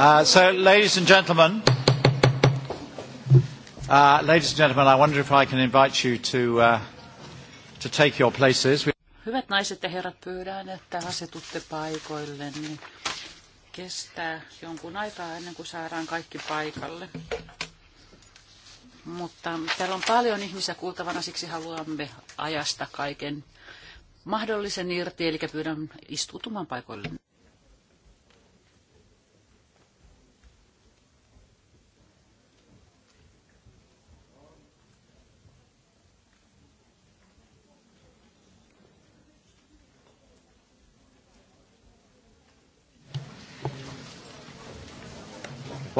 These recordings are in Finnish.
Uh, so, ladies and gentlemen, uh, ladies and gentlemen, I wonder if I can invite you to, uh, to take your places. Hyvät naiset ja herrat, pyydän, että asetutte paikoille, niin kestää jonkun aikaa ennen kuin saadaan kaikki paikalle. Mutta täällä on paljon ihmisiä kuultavana, siksi haluamme ajasta kaiken mahdollisen irti, eli pyydän istutumaan paikoille.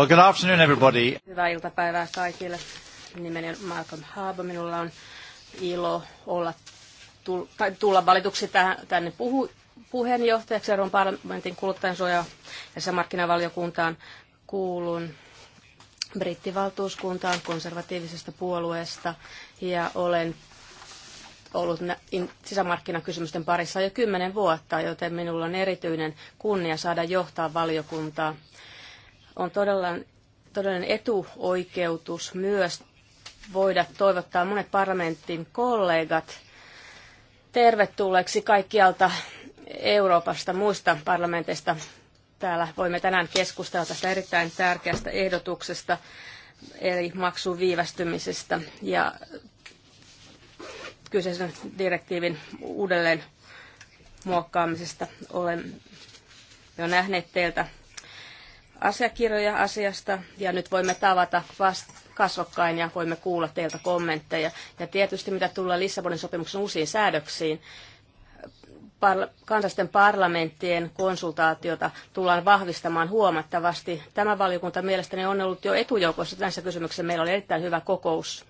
Well, good afternoon everybody. Hyvää iltapäivää kaikille. Nimeni on Malcolm Haaba. Minulla on ilo olla, tulla valituksi tänne puhu, puheenjohtajaksi Euroopan parlamentin kuluttajansuoja- ja sisämarkkinavaliokuntaan. Kuulun brittivaltuuskuntaan konservatiivisesta puolueesta ja olen ollut sisämarkkinakysymysten parissa jo kymmenen vuotta, joten minulla on erityinen kunnia saada johtaa valiokuntaa on todella, todellinen etuoikeutus myös voida toivottaa monet parlamentin kollegat tervetulleeksi kaikkialta Euroopasta, muista parlamenteista. Täällä voimme tänään keskustella tästä erittäin tärkeästä ehdotuksesta, eli maksun viivästymisestä ja kyseisen direktiivin uudelleen muokkaamisesta. Olen jo nähnyt teiltä asiakirjoja asiasta ja nyt voimme tavata vast- kasvokkain ja voimme kuulla teiltä kommentteja. Ja tietysti mitä tulee Lissabonin sopimuksen uusiin säädöksiin, par- kansallisten parlamenttien konsultaatiota tullaan vahvistamaan huomattavasti. Tämä valiokunta mielestäni on ollut jo etujoukossa tässä kysymyksessä. Meillä oli erittäin hyvä kokous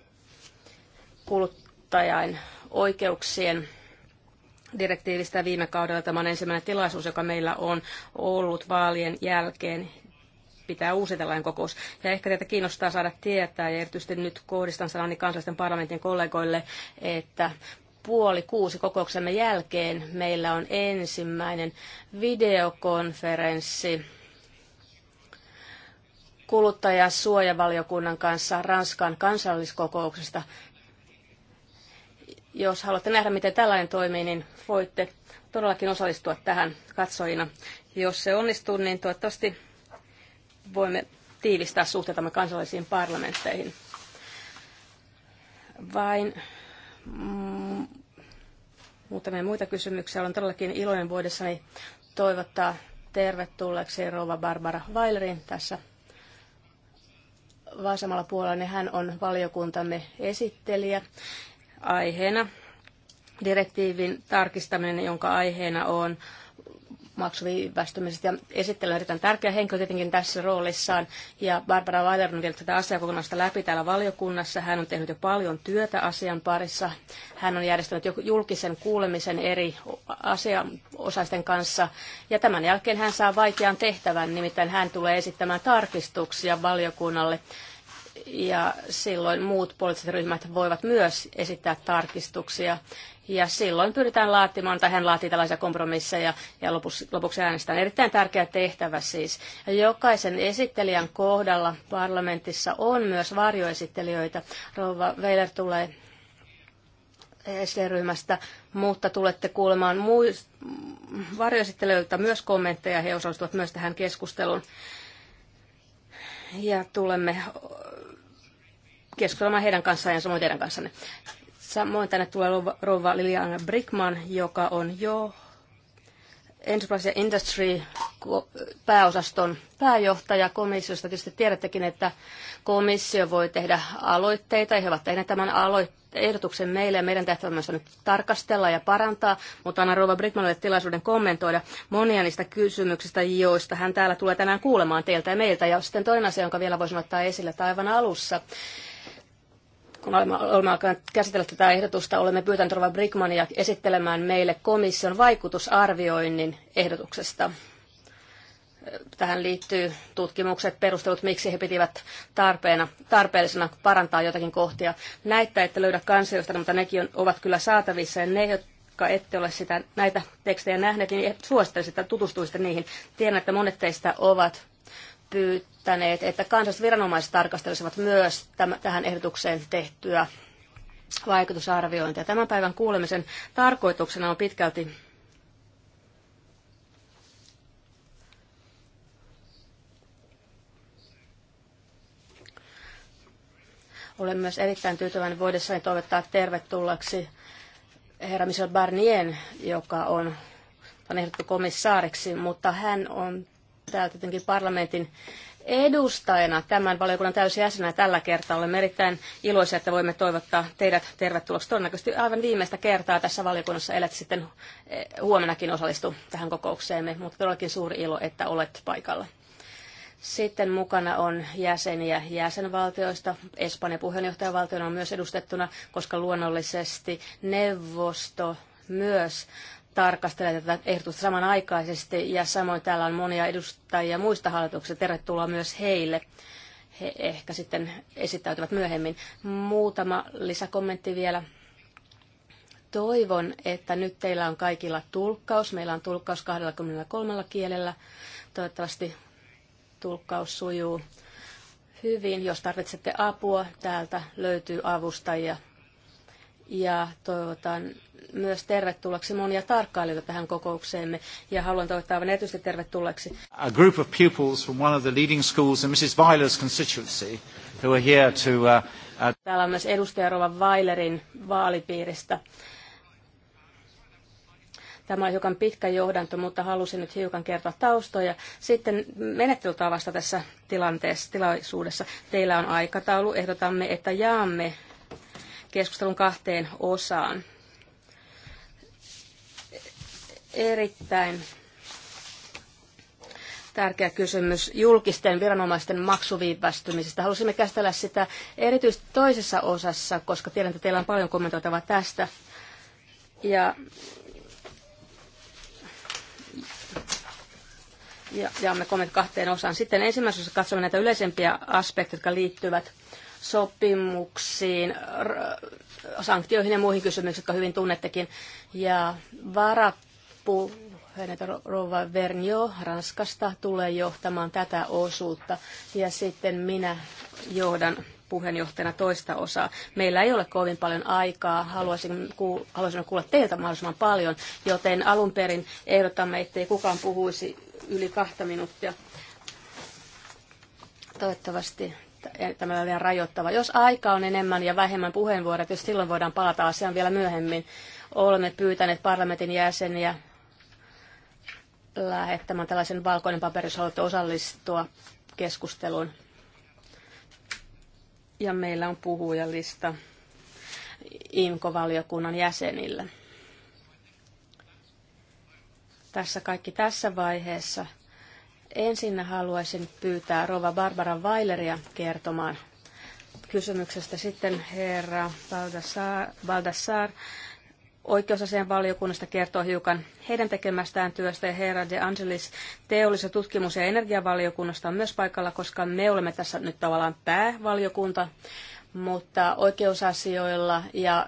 kuluttajain oikeuksien direktiivistä viime kaudella. Tämä on ensimmäinen tilaisuus, joka meillä on ollut vaalien jälkeen pitää uusi tällainen kokous. Ja ehkä teitä kiinnostaa saada tietää, ja erityisesti nyt kohdistan sanani kansallisten parlamentin kollegoille, että puoli kuusi kokouksemme jälkeen meillä on ensimmäinen videokonferenssi kuluttajasuojavaliokunnan kanssa Ranskan kansalliskokouksesta. Jos haluatte nähdä, miten tällainen toimii, niin voitte todellakin osallistua tähän katsojina. Jos se onnistuu, niin toivottavasti voimme tiivistää suhteitamme kansallisiin parlamentteihin. Vain mm, muutamia muita kysymyksiä. Olen todellakin iloinen vuodessani toivottaa tervetulleeksi rova Barbara Weilerin tässä vasemmalla puolella. Niin hän on valiokuntamme esittelijä aiheena direktiivin tarkistaminen, jonka aiheena on maksuviivästymisestä. Ja esittely on erittäin tärkeä henkilö tietenkin tässä roolissaan. Ja Barbara Weiler on vielä tätä asiakokonaista läpi täällä valiokunnassa. Hän on tehnyt jo paljon työtä asian parissa. Hän on järjestänyt jo julkisen kuulemisen eri asianosaisten kanssa. Ja tämän jälkeen hän saa vaikean tehtävän, nimittäin hän tulee esittämään tarkistuksia valiokunnalle ja silloin muut poliittiset ryhmät voivat myös esittää tarkistuksia. Ja silloin pyritään laatimaan, tai hän laatii tällaisia kompromisseja ja lopuksi, lopuksi äänestetään. Erittäin tärkeä tehtävä siis. Ja jokaisen esittelijän kohdalla parlamentissa on myös varjoesittelijöitä. Rouva Weiler tulee SD-ryhmästä, mutta tulette kuulemaan varjoesittelijöiltä myös kommentteja. He osallistuvat myös tähän keskusteluun. Ja tulemme keskustelemaan heidän kanssaan ja samoin teidän kanssanne. Samoin tänne tulee rouva Liliana Brickman, joka on jo Enterprise ja Industry pääosaston pääjohtaja komissiosta. Tietysti tiedättekin, että komissio voi tehdä aloitteita, ja he ovat tehneet tämän aloitteen ehdotuksen meille ja meidän tehtävämme on nyt tarkastella ja parantaa, mutta annan Rova Brickmanille tilaisuuden kommentoida monia niistä kysymyksistä, joista hän täällä tulee tänään kuulemaan teiltä ja meiltä. Ja sitten toinen asia, jonka vielä voisin ottaa esille, tai aivan alussa kun olemme, olemme alkaneet käsitellä tätä ehdotusta, olemme pyytäneet Rova Brickmania esittelemään meille komission vaikutusarvioinnin ehdotuksesta. Tähän liittyy tutkimukset, perustelut, miksi he pitivät tarpeena, tarpeellisena parantaa jotakin kohtia. Näitä ette löydä kansiosta, mutta nekin ovat kyllä saatavissa ja ne, jotka ette ole sitä, näitä tekstejä nähneet, niin suosittelen sitä tutustuista niihin. Tiedän, että monet teistä ovat pyytäneet, että kansalliset viranomaiset tarkastelisivat myös täm- tähän ehdotukseen tehtyä vaikutusarviointia. Tämän päivän kuulemisen tarkoituksena on pitkälti Olen myös erittäin tyytyväinen voidessani toivottaa tervetulleeksi herra Michel Barnien, joka on, on ehdottu komissaariksi, mutta hän on täällä tietenkin parlamentin edustajana tämän valiokunnan täysjäsenä tällä kertaa. Olemme erittäin iloisia, että voimme toivottaa teidät tervetulleeksi. Todennäköisesti aivan viimeistä kertaa tässä valiokunnassa elät sitten eh, huomenakin osallistu tähän kokoukseemme, mutta todellakin suuri ilo, että olet paikalla. Sitten mukana on jäseniä jäsenvaltioista. Espanja puheenjohtajavaltiona on myös edustettuna, koska luonnollisesti neuvosto myös tarkastelee tätä ehdotusta samanaikaisesti ja samoin täällä on monia edustajia muista hallituksista. Tervetuloa myös heille. He ehkä sitten esittäytyvät myöhemmin. Muutama lisäkommentti vielä. Toivon, että nyt teillä on kaikilla tulkkaus. Meillä on tulkkaus 23 kielellä. Toivottavasti tulkkaus sujuu hyvin. Jos tarvitsette apua, täältä löytyy avustajia ja toivotan myös tervetulleeksi monia tarkkailijoita tähän kokoukseemme ja haluan toivottaa aivan erityisesti tervetulleeksi. A group of pupils from one of the leading schools in Mrs. Weiler's constituency who are here to... Uh, uh... Täällä on myös edustaja Rova Weilerin vaalipiiristä. Tämä on hiukan pitkä johdanto, mutta halusin nyt hiukan kertoa taustoja. Sitten menettelytavasta tässä tilanteessa, tilaisuudessa. Teillä on aikataulu. Ehdotamme, että jaamme keskustelun kahteen osaan. Erittäin tärkeä kysymys julkisten viranomaisten maksuviivästymisestä. Halusimme käsitellä sitä erityisesti toisessa osassa, koska tiedän, että teillä on paljon kommentoitavaa tästä. Ja, ja jaamme kommentit kahteen osaan. Sitten ensimmäisessä katsomme näitä yleisempiä aspekteja, jotka liittyvät sopimuksiin, sanktioihin ja muihin kysymyksiin, jotka hyvin tunnettekin. Ja varappu Rova Vernio Ranskasta tulee johtamaan tätä osuutta ja sitten minä johdan puheenjohtajana toista osaa. Meillä ei ole kovin paljon aikaa, haluaisin, ku, haluaisin kuulla teiltä mahdollisimman paljon, joten alun perin ehdotamme, ettei kukaan puhuisi yli kahta minuuttia. Toivottavasti tämä on liian rajoittava. Jos aika on enemmän ja vähemmän puheenvuoroja, jos silloin voidaan palata asiaan vielä myöhemmin. Olemme pyytäneet parlamentin jäseniä lähettämään tällaisen valkoinen paperi, jos haluatte osallistua keskusteluun. Ja meillä on puhujalista IMKO-valiokunnan jäsenillä. Tässä kaikki tässä vaiheessa. Ensin haluaisin pyytää Rova Barbara Weileria kertomaan kysymyksestä. Sitten herra Baldassar, Baldassar oikeusasian valiokunnasta kertoo hiukan heidän tekemästään työstä ja herra De Angelis teollis- ja tutkimus- ja energiavaliokunnasta on myös paikalla, koska me olemme tässä nyt tavallaan päävaliokunta, mutta oikeusasioilla ja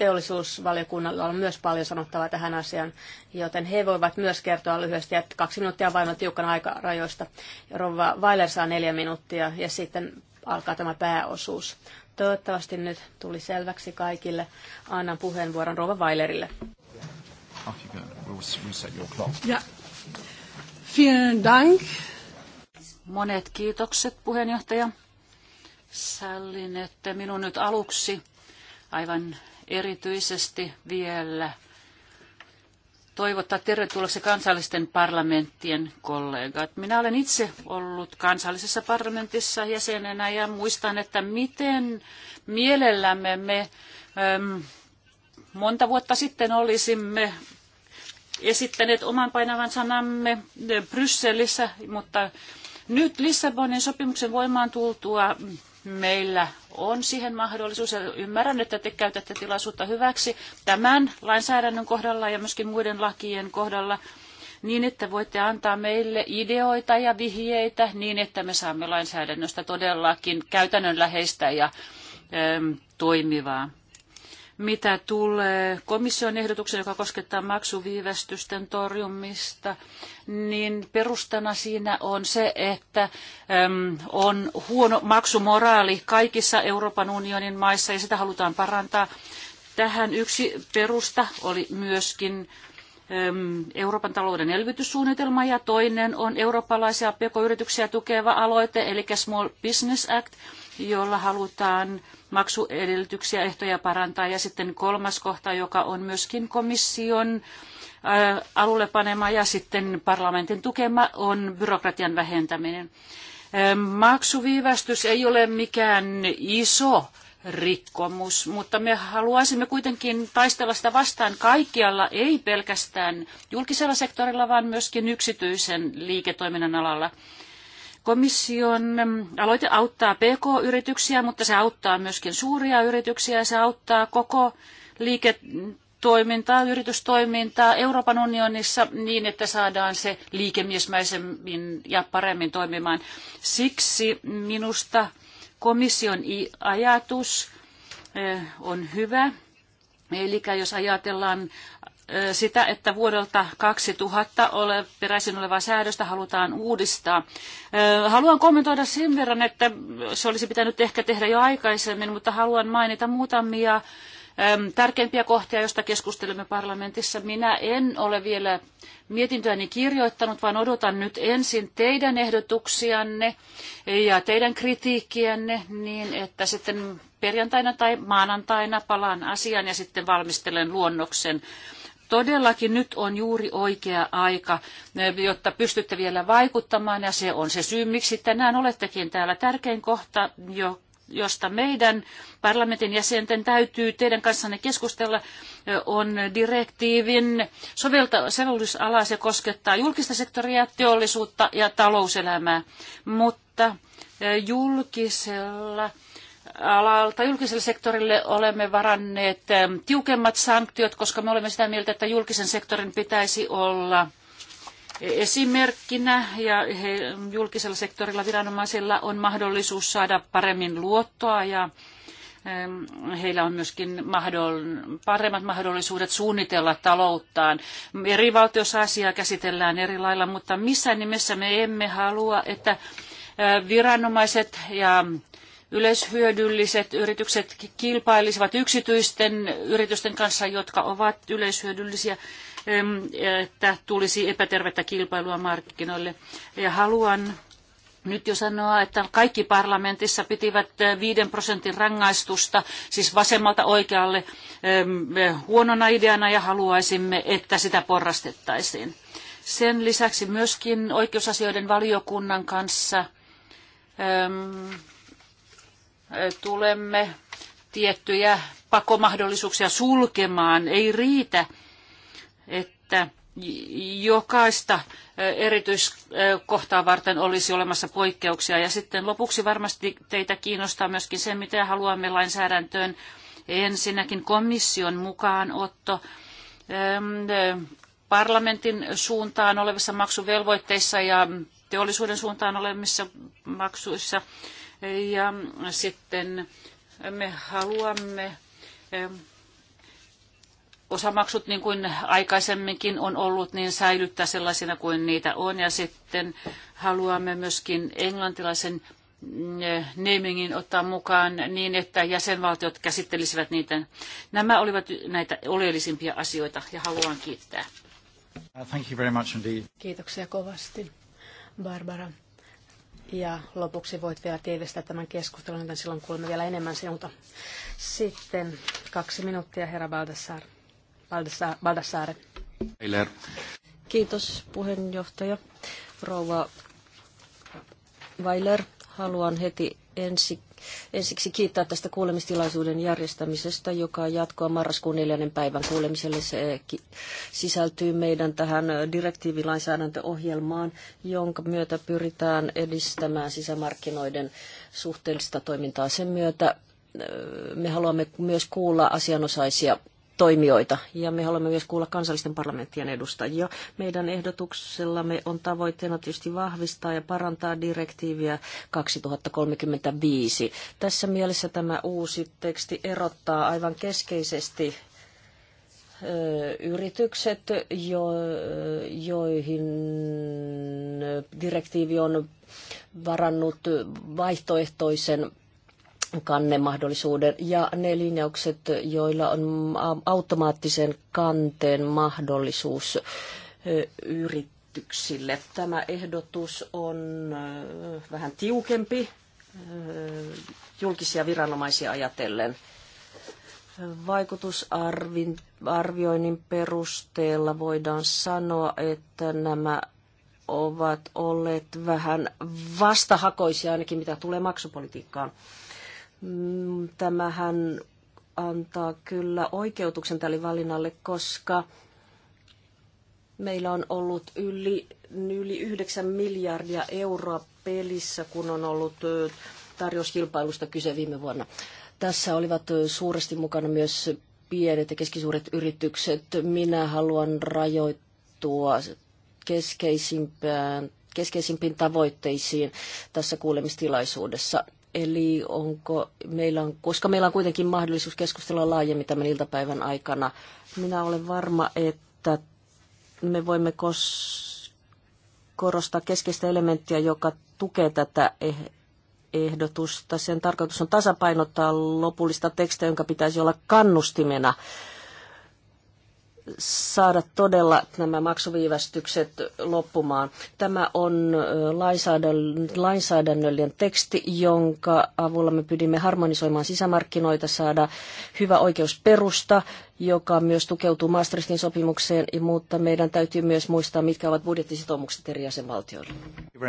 teollisuusvaliokunnalla on myös paljon sanottavaa tähän asiaan, joten he voivat myös kertoa lyhyesti, että kaksi minuuttia vain on tiukan aikarajoista. Rova Weiler saa neljä minuuttia ja sitten alkaa tämä pääosuus. Toivottavasti nyt tuli selväksi kaikille. Annan puheenvuoron Rova Weilerille. Ja. Vielen Dank. Monet kiitokset puheenjohtaja. Sallin, että minun nyt aluksi aivan erityisesti vielä toivottaa tervetulleeksi kansallisten parlamenttien kollegat. Minä olen itse ollut kansallisessa parlamentissa jäsenenä ja muistan, että miten mielellämme me ähm, monta vuotta sitten olisimme esittäneet oman painavan sanamme Brysselissä, mutta nyt Lissabonin sopimuksen voimaan tultua meillä on siihen mahdollisuus. Ja ymmärrän, että te käytätte tilaisuutta hyväksi tämän lainsäädännön kohdalla ja myöskin muiden lakien kohdalla niin, että voitte antaa meille ideoita ja vihjeitä niin, että me saamme lainsäädännöstä todellakin käytännönläheistä ja toimivaa. Mitä tulee komission ehdotukseen, joka koskettaa maksuviivästysten torjumista, niin perustana siinä on se, että on huono maksumoraali kaikissa Euroopan unionin maissa ja sitä halutaan parantaa. Tähän yksi perusta oli myöskin Euroopan talouden elvytyssuunnitelma ja toinen on eurooppalaisia pk-yrityksiä tukeva aloite, eli Small Business Act – jolla halutaan maksuedellytyksiä ehtoja parantaa. Ja sitten kolmas kohta, joka on myöskin komission alulle panema ja sitten parlamentin tukema, on byrokratian vähentäminen. Maksuviivästys ei ole mikään iso rikkomus, mutta me haluaisimme kuitenkin taistella sitä vastaan kaikkialla, ei pelkästään julkisella sektorilla, vaan myöskin yksityisen liiketoiminnan alalla. Komission mm, aloite auttaa PK-yrityksiä, mutta se auttaa myöskin suuria yrityksiä ja se auttaa koko liiketoimintaa, yritystoimintaa Euroopan unionissa niin, että saadaan se liikemiesmäisemmin ja paremmin toimimaan. Siksi minusta komission ajatus eh, on hyvä. Eli jos ajatellaan sitä, että vuodelta 2000 ole, peräisin olevaa säädöstä halutaan uudistaa. Haluan kommentoida sen verran, että se olisi pitänyt ehkä tehdä jo aikaisemmin, mutta haluan mainita muutamia tärkeimpiä kohtia, joista keskustelemme parlamentissa. Minä en ole vielä mietintöäni kirjoittanut, vaan odotan nyt ensin teidän ehdotuksianne ja teidän kritiikkienne niin, että sitten perjantaina tai maanantaina palaan asian ja sitten valmistelen luonnoksen todellakin nyt on juuri oikea aika, eh, jotta pystytte vielä vaikuttamaan, ja se on se syy, miksi tänään olettekin täällä tärkein kohta, josta meidän parlamentin jäsenten täytyy teidän kanssanne keskustella, eh, on direktiivin sovellusala. Se koskettaa julkista sektoria, teollisuutta ja talouselämää, mutta eh, julkisella alalta julkiselle sektorille olemme varanneet ähm, tiukemmat sanktiot, koska me olemme sitä mieltä, että julkisen sektorin pitäisi olla esimerkkinä ja he, julkisella sektorilla viranomaisilla on mahdollisuus saada paremmin luottoa ja ähm, heillä on myöskin paremmat mahdollisuudet suunnitella talouttaan. Eri valtiossa asiaa käsitellään eri lailla, mutta missään nimessä me emme halua, että äh, viranomaiset ja yleishyödylliset yritykset kilpailisivat yksityisten yritysten kanssa, jotka ovat yleishyödyllisiä, että tulisi epätervettä kilpailua markkinoille. Ja haluan nyt jo sanoa, että kaikki parlamentissa pitivät 5 prosentin rangaistusta, siis vasemmalta oikealle, huonona ideana ja haluaisimme, että sitä porrastettaisiin. Sen lisäksi myöskin oikeusasioiden valiokunnan kanssa tulemme tiettyjä pakomahdollisuuksia sulkemaan. Ei riitä, että jokaista erityiskohtaa varten olisi olemassa poikkeuksia. Ja sitten lopuksi varmasti teitä kiinnostaa myöskin se, mitä haluamme lainsäädäntöön. Ensinnäkin komission mukaanotto parlamentin suuntaan olevissa maksuvelvoitteissa ja teollisuuden suuntaan olevissa maksuissa ja sitten me haluamme osamaksut, niin kuin aikaisemminkin on ollut, niin säilyttää sellaisina kuin niitä on. Ja sitten haluamme myöskin englantilaisen eh, namingin ottaa mukaan niin, että jäsenvaltiot käsittelisivät niitä. Nämä olivat näitä oleellisimpia asioita ja haluan kiittää. Thank you very much indeed. Kiitoksia kovasti, Barbara. Ja lopuksi voit vielä tiivistää tämän keskustelun, joten silloin kuulemme vielä enemmän sinulta. Sitten kaksi minuuttia, herra Baldassar. Baldassar, Baldassare. Kiitos puheenjohtaja. Rouva Weiler, haluan heti ensi Ensiksi kiittää tästä kuulemistilaisuuden järjestämisestä, joka jatkoa marraskuun neljännen päivän kuulemiselle. Se eh, sisältyy meidän tähän eh, direktiivilainsäädäntöohjelmaan, jonka myötä pyritään edistämään sisämarkkinoiden suhteellista toimintaa. Sen myötä eh, me haluamme myös kuulla asianosaisia toimijoita. Ja me haluamme myös kuulla kansallisten parlamenttien edustajia. Meidän ehdotuksellamme on tavoitteena tietysti vahvistaa ja parantaa direktiiviä 2035. Tässä mielessä tämä uusi teksti erottaa aivan keskeisesti yritykset, jo, joihin direktiivi on varannut vaihtoehtoisen kannemahdollisuuden ja ne linjaukset, joilla on automaattisen kanteen mahdollisuus yrityksille. Tämä ehdotus on vähän tiukempi julkisia viranomaisia ajatellen. Vaikutusarvioinnin perusteella voidaan sanoa, että nämä ovat olleet vähän vastahakoisia ainakin mitä tulee maksupolitiikkaan. Mm, tämähän antaa kyllä oikeutuksen tälle valinnalle, koska meillä on ollut yli, yli 9 miljardia euroa pelissä, kun on ollut tarjouskilpailusta kyse viime vuonna. Tässä olivat suuresti mukana myös pienet ja keskisuuret yritykset. Minä haluan rajoittua keskeisimpään keskeisimpiin tavoitteisiin tässä kuulemistilaisuudessa. Eli onko meillä on, koska meillä on kuitenkin mahdollisuus keskustella laajemmin tämän iltapäivän aikana, minä olen varma, että me voimme kos, korostaa keskeistä elementtiä, joka tukee tätä eh-, ehdotusta. Sen tarkoitus on tasapainottaa lopullista tekstiä, jonka pitäisi olla kannustimena saada todella nämä maksuviivästykset loppumaan. Tämä on lainsäädännöllinen teksti, jonka avulla me pyrimme harmonisoimaan sisämarkkinoita, saada hyvä oikeusperusta, joka myös tukeutuu Maastrichtin sopimukseen, mutta meidän täytyy myös muistaa, mitkä ovat budjettisitoumukset eri jäsenvaltioille. Uh,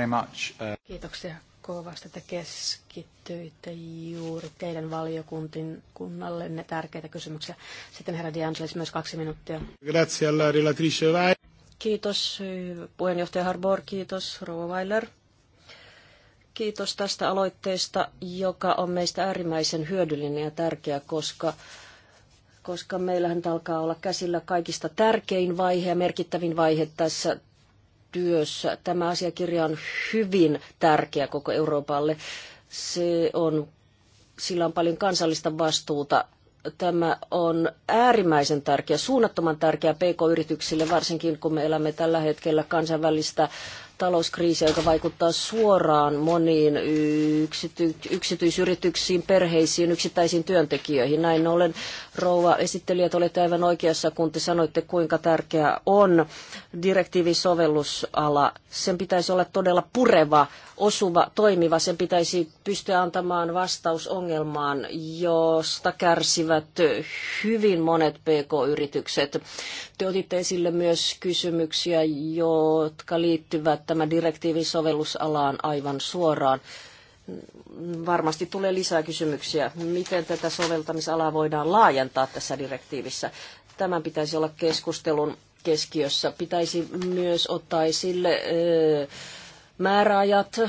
Kiitoksia kovasti, että keskittyitte juuri teidän valiokuntin kunnallenne tärkeitä kysymyksiä. Sitten herra Diangelis myös kaksi minuuttia. Grazie alla relatrice Kiitos puheenjohtaja Harbor, kiitos Rova Weiler. Kiitos tästä aloitteesta, joka on meistä äärimmäisen hyödyllinen ja tärkeä, koska koska meillähän alkaa olla käsillä kaikista tärkein vaihe ja merkittävin vaihe tässä työssä. Tämä asiakirja on hyvin tärkeä koko Euroopalle. Se on, sillä on paljon kansallista vastuuta. Tämä on äärimmäisen tärkeä, suunnattoman tärkeä PK-yrityksille, varsinkin kun me elämme tällä hetkellä kansainvälistä talouskriisiä, joka vaikuttaa suoraan moniin yksity- yksityisyrityksiin, perheisiin, yksittäisiin työntekijöihin. Näin ollen rouva esittelijä, olette aivan oikeassa, kun te sanoitte, kuinka tärkeää on direktiivin sovellusala. Sen pitäisi olla todella pureva, osuva, toimiva. Sen pitäisi pystyä antamaan vastaus ongelmaan, josta kärsivät hyvin monet PK-yritykset. Te otitte esille myös kysymyksiä, jotka liittyvät tämän direktiivin sovellusalaan aivan suoraan varmasti tulee lisää kysymyksiä. Miten tätä soveltamisalaa voidaan laajentaa tässä direktiivissä? Tämän pitäisi olla keskustelun keskiössä. Pitäisi myös ottaa esille määräajat,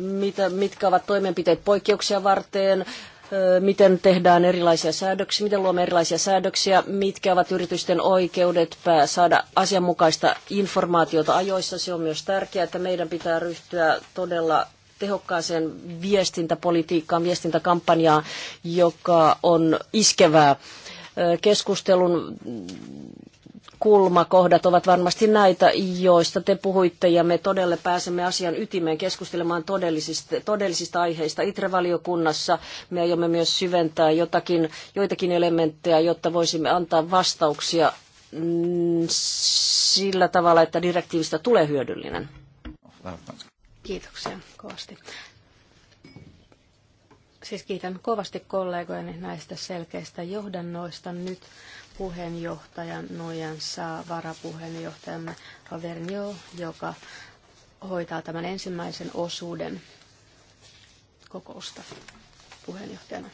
mitä, mitkä ovat toimenpiteet poikkeuksia varten, miten tehdään erilaisia säädöksiä, miten luomme erilaisia säädöksiä, mitkä ovat yritysten oikeudet saada asianmukaista informaatiota ajoissa. Se on myös tärkeää, että meidän pitää ryhtyä todella tehokkaaseen viestintäpolitiikkaan, viestintäkampanjaan, joka on iskevää keskustelun kulmakohdat ovat varmasti näitä, joista te puhuitte, ja me todella pääsemme asian ytimeen keskustelemaan todellisista, todellisista aiheista. ITRE-valiokunnassa me aiomme myös syventää jotakin, joitakin elementtejä, jotta voisimme antaa vastauksia mm, sillä tavalla, että direktiivistä tulee hyödyllinen. Kiitoksia kovasti. Siis kiitän kovasti kollegojani näistä selkeistä johdannoista. Nyt puheenjohtajan nojan saa varapuheenjohtajamme Ravernio, joka hoitaa tämän ensimmäisen osuuden kokousta puheenjohtajana.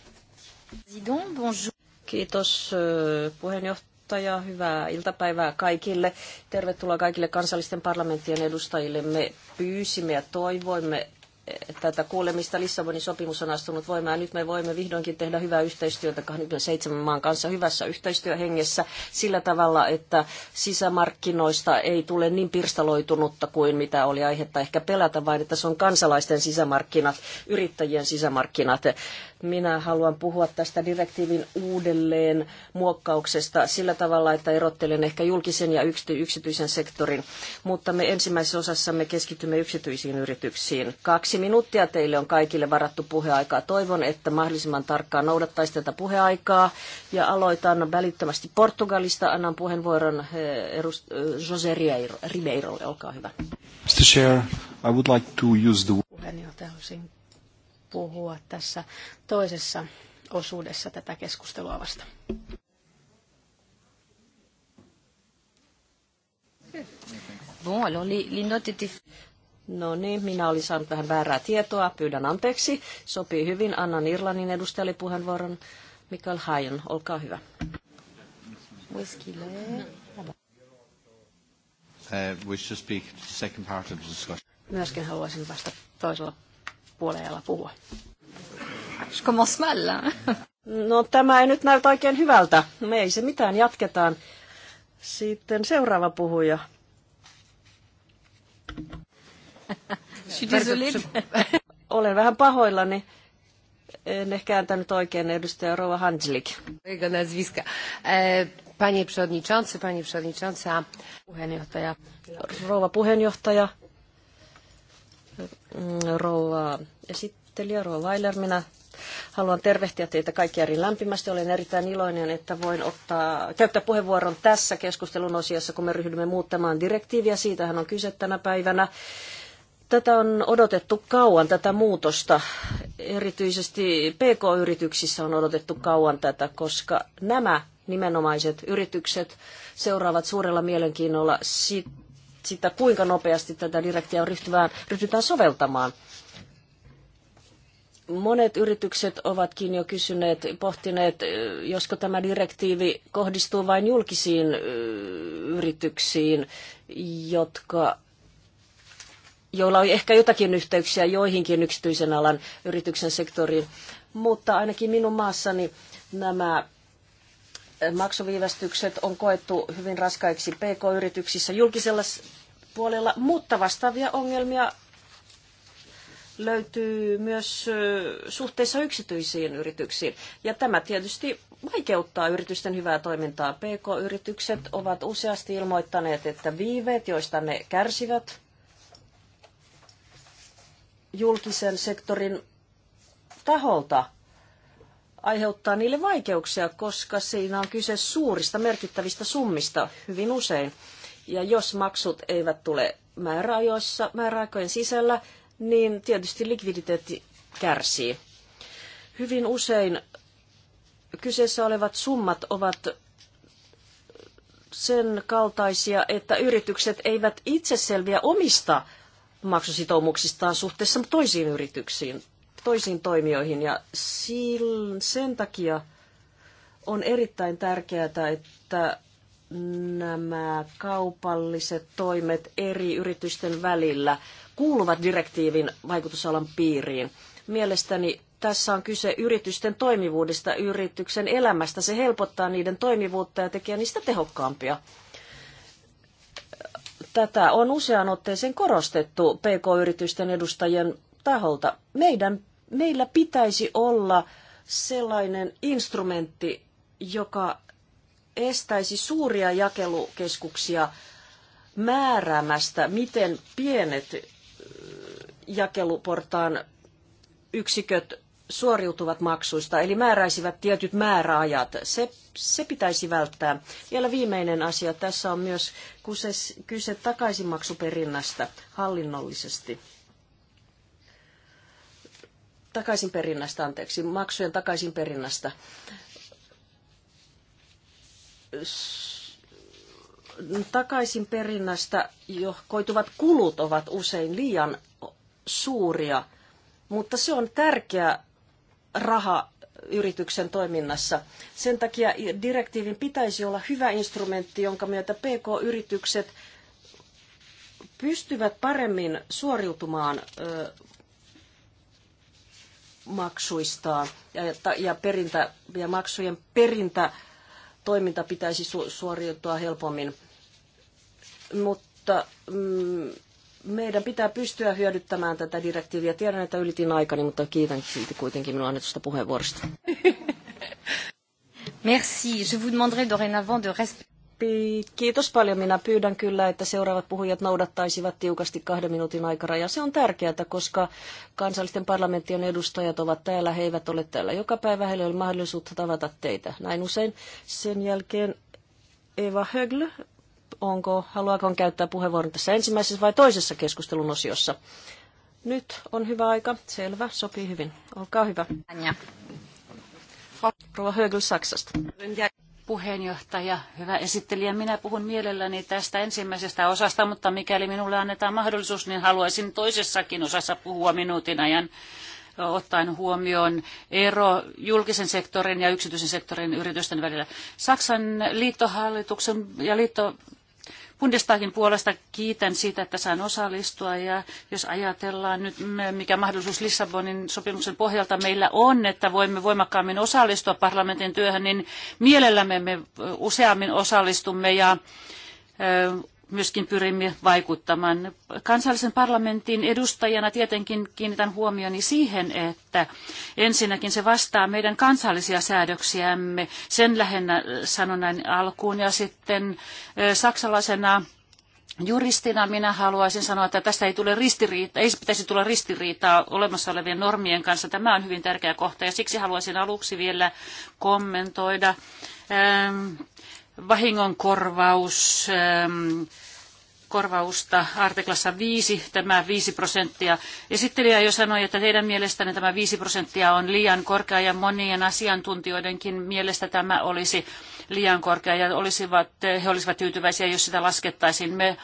Kiitos eh, puheenjohtaja. Hyvää iltapäivää kaikille. Tervetuloa kaikille kansallisten parlamenttien edustajille. Me pyysimme ja toivoimme tätä kuulemista. Lissabonin sopimus on astunut voimaan. Nyt me voimme vihdoinkin tehdä hyvää yhteistyötä 27 maan kanssa hyvässä yhteistyöhengessä sillä tavalla, että sisämarkkinoista ei tule niin pirstaloitunutta kuin mitä oli aihetta ehkä pelätä, vaan että se on kansalaisten sisämarkkinat, yrittäjien sisämarkkinat. Minä haluan puhua tästä direktiivin uudelleen muokkauksesta sillä tavalla, että erottelen ehkä julkisen ja yksityisen sektorin, mutta me ensimmäisessä osassa me keskitymme yksityisiin yrityksiin. Kaksi minuuttia teille on kaikille varattu puheaikaa. Toivon, että mahdollisimman tarkkaan noudattaisi tätä puheaikaa ja aloitan välittömästi Portugalista. Annan puheenvuoron eh, eh, José Ribeirolle. Olkaa hyvä. Mr. Chair, I would like to use the puhua tässä toisessa osuudessa tätä keskustelua vasta. No niin, minä olin saanut vähän väärää tietoa. Pyydän anteeksi. Sopii hyvin. Annan Irlannin edustajalle puheenvuoron. Mikael Hajon, olkaa hyvä. Ah uh, Myöskin haluaisin vasta toisella puolella puhua. No tämä ei nyt näytä oikein hyvältä. Me ei se mitään, jatketaan. Sitten seuraava puhuja. Olen vähän pahoillani. En ehkä kääntänyt oikein edustaja Rova Hanslik. Jego nazwiska. E, panie przewodniczący, pani przewodnicząca. Puheenjohtaja, rouva puheenjohtaja, Mm, rouva esittelijä, rouva Weiler. Minä haluan tervehtiä teitä kaikkia eri lämpimästi. Olen erittäin iloinen, että voin ottaa, käyttää puheenvuoron tässä keskustelun osiassa, kun me ryhdymme muuttamaan direktiiviä. Siitähän on kyse tänä päivänä. Tätä on odotettu kauan, tätä muutosta. Erityisesti PK-yrityksissä on odotettu kauan tätä, koska nämä nimenomaiset yritykset seuraavat suurella mielenkiinnolla sitä, kuinka nopeasti tätä direktiä ryhtyvään, ryhdytään soveltamaan. Monet yritykset ovatkin jo kysyneet, pohtineet, josko tämä direktiivi kohdistuu vain julkisiin yrityksiin, jotka joilla on ehkä jotakin yhteyksiä joihinkin yksityisen alan yrityksen sektoriin. Mutta ainakin minun maassani nämä maksuviivästykset on koettu hyvin raskaiksi PK-yrityksissä julkisella puolella, mutta vastaavia ongelmia löytyy myös suhteessa yksityisiin yrityksiin. Ja tämä tietysti vaikeuttaa yritysten hyvää toimintaa. PK-yritykset ovat useasti ilmoittaneet, että viiveet, joista ne kärsivät julkisen sektorin taholta, aiheuttaa niille vaikeuksia, koska siinä on kyse suurista merkittävistä summista hyvin usein. Ja jos maksut eivät tule määräajoissa, määräaikojen sisällä, niin tietysti likviditeetti kärsii. Hyvin usein kyseessä olevat summat ovat sen kaltaisia, että yritykset eivät itse selviä omista maksusitoumuksistaan suhteessa toisiin yrityksiin toisiin toimijoihin. Ja sen takia on erittäin tärkeää, että nämä kaupalliset toimet eri yritysten välillä kuuluvat direktiivin vaikutusalan piiriin. Mielestäni tässä on kyse yritysten toimivuudesta, yrityksen elämästä. Se helpottaa niiden toimivuutta ja tekee niistä tehokkaampia. Tätä on useaan otteeseen korostettu PK-yritysten edustajien taholta. Meidän meillä pitäisi olla sellainen instrumentti, joka estäisi suuria jakelukeskuksia määräämästä, miten pienet jakeluportaan yksiköt suoriutuvat maksuista, eli määräisivät tietyt määräajat. Se, se pitäisi välttää. Vielä viimeinen asia. Tässä on myös kyse, kyse takaisinmaksuperinnästä hallinnollisesti takaisinperinnästä, anteeksi, maksujen takaisinperinnästä takaisinperinnästä jo koituvat kulut ovat usein liian suuria, mutta se on tärkeä raha yrityksen toiminnassa. Sen takia direktiivin pitäisi olla hyvä instrumentti, jonka myötä PK-yritykset pystyvät paremmin suoriutumaan maksuistaan ja, ja, perintä, ja maksujen perintä toiminta pitäisi su- suoriutua helpommin. Mutta mm, meidän pitää pystyä hyödyttämään tätä direktiiviä. Tiedän, että ylitin aikani, mutta kiitän silti kuitenkin minun annetusta puheenvuorosta. Merci. Je vous demanderai dorénavant de Kiitos paljon. Minä pyydän kyllä, että seuraavat puhujat noudattaisivat tiukasti kahden minuutin aikarajaa. Se on tärkeää, koska kansallisten parlamenttien edustajat ovat täällä. He eivät ole täällä joka päivä. Heillä on mahdollisuutta tavata teitä näin usein. Sen jälkeen Eva Högl, onko, haluaako käyttää puheenvuoron tässä ensimmäisessä vai toisessa keskustelun osiossa? Nyt on hyvä aika. Selvä, sopii hyvin. Olkaa hyvä. Rouva Högl Saksasta puheenjohtaja, hyvä esittelijä. Minä puhun mielelläni tästä ensimmäisestä osasta, mutta mikäli minulle annetaan mahdollisuus, niin haluaisin toisessakin osassa puhua minuutin ajan ottaen huomioon ero julkisen sektorin ja yksityisen sektorin yritysten välillä. Saksan liittohallituksen ja liitto Bundestagin puolesta kiitän siitä, että saan osallistua ja jos ajatellaan nyt, mikä mahdollisuus Lissabonin sopimuksen pohjalta meillä on, että voimme voimakkaammin osallistua parlamentin työhön, niin mielellämme me useammin osallistumme ja myöskin pyrimme vaikuttamaan. Kansallisen parlamentin edustajana tietenkin kiinnitän huomioni siihen, että ensinnäkin se vastaa meidän kansallisia säädöksiämme. Sen lähinnä äh, sanon näin alkuun ja sitten äh, saksalaisena juristina minä haluaisin sanoa, että tästä ei tule ristiriita, ei pitäisi tulla ristiriitaa olemassa olevien normien kanssa. Tämä on hyvin tärkeä kohta ja siksi haluaisin aluksi vielä kommentoida ähm, vahingonkorvaus, ähm, korvausta artiklassa 5, tämä 5 prosenttia. Esittelijä jo sanoi, että teidän mielestänne tämä 5 prosenttia on liian korkea ja monien asiantuntijoidenkin mielestä tämä olisi liian korkea ja olisivat, he olisivat tyytyväisiä, jos sitä laskettaisiin. Me äh,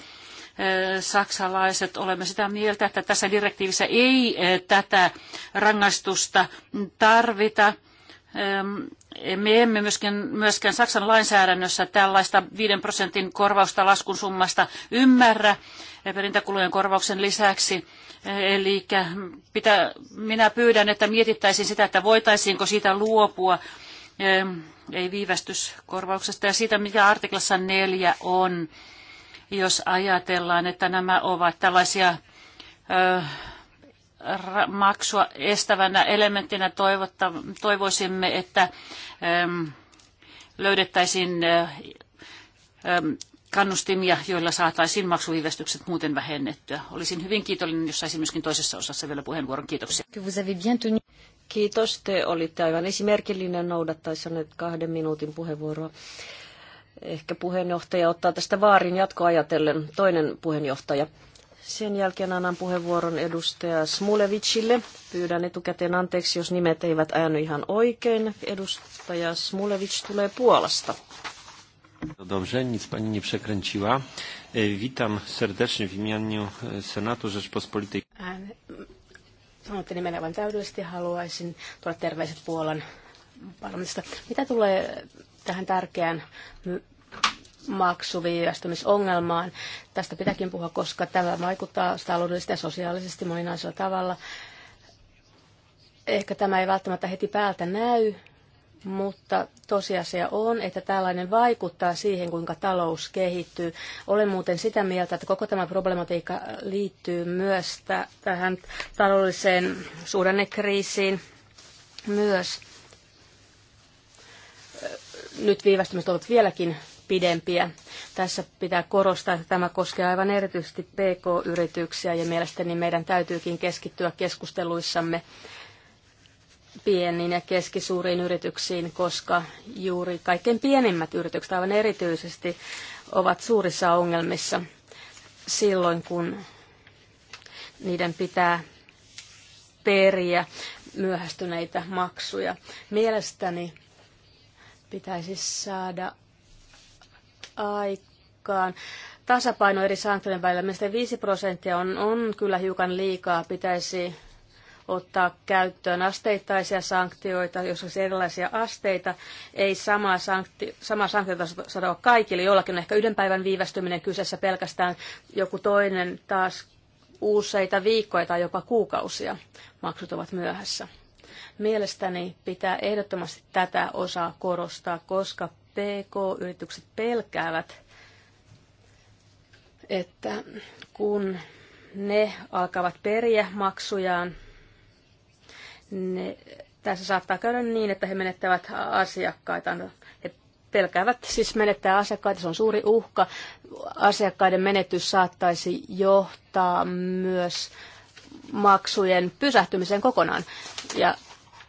saksalaiset olemme sitä mieltä, että tässä direktiivissä ei äh, tätä rangaistusta tarvita ähm, me emme myöskään, myöskään Saksan lainsäädännössä tällaista 5 prosentin korvausta laskun summasta ymmärrä perintäkulujen korvauksen lisäksi. Eli pitä minä pyydän, että mietittäisiin sitä, että voitaisiinko siitä luopua, ei viivästyskorvauksesta, ja siitä, mikä artiklassa 4 on, jos ajatellaan, että nämä ovat tällaisia maksua estävänä elementtinä toivotta, toivoisimme, että ähm, löydettäisiin äh, ähm, kannustimia, joilla saataisiin maksuviivästykset muuten vähennettyä. Olisin hyvin kiitollinen, jos saisin myöskin toisessa osassa vielä puheenvuoron. Kiitoksia. Kiitos, te olitte aivan esimerkillinen noudattaessa nyt kahden minuutin puheenvuoroa. Ehkä puheenjohtaja ottaa tästä vaarin jatkoajatellen toinen puheenjohtaja. Sen jälkeen annan puheenvuoron edustaja Smulevicille. Pyydän etukäteen anteeksi, jos nimet eivät äänny ihan oikein. Edustaja Smulevic tulee Puolasta. Dobrze, nic pani nie przekręciła. E, witam serdecznie w imieniu e, Senatu Rzeczpospolitej. Ään, sanoitte nimen aivan täydellisesti. Haluaisin tuoda terveiset Puolan parlamentista. Mitä tulee tähän tärkeään maksuviivästymisongelmaan. Tästä pitääkin puhua, koska tämä vaikuttaa taloudellisesti ja sosiaalisesti moninaisella tavalla. Ehkä tämä ei välttämättä heti päältä näy, mutta tosiasia on, että tällainen vaikuttaa siihen, kuinka talous kehittyy. Olen muuten sitä mieltä, että koko tämä problematiikka liittyy myös tähän taloudelliseen suhdannekriisiin myös. Nyt viivästymiset ovat vieläkin pidempiä. Tässä pitää korostaa, että tämä koskee aivan erityisesti PK-yrityksiä ja mielestäni meidän täytyykin keskittyä keskusteluissamme pieniin ja keskisuuriin yrityksiin, koska juuri kaikkein pienimmät yritykset aivan erityisesti ovat suurissa ongelmissa silloin, kun niiden pitää periä myöhästyneitä maksuja. Mielestäni pitäisi saada aikaan tasapaino eri sanktioiden välillä. Mielestäni 5 prosenttia on, on kyllä hiukan liikaa. Pitäisi ottaa käyttöön asteittaisia sanktioita, jos olisi erilaisia asteita. Ei samaa, sankti, samaa sanktiota sanoa kaikille. Jollakin on ehkä yhden päivän viivästyminen kyseessä pelkästään joku toinen taas useita viikkoja tai jopa kuukausia maksut ovat myöhässä. Mielestäni pitää ehdottomasti tätä osaa korostaa, koska PK-yritykset pelkäävät, että kun ne alkavat periä maksujaan, ne, tässä saattaa käydä niin, että he menettävät asiakkaita. No, he pelkäävät siis menettää asiakkaita, se on suuri uhka. Asiakkaiden menetys saattaisi johtaa myös maksujen pysähtymiseen kokonaan. Ja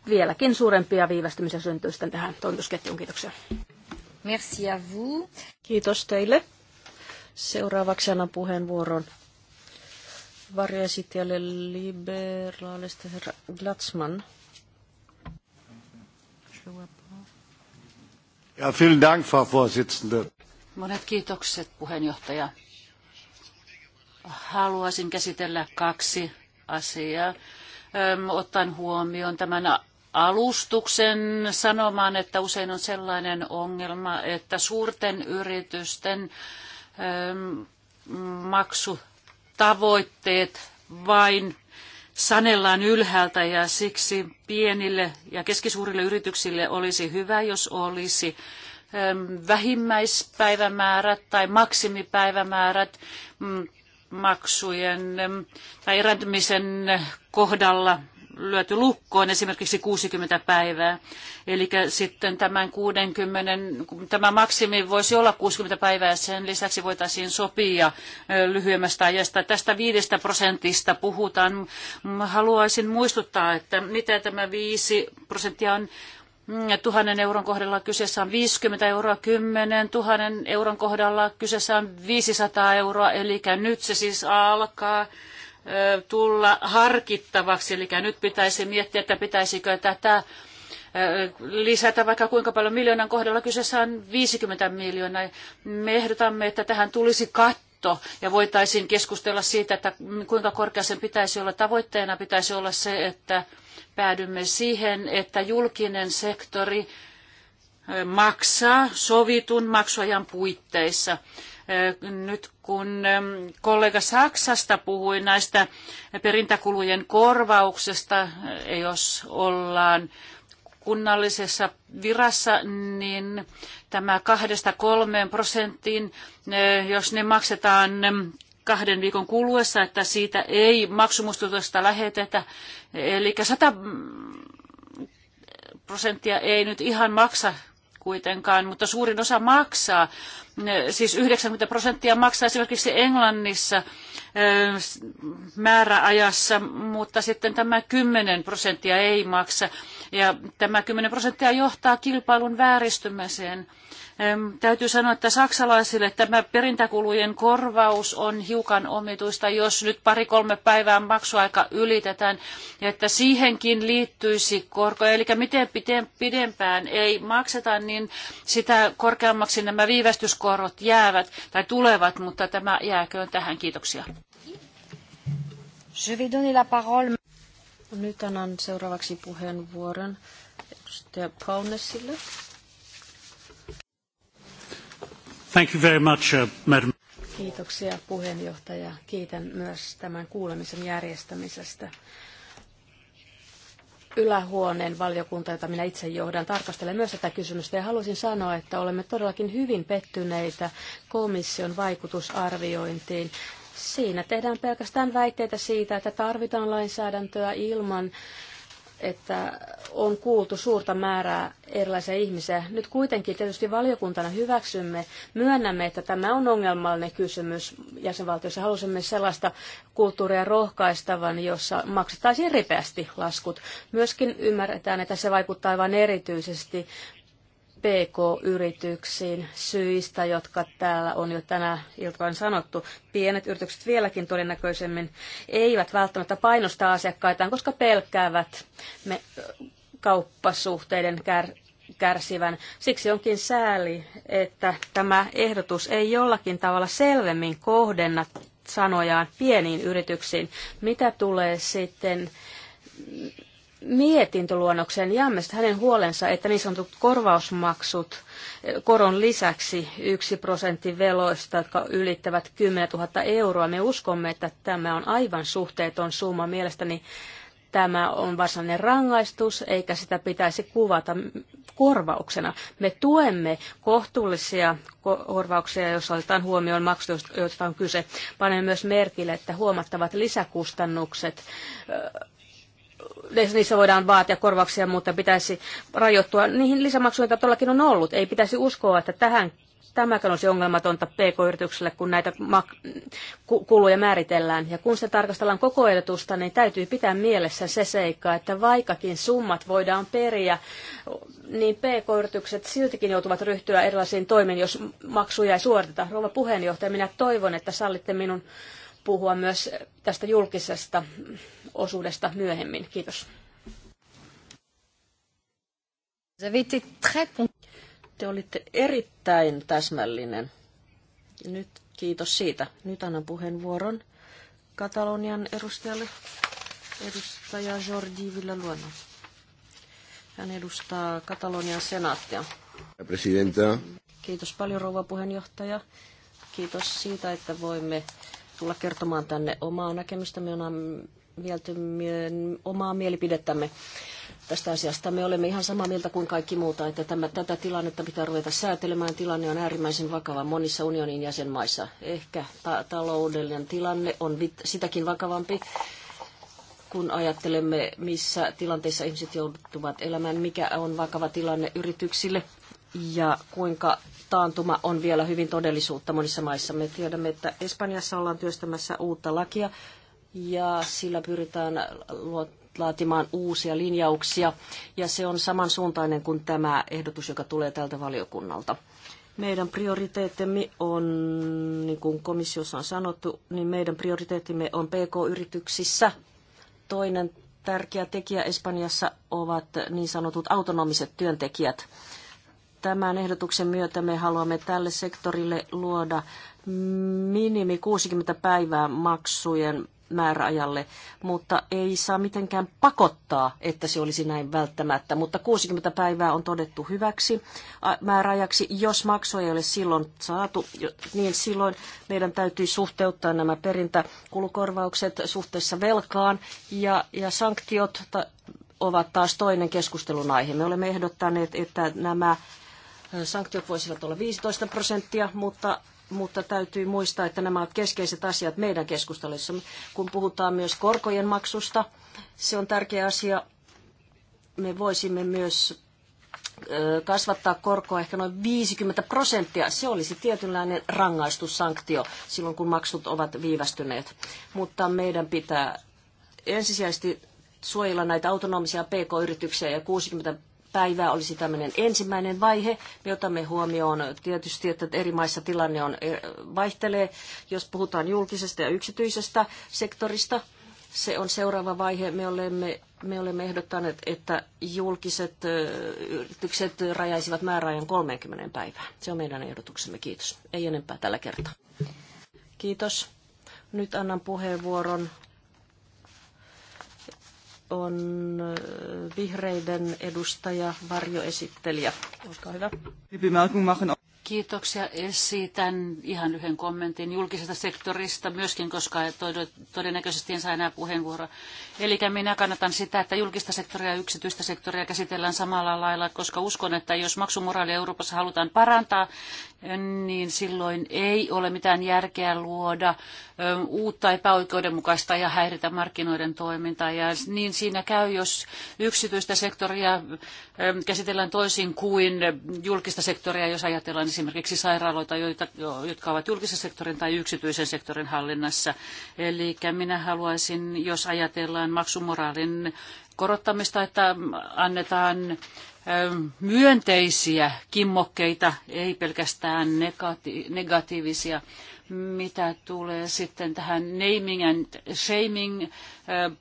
vieläkin suurempia viivästymisiä syntyy sitten tähän toimitusketjuun. Kiitoksia. Merci à vous. Kiitos teille. Seuraavaksi annan puheenvuoron varjoesittäjälle liberaalista herra Glatzman. Ja, vielen Dank, Frau Vorsitzende. Monet kiitokset, puheenjohtaja. Haluaisin käsitellä kaksi asiaa, Öm, ottaen huomioon tämän alustuksen sanomaan, että usein on sellainen ongelma, että suurten yritysten ähm, maksutavoitteet vain sanellaan ylhäältä ja siksi pienille ja keskisuurille yrityksille olisi hyvä, jos olisi ähm, vähimmäispäivämäärät tai maksimipäivämäärät mm, maksujen ähm, tai erääntymisen kohdalla lyöty lukkoon esimerkiksi 60 päivää. Eli sitten tämän 60, tämä maksimi voisi olla 60 päivää, sen lisäksi voitaisiin sopia lyhyemmästä ajasta. Tästä 5 prosentista puhutaan. Haluaisin muistuttaa, että mitä tämä 5 prosenttia on mm, tuhannen euron kohdalla kyseessä on 50 euroa, 10 tuhannen euron kohdalla kyseessä on 500 euroa, eli nyt se siis alkaa tulla harkittavaksi. Eli nyt pitäisi miettiä, että pitäisikö tätä lisätä vaikka kuinka paljon miljoonan kohdalla. Kyseessä on 50 miljoonaa. Me ehdotamme, että tähän tulisi katto ja voitaisiin keskustella siitä, että kuinka korkea sen pitäisi olla. Tavoitteena pitäisi olla se, että päädymme siihen, että julkinen sektori maksaa sovitun maksuajan puitteissa. Nyt kun ähm, kollega Saksasta puhui näistä perintäkulujen korvauksesta, äh, jos ollaan kunnallisessa virassa, niin tämä kahdesta kolmeen prosenttiin, äh, jos ne maksetaan ähm, kahden viikon kuluessa, että siitä ei maksumustutusta lähetetä. Eli 100 prosenttia ei nyt ihan maksa kuitenkaan, mutta suurin osa maksaa. Siis 90 prosenttia maksaa esimerkiksi Englannissa määräajassa, mutta sitten tämä 10 prosenttia ei maksa. Ja tämä 10 prosenttia johtaa kilpailun vääristymiseen. Täytyy sanoa, että saksalaisille tämä perintäkulujen korvaus on hiukan omituista, jos nyt pari-kolme päivää maksuaika ylitetään, ja että siihenkin liittyisi korko. Eli miten pidempään ei makseta, niin sitä korkeammaksi nämä viivästyskorot jäävät tai tulevat, mutta tämä jääköön tähän. Kiitoksia. Je vais donner la parole. Nyt annan seuraavaksi puheenvuoron edustaja Paunesille. Thank you very much, uh, Madam. Kiitoksia puheenjohtaja. Kiitän myös tämän kuulemisen järjestämisestä. Ylähuoneen valiokunta, jota minä itse johdan, tarkastelee myös tätä kysymystä ja haluaisin sanoa, että olemme todellakin hyvin pettyneitä komission vaikutusarviointiin. Siinä tehdään pelkästään väitteitä siitä, että tarvitaan lainsäädäntöä ilman, että on kuultu suurta määrää erilaisia ihmisiä. Nyt kuitenkin tietysti valiokuntana hyväksymme, myönnämme, että tämä on ongelmallinen kysymys jäsenvaltioissa. Halusimme sellaista kulttuuria rohkaistavan, jossa maksettaisiin ripeästi laskut. Myöskin ymmärretään, että se vaikuttaa aivan erityisesti PK-yrityksiin syistä, jotka täällä on jo tänä iltana sanottu. Pienet yritykset vieläkin todennäköisemmin eivät välttämättä painosta asiakkaitaan, koska pelkäävät me kauppasuhteiden kär- kärsivän. Siksi onkin sääli, että tämä ehdotus ei jollakin tavalla selvemmin kohdenna sanojaan pieniin yrityksiin. Mitä tulee sitten mietintöluonnokseen jaamme hänen huolensa, että niin sanotut korvausmaksut eh, koron lisäksi yksi prosentti veloista, jotka ylittävät 10 000 euroa. Me uskomme, että tämä on aivan suhteeton summa. Mielestäni tämä on varsinainen rangaistus, eikä sitä pitäisi kuvata korvauksena. Me tuemme kohtuullisia korvauksia, jos otetaan huomioon maksut, joista on kyse. Panen myös merkille, että huomattavat lisäkustannukset eh, niissä voidaan vaatia korvauksia, mutta pitäisi rajoittua niihin lisämaksuihin, joita todellakin on ollut. Ei pitäisi uskoa, että tähän tämäkään olisi ongelmatonta PK-yritykselle, kun näitä kuluja määritellään. Ja kun se tarkastellaan koko ehdotusta, niin täytyy pitää mielessä se seikka, että vaikkakin summat voidaan periä, niin PK-yritykset siltikin joutuvat ryhtyä erilaisiin toimiin, jos maksuja ei suoriteta. Rouva puheenjohtaja, minä toivon, että sallitte minun puhua myös tästä julkisesta osuudesta myöhemmin. Kiitos. Te olitte erittäin täsmällinen. Nyt kiitos siitä. Nyt annan puheenvuoron Katalonian edustajalle, edustaja Jordi Villaluona. Hän edustaa Katalonian senaattia. Presidenta. Kiitos paljon rouva puheenjohtaja. Kiitos siitä, että voimme tulla kertomaan tänne omaa näkemystä. Me omaa mielipidettämme tästä asiasta. Me olemme ihan samaa mieltä kuin kaikki muuta, että tämä, tätä tilannetta pitää ruveta säätelemään. Tilanne on äärimmäisen vakava monissa unionin jäsenmaissa. Ehkä ta- taloudellinen tilanne on vit- sitäkin vakavampi, kun ajattelemme, missä tilanteissa ihmiset joutuvat elämään, mikä on vakava tilanne yrityksille ja kuinka taantuma on vielä hyvin todellisuutta monissa maissa. Me tiedämme, että Espanjassa ollaan työstämässä uutta lakia, ja sillä pyritään laatimaan uusia linjauksia ja se on samansuuntainen kuin tämä ehdotus, joka tulee tältä valiokunnalta. Meidän prioriteettimme on, niin kuin komissiossa on sanottu, niin meidän prioriteettimme on PK-yrityksissä. Toinen tärkeä tekijä Espanjassa ovat niin sanotut autonomiset työntekijät. Tämän ehdotuksen myötä me haluamme tälle sektorille luoda minimi 60 päivää maksujen määräajalle, mutta ei saa mitenkään pakottaa, että se olisi näin välttämättä. Mutta 60 päivää on todettu hyväksi määräajaksi. Jos maksua ei ole silloin saatu, niin silloin meidän täytyy suhteuttaa nämä perintäkulukorvaukset suhteessa velkaan ja, ja sanktiot ovat taas toinen keskustelun aihe. Me olemme ehdottaneet, että nämä sanktiot voisivat olla 15 prosenttia, mutta mutta täytyy muistaa, että nämä ovat keskeiset asiat meidän keskustelussamme. Kun puhutaan myös korkojen maksusta, se on tärkeä asia. Me voisimme myös kasvattaa korkoa ehkä noin 50 prosenttia. Se olisi tietynlainen rangaistussanktio silloin, kun maksut ovat viivästyneet. Mutta meidän pitää ensisijaisesti suojella näitä autonomisia pk-yrityksiä ja 60 päivää olisi tämmöinen ensimmäinen vaihe. Me otamme huomioon tietysti, että eri maissa tilanne on, eh, vaihtelee, jos puhutaan julkisesta ja yksityisestä sektorista. Se on seuraava vaihe. Me olemme, me olemme ehdottaneet, että julkiset eh, yritykset rajaisivat määräajan 30 päivää. Se on meidän ehdotuksemme. Kiitos. Ei enempää tällä kertaa. Kiitos. Nyt annan puheenvuoron on äh, vihreiden edustaja, varjoesittelijä. Olkaa hyvä. Kiitoksia. Esitän ihan yhden kommentin julkisesta sektorista myöskin, koska todennäköisesti en saa enää puheenvuoroa. Eli minä kannatan sitä, että julkista sektoria ja yksityistä sektoria käsitellään samalla lailla, koska uskon, että jos maksumoraali Euroopassa halutaan parantaa, niin silloin ei ole mitään järkeä luoda uutta epäoikeudenmukaista ja häiritä markkinoiden toimintaa. Ja niin siinä käy, jos yksityistä sektoria käsitellään toisin kuin julkista sektoria, jos ajatellaan esimerkiksi sairaaloita, joita, jotka ovat julkisen sektorin tai yksityisen sektorin hallinnassa. Eli minä haluaisin, jos ajatellaan maksumoraalin korottamista, että annetaan myönteisiä kimmokkeita, ei pelkästään negati- negatiivisia. Mitä tulee sitten tähän naming and shaming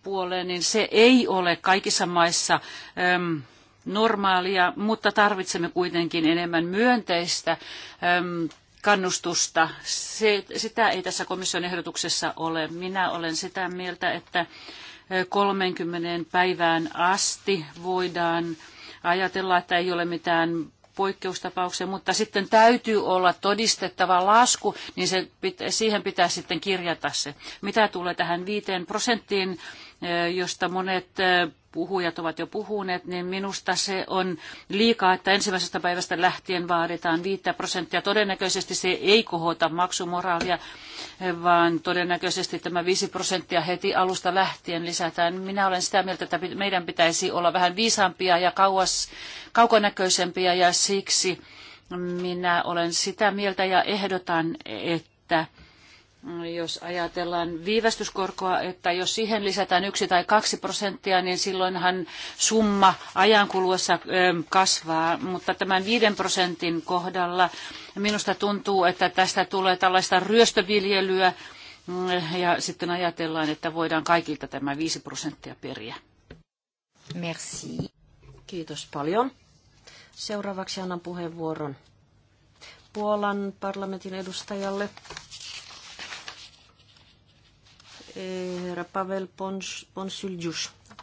puoleen, niin se ei ole kaikissa maissa normaalia, mutta tarvitsemme kuitenkin enemmän myönteistä kannustusta. Se, sitä ei tässä komission ehdotuksessa ole. Minä olen sitä mieltä, että 30 päivään asti voidaan ajatella, että ei ole mitään poikkeustapauksia, mutta sitten täytyy olla todistettava lasku, niin se, siihen pitää sitten kirjata se. Mitä tulee tähän viiteen prosenttiin, Eh, josta monet eh, puhujat ovat jo puhuneet, niin minusta se on liikaa, että ensimmäisestä päivästä lähtien vaaditaan 5 prosenttia. Todennäköisesti se ei kohota maksumoraalia, eh, vaan todennäköisesti tämä 5 prosenttia heti alusta lähtien lisätään. Minä olen sitä mieltä, että meidän pitäisi olla vähän viisaampia ja kauas, kaukonäköisempiä ja siksi minä olen sitä mieltä ja ehdotan, että jos ajatellaan viivästyskorkoa, että jos siihen lisätään yksi tai kaksi prosenttia, niin silloinhan summa ajan kuluessa kasvaa. Mutta tämän viiden prosentin kohdalla minusta tuntuu, että tästä tulee tällaista ryöstöviljelyä, mm, ja sitten ajatellaan, että voidaan kaikilta tämä viisi prosenttia periä. Merci. Kiitos paljon. Seuraavaksi annan puheenvuoron Puolan parlamentin edustajalle herra Pavel Pons,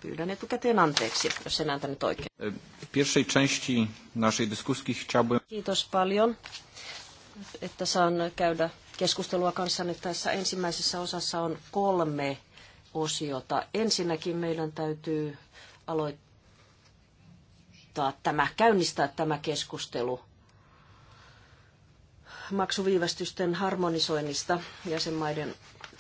Pyydän etukäteen anteeksi, jos en ääntänyt oikein. E, pierwszej części naszej dyskusji chciałbym... Kiitos paljon, että saan käydä keskustelua kanssanne. Tässä ensimmäisessä osassa on kolme osiota. Ensinnäkin meidän täytyy aloittaa tämä, käynnistää tämä keskustelu maksuviivästysten harmonisoinnista jäsenmaiden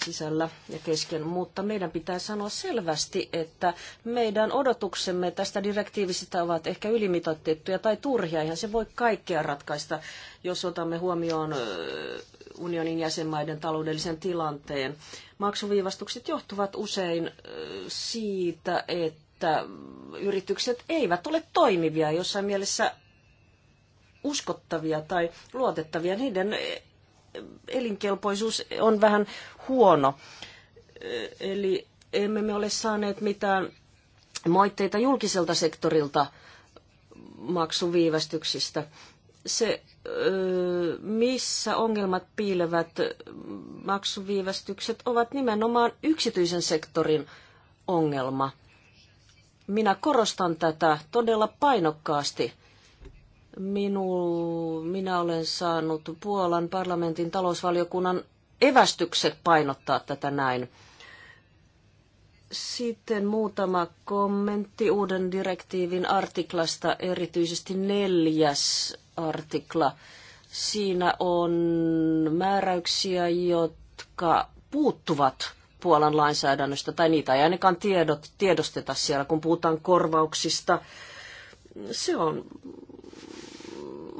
sisällä ja kesken, mutta meidän pitää sanoa selvästi, että meidän odotuksemme tästä direktiivistä ovat ehkä ylimitoitettuja tai turhia. Eihän se voi kaikkea ratkaista, jos otamme huomioon unionin jäsenmaiden taloudellisen tilanteen. Maksuviivastukset johtuvat usein siitä, että yritykset eivät ole toimivia jossain mielessä uskottavia tai luotettavia. Niiden elinkelpoisuus on vähän huono. Eli emme me ole saaneet mitään moitteita julkiselta sektorilta maksuviivästyksistä. Se, missä ongelmat piilevät maksuviivästykset, ovat nimenomaan yksityisen sektorin ongelma. Minä korostan tätä todella painokkaasti Minu, minä olen saanut Puolan parlamentin talousvaliokunnan evästykset painottaa tätä näin. Sitten muutama kommentti uuden direktiivin artiklasta, erityisesti neljäs artikla. Siinä on määräyksiä, jotka puuttuvat Puolan lainsäädännöstä, tai niitä ei ainakaan tiedot, tiedosteta siellä, kun puhutaan korvauksista. Se on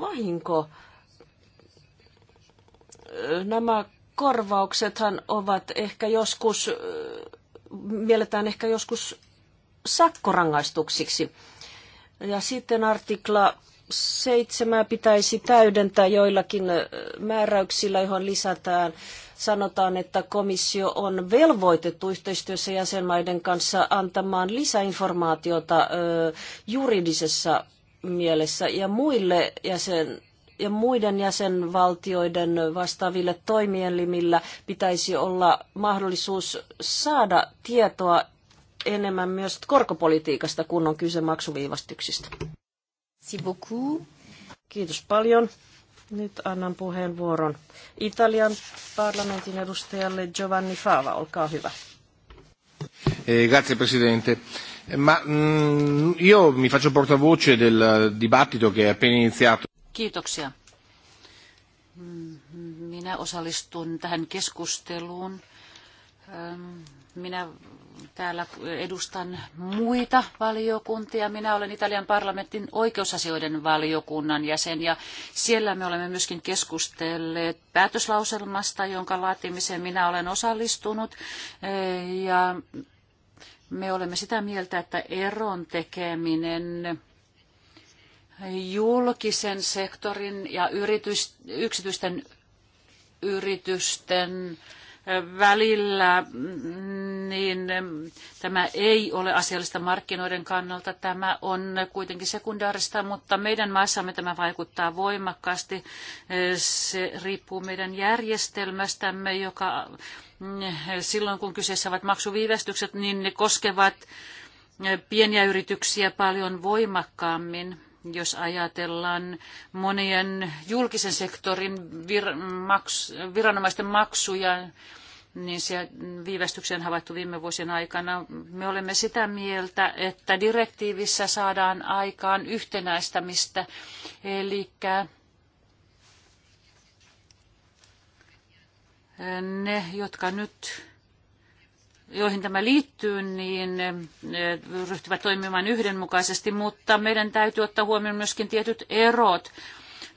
vahinko. Nämä korvauksethan ovat ehkä joskus, mielletään ehkä joskus sakkorangaistuksiksi. Ja sitten artikla 7 pitäisi täydentää joillakin määräyksillä, johon lisätään. Sanotaan, että komissio on velvoitettu yhteistyössä jäsenmaiden kanssa antamaan lisäinformaatiota juridisessa mielessä ja muille jäsen, ja muiden jäsenvaltioiden vastaaville toimielimillä pitäisi olla mahdollisuus saada tietoa enemmän myös korkopolitiikasta, kun on kyse maksuviivastyksistä. Kiitos paljon. Nyt annan puheenvuoron Italian parlamentin edustajalle Giovanni Fava. Olkaa hyvä. Eh, grazie Presidente. Eh, ma mm, io mi faccio portavoce del dibattito che è appena iniziato. Kiitoksia. Mm, minä osallistun tähän keskusteluun. Ähm, minä täällä edustan muita valiokuntia. Minä olen Italian parlamentin oikeusasioiden valiokunnan jäsen ja siellä me olemme myöskin keskustelleet päätöslauselmasta, jonka laatimiseen minä olen osallistunut. Äh, ja me olemme sitä mieltä, että eron tekeminen julkisen sektorin ja yritys, yksityisten yritysten välillä, mm, niin mm, tämä ei ole asiallista markkinoiden kannalta. Tämä on kuitenkin sekundaarista, mutta meidän maassamme tämä vaikuttaa voimakkaasti. Se riippuu meidän järjestelmästämme, joka silloin kun kyseessä ovat maksuviivästykset, niin ne koskevat pieniä yrityksiä paljon voimakkaammin. Jos ajatellaan monien julkisen sektorin vir- maks- viranomaisten maksuja, niin se viivästykseen havaittu viime vuosien aikana. Me olemme sitä mieltä, että direktiivissä saadaan aikaan yhtenäistämistä, eli Ne, jotka nyt joihin tämä liittyy, niin ryhtyvät toimimaan yhdenmukaisesti, mutta meidän täytyy ottaa huomioon myöskin tietyt erot.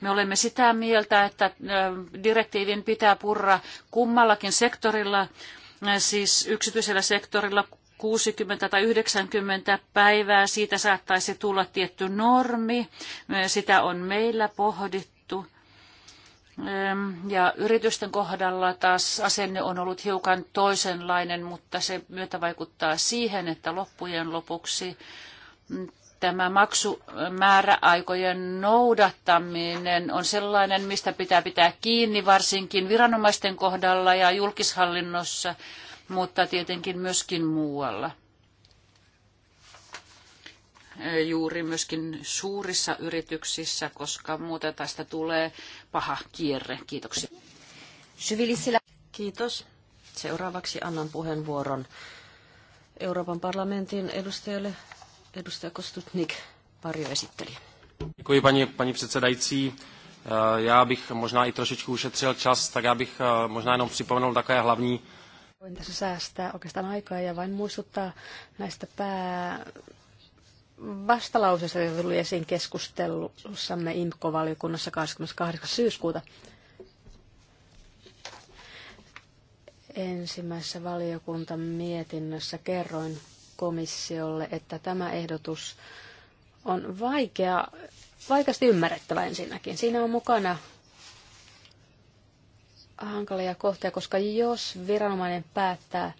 Me olemme sitä mieltä, että äh, direktiivin pitää purra kummallakin sektorilla, äh, siis yksityisellä sektorilla 60 tai 90 päivää, siitä saattaisi tulla tietty normi. Äh, sitä on meillä pohdittu Ehm, ja yritysten kohdalla taas asenne on ollut hiukan toisenlainen, mutta se myötä vaikuttaa siihen, että loppujen lopuksi tämä maksumääräaikojen noudattaminen on sellainen, mistä pitää pitää kiinni varsinkin viranomaisten kohdalla ja julkishallinnossa, mutta tietenkin myöskin muualla juuri myöskin suurissa yrityksissä, koska muuten tästä tulee paha kierre. Kiitoksia. Kiitos. Seuraavaksi annan puheenvuoron Euroopan parlamentin edustajalle, edustaja Kostutnik, varjoesittelijä. Děkuji, paní, paní předsedající. Eh, já bych možná i trošičku ušetřil čas, tak já bych eh, možná jenom připomenul také hlavní. Voin tässä säästää oikeastaan aikaa ja vain muistuttaa näistä pää, vastalauseesta, joka tuli esiin keskustelussamme IMKO-valiokunnassa 28. syyskuuta. Ensimmäisessä valiokuntamietinnössä kerroin komissiolle, että tämä ehdotus on vaikea, vaikeasti ymmärrettävä ensinnäkin. Siinä on mukana hankalia kohtia, koska jos viranomainen päättää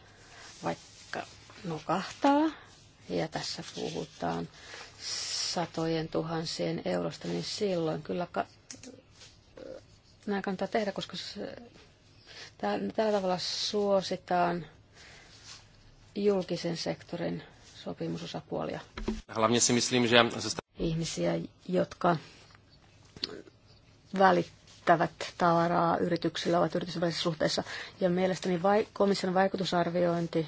vaikka nukahtaa, ja tässä puhutaan satojen tuhansien eurosta, niin silloin kyllä ka- nämä kannattaa tehdä, koska se, tällä tavalla suositaan julkisen sektorin sopimusosapuolia. Ihmisiä, jotka välittävät tavaraa yrityksillä, ovat yritysvälisessä suhteessa. Ja mielestäni vai, komission vaikutusarviointi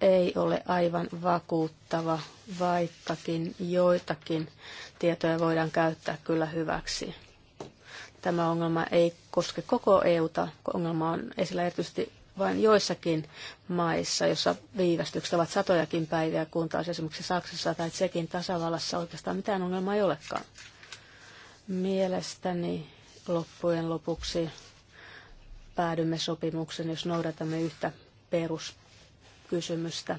ei ole aivan vakuuttava, vaikkakin joitakin tietoja voidaan käyttää kyllä hyväksi. Tämä ongelma ei koske koko EUta, ongelma on esillä erityisesti vain joissakin maissa, jossa viivästykset ovat satojakin päiviä, kun taas esimerkiksi Saksassa tai Tsekin tasavallassa oikeastaan mitään ongelmaa ei olekaan. Mielestäni loppujen lopuksi päädymme sopimuksen, jos noudatamme yhtä perus kysymystä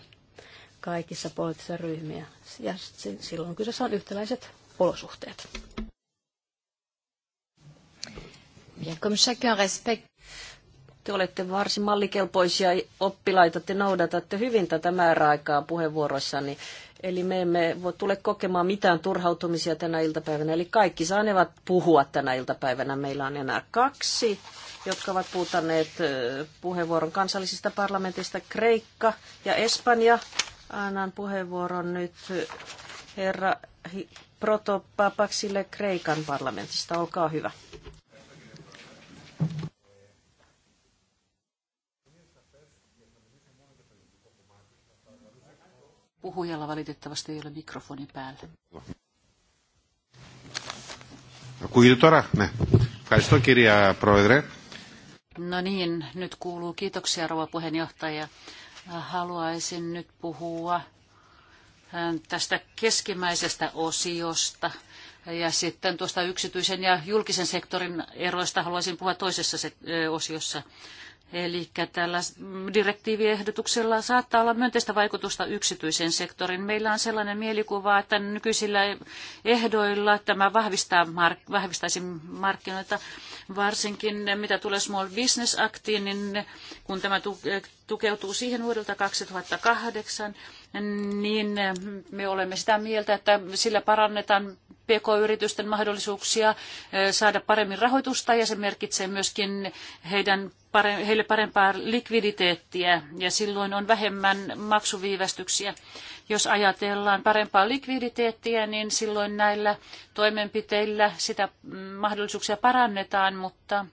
kaikissa poliittisissa ryhmiä. Ja silloin kyseessä on yhtäläiset olosuhteet. Bien, te olette varsin mallikelpoisia oppilaita, te noudatatte hyvin tätä määräaikaa puheenvuoroissa, niin Eli me emme voi tule kokemaan mitään turhautumisia tänä iltapäivänä. Eli kaikki saanevat puhua tänä iltapäivänä. Meillä on enää kaksi, jotka ovat puutaneet puheenvuoron kansallisista parlamentista Kreikka ja Espanja. Annan puheenvuoron nyt herra Protopapaksille Kreikan parlamentista. Olkaa hyvä. Puhujalla valitettavasti ei ole mikrofoni päällä. No, no niin, nyt kuuluu kiitoksia rouva puheenjohtaja. Haluaisin nyt puhua ähm, tästä keskimmäisestä osiosta ja sitten tuosta yksityisen ja julkisen sektorin eroista haluaisin puhua toisessa osiossa. Eli tällä direktiiviehdotuksella saattaa olla myönteistä vaikutusta yksityisen sektorin. Meillä on sellainen mielikuva, että nykyisillä ehdoilla tämä vahvistaa mark- vahvistaisi markkinoita, varsinkin mitä tulee Small Business Actiin, niin kun tämä tukeutuu siihen vuodelta 2008, niin me olemme sitä mieltä, että sillä parannetaan PK-yritysten mahdollisuuksia eh, saada paremmin rahoitusta ja se merkitsee myöskin heidän heille parempaa likviditeettiä ja silloin on vähemmän maksuviivästyksiä. Jos ajatellaan parempaa likviditeettiä, niin silloin näillä toimenpiteillä sitä mm, mahdollisuuksia parannetaan, mutta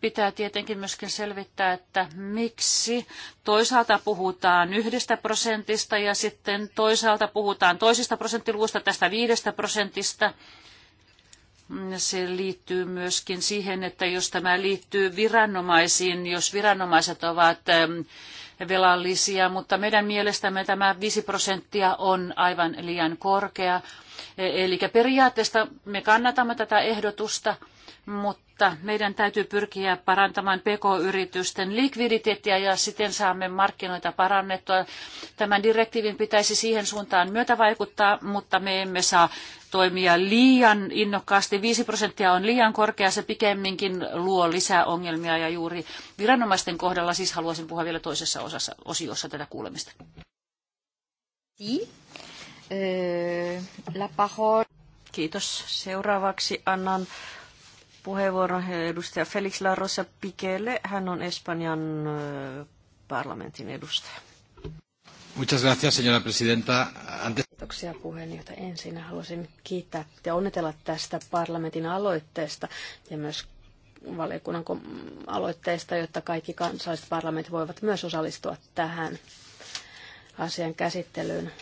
pitää tietenkin myöskin selvittää, että miksi toisaalta puhutaan yhdestä prosentista ja sitten toisaalta puhutaan toisista prosenttiluvusta tästä viidestä prosentista. Se liittyy myöskin siihen, että jos tämä liittyy viranomaisiin, jos viranomaiset ovat ähm, velallisia, mutta meidän mielestämme tämä 5 prosenttia on aivan liian korkea. E, eli periaatteessa me kannatamme tätä ehdotusta, mutta mutta meidän täytyy pyrkiä parantamaan PK-yritysten likviditeettiä ja siten saamme markkinoita parannettua. Tämän direktiivin pitäisi siihen suuntaan myötävaikuttaa, mutta me emme saa toimia liian innokkaasti. Viisi prosenttia on liian korkea, se pikemminkin luo lisää ongelmia ja juuri viranomaisten kohdalla siis haluaisin puhua vielä toisessa osassa, osiossa tätä kuulemista. Eh, Kiitos. Seuraavaksi annan puheenvuoron edustaja Felix La Rosa Piquelle. Hän on Espanjan parlamentin edustaja. Muchas gracias, señora presidenta. Antes... Kiitoksia puheenjohtaja. Ensin haluaisin kiittää ja onnitella tästä parlamentin aloitteesta ja myös valiokunnan aloitteesta, jotta kaikki kansalliset parlamentit voivat myös osallistua tähän asian käsittelyyn.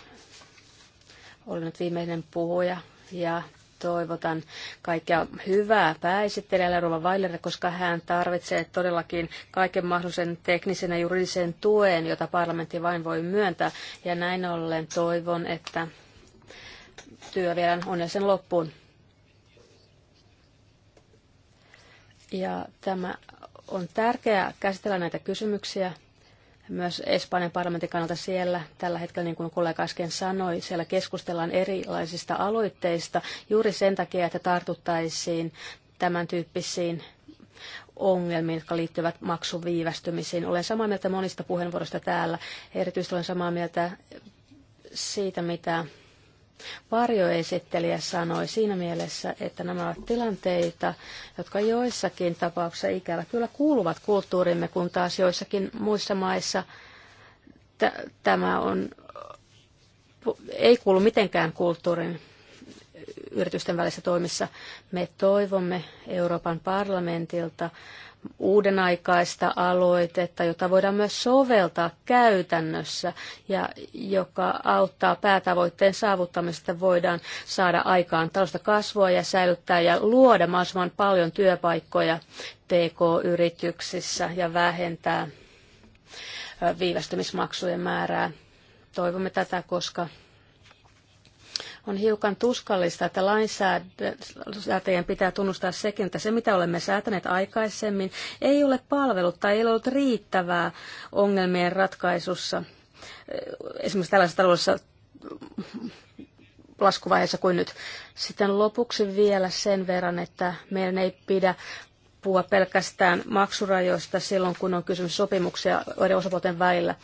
Olen nyt viimeinen puhuja ja toivotan kaikkea hyvää pääesittelijälle Rova Weilerille, koska hän tarvitsee todellakin kaiken mahdollisen teknisen ja juridisen tuen, jota parlamentti vain voi myöntää. Ja näin ollen toivon, että työ viedään sen loppuun. Ja tämä on tärkeää käsitellä näitä kysymyksiä myös Espanjan parlamentin kannalta siellä tällä hetkellä, niin kuin kollega äsken sanoi, siellä keskustellaan erilaisista aloitteista juuri sen takia, että tartuttaisiin tämän tyyppisiin ongelmiin, jotka liittyvät maksuviivästymisiin. Olen samaa mieltä monista puheenvuoroista täällä. Erityisesti olen samaa mieltä siitä, mitä varjoesittelijä sanoi siinä mielessä, että nämä ovat tilanteita, jotka joissakin tapauksissa ikävä kyllä kuuluvat kulttuurimme, kun taas joissakin muissa maissa tämä on, ei kuulu mitenkään kulttuurin yritysten välissä toimissa. Me toivomme Euroopan parlamentilta uudenaikaista aloitetta, jota voidaan myös soveltaa käytännössä ja joka auttaa päätavoitteen saavuttamista, voidaan saada aikaan tällaista kasvua ja säilyttää ja luoda mahdollisimman paljon työpaikkoja PK-yrityksissä ja vähentää viivästymismaksujen määrää. Toivomme tätä, koska on hiukan tuskallista, että lainsäätäjien pitää tunnustaa sekin, että se mitä olemme säätäneet aikaisemmin ei ole palvelut tai ei ole ollut riittävää ongelmien ratkaisussa. Esimerkiksi tällaisessa taloudellisessa laskuvaiheessa kuin nyt. Sitten lopuksi vielä sen verran, että meidän ei pidä puhua pelkästään maksurajoista silloin, kun on kysymys sopimuksia eri osapuolten välillä.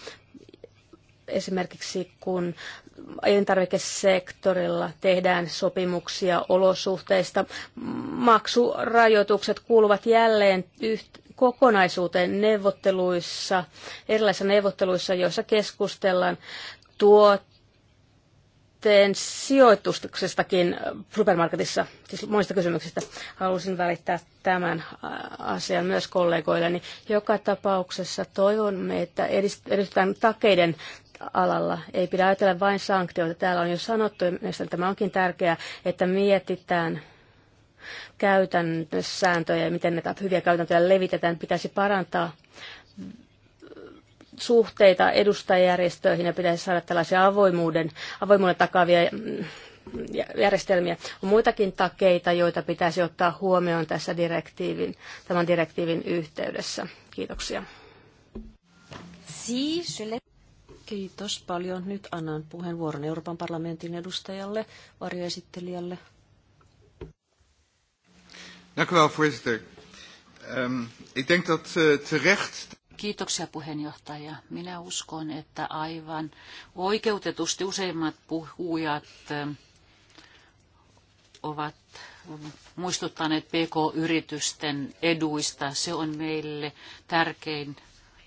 Esimerkiksi kun elintarvikesektorilla tehdään sopimuksia olosuhteista. Maksurajoitukset kuuluvat jälleen yht- kokonaisuuteen neuvotteluissa, erilaisissa neuvotteluissa, joissa keskustellaan tuotteen sijoituksestakin supermarketissa, siis monista kysymyksistä. Halusin välittää tämän asian myös kollegoilleni. Joka tapauksessa toivomme, että edistetään takeiden alalla. Ei pidä ajatella vain sanktioita. Täällä on jo sanottu, ja mielestäni tämä onkin tärkeää, että mietitään käytännössääntöjä ja miten näitä hyviä käytäntöjä levitetään. Pitäisi parantaa suhteita edustajajärjestöihin ja pitäisi saada tällaisia avoimuuden, avoimuuden takavia mm, järjestelmiä. On muitakin takeita, joita pitäisi ottaa huomioon tässä direktiivin, tämän direktiivin yhteydessä. Kiitoksia. Kiitos paljon. Nyt annan puheenvuoron Euroopan parlamentin edustajalle, varjoesittelijälle. Dank u voorzitter. Um, ik denk dat uh, terecht... Kiitoksia puheenjohtaja. Minä uskon, että aivan oikeutetusti useimmat puhujat ehm, ovat muistuttaneet PK-yritysten eduista. Se on meille tärkein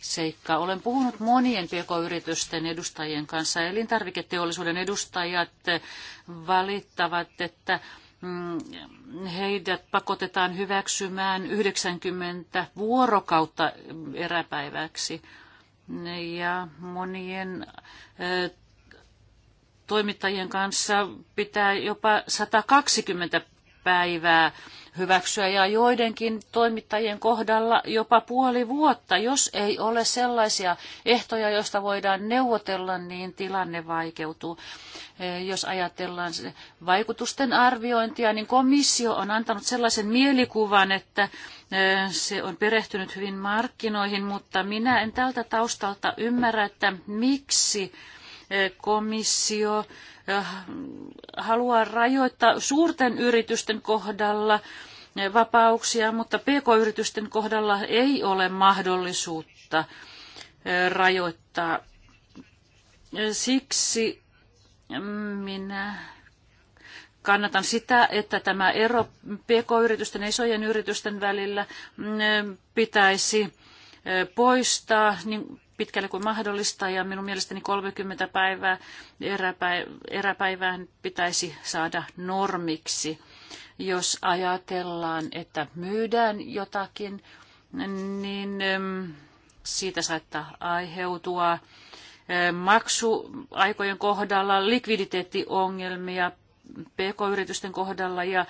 seikka Olen puhunut monien pk-yritysten edustajien kanssa. Elintarviketeollisuuden edustajat valittavat, että mm, heidät pakotetaan hyväksymään 90 vuorokautta eräpäiväksi. Ja monien toimittajien kanssa pitää jopa 120 päivää hyväksyä ja joidenkin toimittajien kohdalla jopa puoli vuotta. Jos ei ole sellaisia ehtoja, joista voidaan neuvotella, niin tilanne vaikeutuu. E, jos ajatellaan vaikutusten arviointia, niin komissio on antanut sellaisen mielikuvan, että e, se on perehtynyt hyvin markkinoihin, mutta minä en tältä taustalta ymmärrä, että miksi e, komissio Äh, haluaa rajoittaa suurten yritysten kohdalla äh, vapauksia, mutta pk-yritysten kohdalla ei ole mahdollisuutta äh, rajoittaa. Siksi minä kannatan sitä, että tämä ero pk-yritysten ja isojen yritysten välillä pitäisi poistaa, niin pitkälle kuin mahdollista ja minun mielestäni 30 päivää eräpäivään pitäisi saada normiksi. Jos ajatellaan, että myydään jotakin, niin siitä saattaa aiheutua maksuaikojen kohdalla likviditeettiongelmia, pk-yritysten kohdalla ja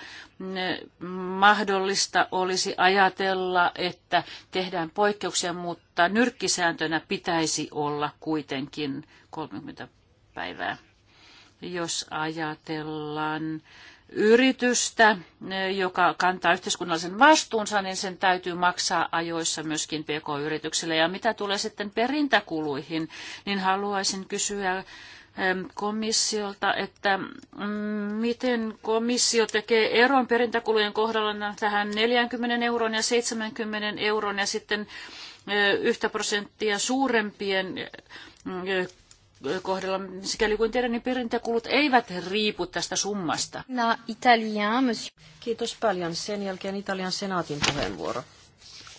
mahdollista olisi ajatella, että tehdään poikkeuksia, mutta nyrkkisääntönä pitäisi olla kuitenkin 30 päivää. Jos ajatellaan yritystä, joka kantaa yhteiskunnallisen vastuunsa, niin sen täytyy maksaa ajoissa myöskin PK-yritykselle. Ja mitä tulee sitten perintäkuluihin, niin haluaisin kysyä komissiolta, että mm, miten komissio tekee eron perintäkulujen kohdalla tähän 40 euron ja 70 euron ja sitten yhtä prosenttia suurempien kohdalla. Sikäli kuin tiedän, niin perintäkulut eivät riipu tästä summasta. No, Italian, monsieur. Kiitos paljon. Sen jälkeen Italian senaatin puheenvuoro.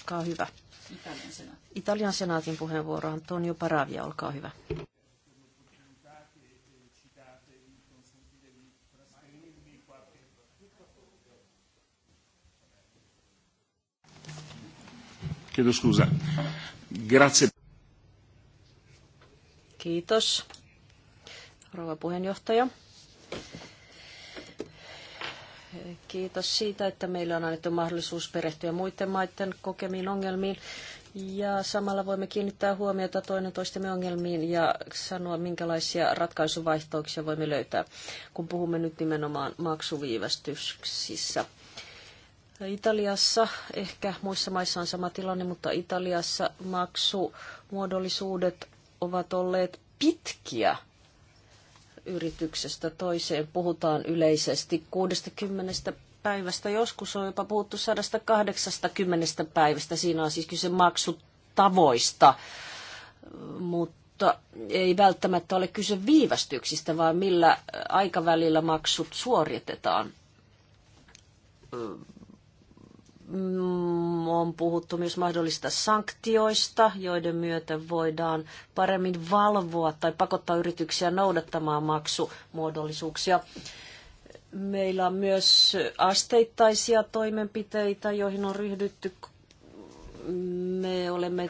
Olkaa hyvä. Italian senaatin, Italian senaatin puheenvuoro. Antonio Paravia, olkaa hyvä. Chiedo scusa. Grazie. Kiitos, rouva puheenjohtaja. Kiitos siitä, että meillä on annettu mahdollisuus perehtyä muiden maiden kokemiin ongelmiin. Ja samalla voimme kiinnittää huomiota toinen toistemme ongelmiin ja sanoa, minkälaisia ratkaisuvaihtoehtoja voimme löytää, kun puhumme nyt nimenomaan maksuviivästyksissä. Italiassa, ehkä muissa maissa on sama tilanne, mutta Italiassa maksumuodollisuudet ovat olleet pitkiä yrityksestä toiseen. Puhutaan yleisesti 60 päivästä, joskus on jopa puhuttu 180 päivästä. Siinä on siis kyse maksutavoista, mutta ei välttämättä ole kyse viivästyksistä, vaan millä aikavälillä maksut suoritetaan Mm, on puhuttu myös mahdollisista sanktioista, joiden myötä voidaan paremmin valvoa tai pakottaa yrityksiä noudattamaan maksumuodollisuuksia. Meillä on myös asteittaisia toimenpiteitä, joihin on ryhdytty. Me olemme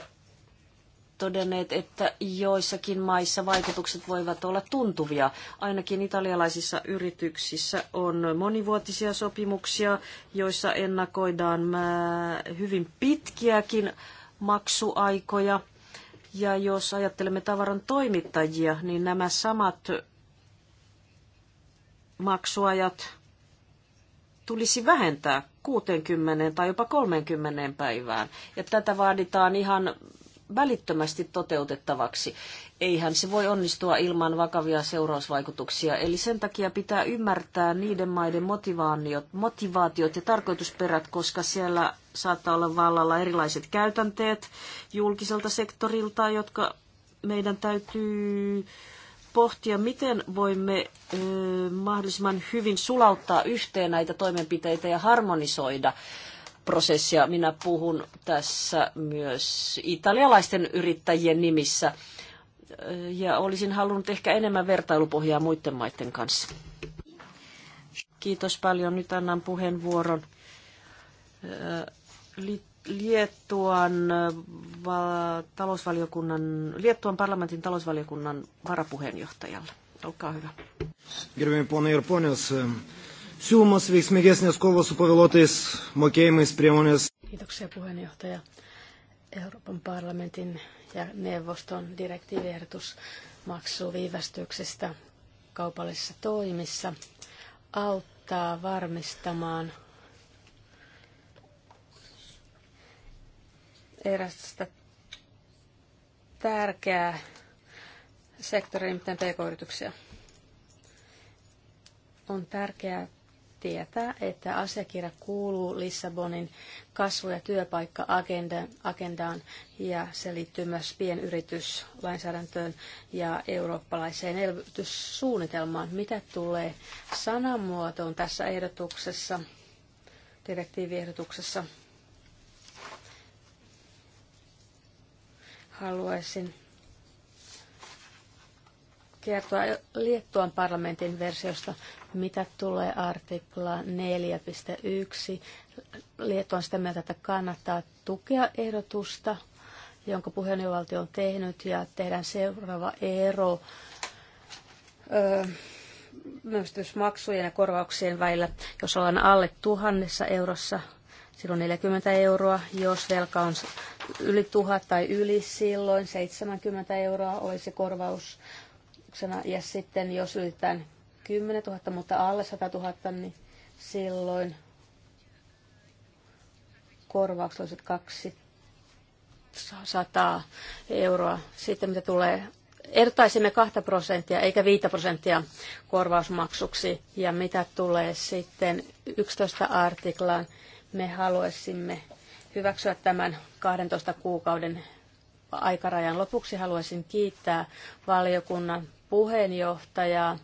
todenneet, että joissakin maissa vaikutukset voivat olla tuntuvia. Ainakin italialaisissa yrityksissä on monivuotisia sopimuksia, joissa ennakoidaan hyvin pitkiäkin maksuaikoja. Ja jos ajattelemme tavaran toimittajia, niin nämä samat maksuajat tulisi vähentää 60 tai jopa 30 päivään. Ja tätä vaaditaan ihan välittömästi toteutettavaksi. Eihän se voi onnistua ilman vakavia seurausvaikutuksia, eli sen takia pitää ymmärtää niiden maiden motivaatiot, motivaatiot ja tarkoitusperät, koska siellä saattaa olla vallalla erilaiset käytänteet julkiselta sektorilta, jotka meidän täytyy pohtia, miten voimme ö, mahdollisimman hyvin sulauttaa yhteen näitä toimenpiteitä ja harmonisoida prosessia. Minä puhun tässä myös italialaisten yrittäjien nimissä ja olisin halunnut ehkä enemmän vertailupohjaa muiden maiden kanssa. Kiitos paljon. Nyt annan puheenvuoron äh, Liettuan, äh, talousvaliokunnan, Liettuan parlamentin talousvaliokunnan varapuheenjohtajalle. Olkaa hyvä. Gerbiami ponai ir ponios, siūlomos veiksmingesnės kovos su pavėluotais mokėjimais priemonės. Kiitoksia puheenjohtaja. Euroopan parlamentin ja neuvoston direktiiviehdotus maksuviivästyksistä kaupallisissa toimissa auttaa varmistamaan erästä tärkeää sektoria, miten pk-yrityksiä. On tärkeää tietää, että asiakirja kuuluu Lissabonin kasvu- ja työpaikka-agendaan ja se liittyy myös pienyrityslainsäädäntöön ja eurooppalaiseen elvytyssuunnitelmaan. Mitä tulee sanamuotoon tässä ehdotuksessa, direktiiviehdotuksessa? Haluaisin kertoa Liettuan parlamentin versiosta, mitä tulee artikla 4.1. Liettua on sitä mieltä, että kannattaa tukea ehdotusta, jonka puheenjohtaja on tehnyt, ja tehdään seuraava ero myöstysmaksujen ja korvauksien välillä. Jos ollaan alle tuhannessa eurossa, silloin 40 euroa. Jos velka on yli tuhat tai yli, silloin 70 euroa olisi korvaus tarkoituksena. Ja sitten jos ylitetään 10 000, mutta alle 100 000, niin silloin korvaukset olisivat 200 euroa. Sitten mitä tulee Ertaisimme 2 prosenttia eikä 5 prosenttia korvausmaksuksi. Ja mitä tulee sitten 11 artiklaan, me haluaisimme hyväksyä tämän 12 kuukauden aikarajan. Lopuksi haluaisin kiittää valiokunnan puheenjohtajaa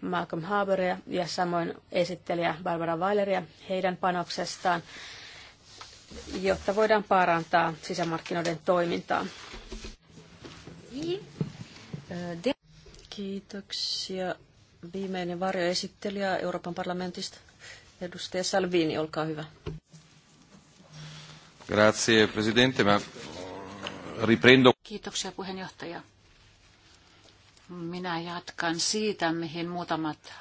Malcolm Harberia ja samoin esittelijä Barbara Weileria heidän panoksestaan, jotta voidaan parantaa sisämarkkinoiden toimintaa. Kiitoksia. Viimeinen varjoesittelijä Euroopan parlamentista, edustaja Salvini, olkaa hyvä. Grazie, presidente. ma riprendo... Kiitoksia puheenjohtaja minä jatkan siitä, mihin muutamat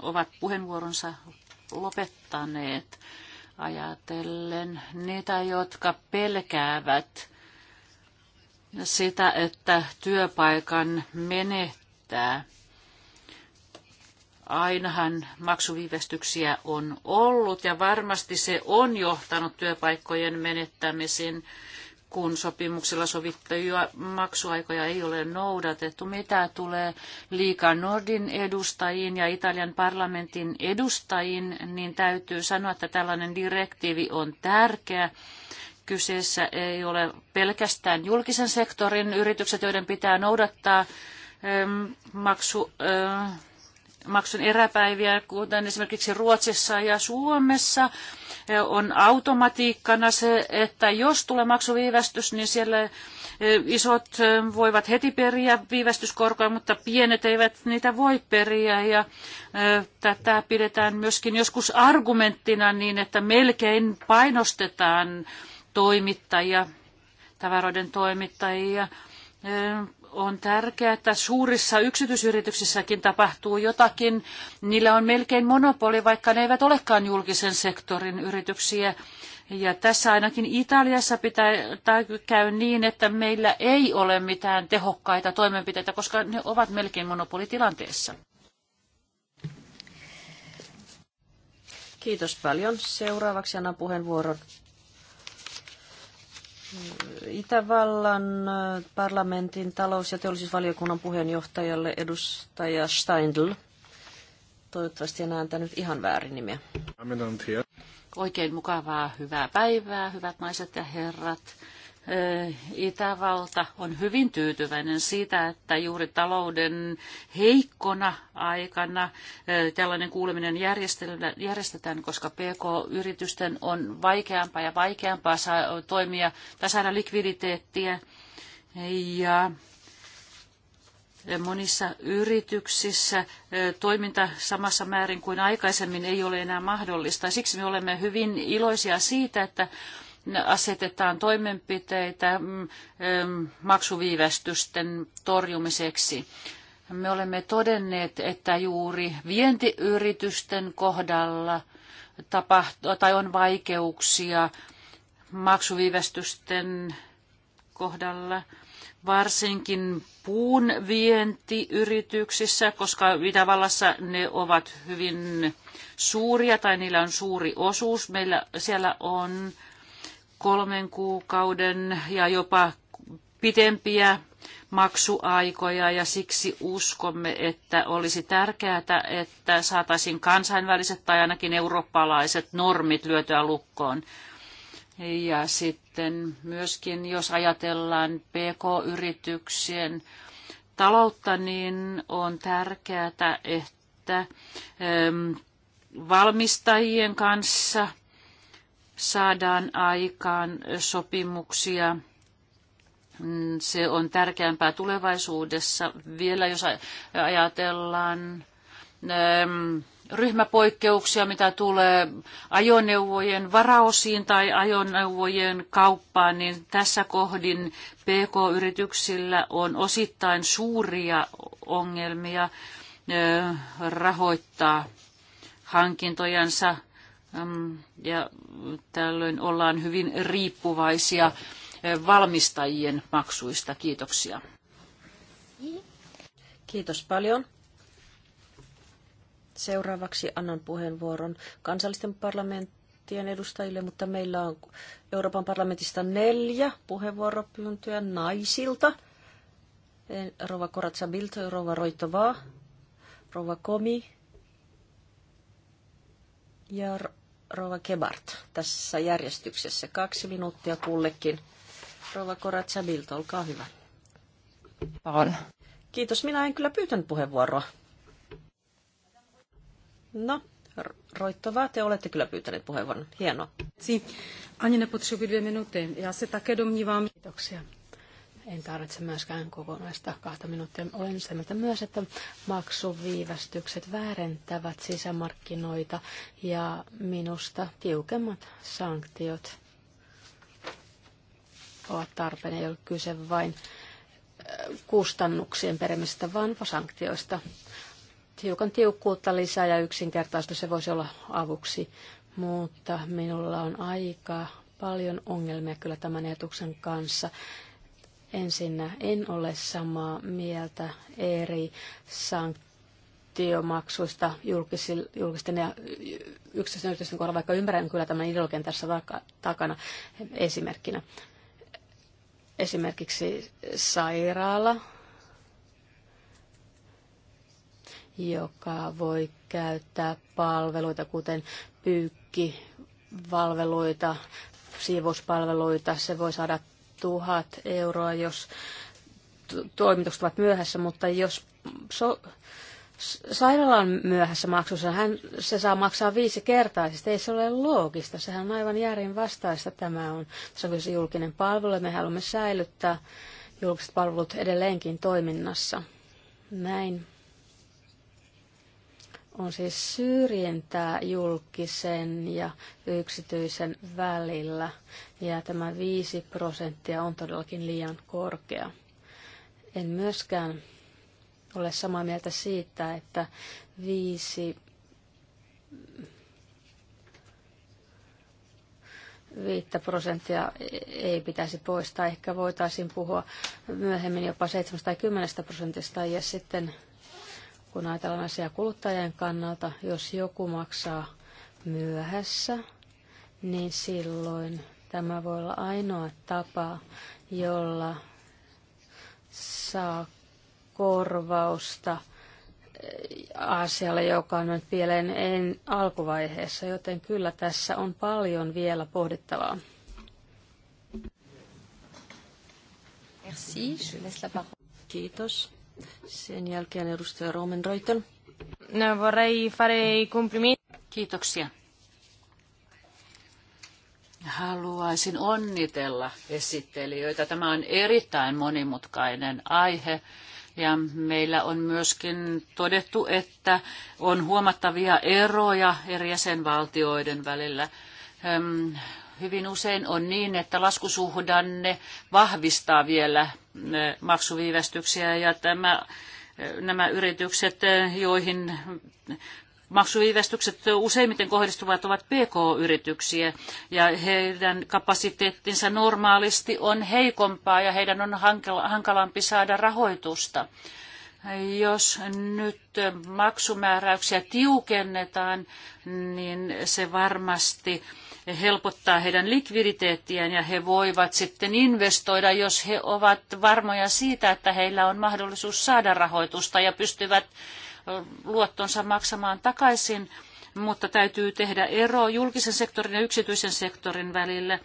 ovat puheenvuoronsa lopettaneet ajatellen niitä, jotka pelkäävät sitä, että työpaikan menettää. Ainahan maksuviivästyksiä on ollut ja varmasti se on johtanut työpaikkojen menettämisiin kun sopimuksella sovittuja maksuaikoja ei ole noudatettu. Mitä tulee liika Nordin edustajiin ja Italian parlamentin edustajiin, niin täytyy sanoa, että tällainen direktiivi on tärkeä. Kyseessä ei ole pelkästään julkisen sektorin yritykset, joiden pitää noudattaa ähm, maksu, äh, maksun eräpäiviä, kuten esimerkiksi Ruotsissa ja Suomessa on automatiikkana se, että jos tulee maksuviivästys, niin siellä eh, isot eh, voivat heti periä viivästyskorkoja, mutta pienet eivät niitä voi periä. Ja eh, tätä pidetään myöskin joskus argumenttina niin, että melkein painostetaan toimittajia, tavaroiden toimittajia on tärkeää, että suurissa yksityisyrityksissäkin tapahtuu jotakin. Niillä on melkein monopoli, vaikka ne eivät olekaan julkisen sektorin yrityksiä. Ja tässä ainakin Italiassa pitää, tai käy niin, että meillä ei ole mitään tehokkaita toimenpiteitä, koska ne ovat melkein monopolitilanteessa. Kiitos paljon. Seuraavaksi annan puheenvuoron Itävallan äh, parlamentin talous- ja teollisuusvaliokunnan puheenjohtajalle edustaja Steindl. Toivottavasti en ääntänyt ihan väärin nimeä. Oikein mukavaa, hyvää päivää, hyvät naiset ja herrat. Itävalta on hyvin tyytyväinen siitä, että juuri talouden heikkona aikana tällainen kuuleminen järjestetään, koska PK-yritysten on vaikeampaa ja vaikeampaa toimia tai saada likviditeettiä. Ja monissa yrityksissä toiminta samassa määrin kuin aikaisemmin ei ole enää mahdollista. Siksi me olemme hyvin iloisia siitä, että asetetaan toimenpiteitä mm, maksuviivästysten torjumiseksi. Me olemme todenneet, että juuri vientiyritysten kohdalla tapahtuu tai on vaikeuksia maksuviivästysten kohdalla, varsinkin puun vientiyrityksissä, koska Itävallassa ne ovat hyvin suuria tai niillä on suuri osuus. Meillä siellä on kolmen kuukauden ja jopa pitempiä maksuaikoja ja siksi uskomme, että olisi tärkeää, että saataisiin kansainväliset tai ainakin eurooppalaiset normit lyötyä lukkoon. Ja sitten myöskin, jos ajatellaan PK-yrityksien taloutta, niin on tärkeää, että valmistajien kanssa – saadaan aikaan sopimuksia. Se on tärkeämpää tulevaisuudessa. Vielä jos ajatellaan ähm, ryhmäpoikkeuksia, mitä tulee ajoneuvojen varaosiin tai ajoneuvojen kauppaan, niin tässä kohdin PK-yrityksillä on osittain suuria ongelmia äh, rahoittaa hankintojansa ja tällöin ollaan hyvin riippuvaisia valmistajien maksuista. Kiitoksia. Kiitos paljon. Seuraavaksi annan puheenvuoron kansallisten parlamenttien edustajille, mutta meillä on Euroopan parlamentista neljä puheenvuoropyyntöä naisilta. Rova Koratsa Bilt, Rova Roitovaa, Rova Komi, ja Rova Kebart tässä järjestyksessä. Kaksi minuuttia kullekin. Rova Koratsa Bilt, olkaa hyvä. On. Kiitos, minä en kyllä pyytänyt puheenvuoroa. No, roittavaa, te olette kyllä pyytäneet puheenvuoron. Hienoa. Ani ne potřebuji dvě minuty. Já se také domnívám. Kiitoksia. En tarvitse myöskään kokonaista kahta minuuttia. Olen sitä mieltä myös, että maksuviivästykset väärentävät sisämarkkinoita ja minusta tiukemmat sanktiot ovat tarpeen. Ei ole kyse vain äh, kustannuksien perimistä, vaan sanktioista. Hiukan tiukkuutta lisää ja yksinkertaista se voisi olla avuksi, mutta minulla on aika paljon ongelmia kyllä tämän etuksen kanssa. Ensinnä en ole samaa mieltä eri sanktiomaksuista julkisten ja yksityisten yritysten kohdalla, vaikka ymmärrän kyllä tämän ideologian tässä takana esimerkkinä. Esimerkiksi sairaala, joka voi käyttää palveluita, kuten pyykkivalveluita, siivouspalveluita. Se voi saada tuhat euroa, jos toimitukset ovat myöhässä, mutta jos so, sairaala on myöhässä maksussa, hän, se saa maksaa viisi kertaa, siis ei se ole loogista, sehän on aivan järjenvastaista vastaista tämä on. Se on julkinen palvelu ja me haluamme säilyttää julkiset palvelut edelleenkin toiminnassa. Näin on siis syrjintää julkisen ja yksityisen välillä. Ja tämä 5 prosenttia on todellakin liian korkea. En myöskään ole samaa mieltä siitä, että 5 viittä prosenttia ei pitäisi poistaa. Ehkä voitaisiin puhua myöhemmin jopa 7 tai 10 prosentista ja sitten kun ajatellaan asiaa kuluttajien kannalta, jos joku maksaa myöhässä, niin silloin tämä voi olla ainoa tapa, jolla saa korvausta eh, asialle, joka on nyt pieleen en alkuvaiheessa, joten kyllä tässä on paljon vielä pohdittavaa. Merci, je laisse la parole. Kiitos. Sen jälkeen edustaja No, vorrei fare complimenti. Kiitoksia. Haluaisin onnitella esittelijöitä. Tämä on erittäin monimutkainen aihe. Ja meillä on myöskin todettu, että on huomattavia eroja eri jäsenvaltioiden välillä hyvin usein on niin, että laskusuhdanne vahvistaa vielä äh, maksuviivästyksiä ja tämä, äh, nämä yritykset, äh, joihin maksuviivästykset useimmiten kohdistuvat ovat PK-yrityksiä ja heidän kapasiteettinsa normaalisti on heikompaa ja heidän on hankalampi saada rahoitusta. Jos nyt maksumääräyksiä tiukennetaan, niin se varmasti helpottaa heidän likviditeettiään ja he voivat sitten investoida, jos he ovat varmoja siitä, että heillä on mahdollisuus saada rahoitusta ja pystyvät luottonsa maksamaan takaisin mutta täytyy tehdä ero julkisen sektorin ja yksityisen sektorin välillä.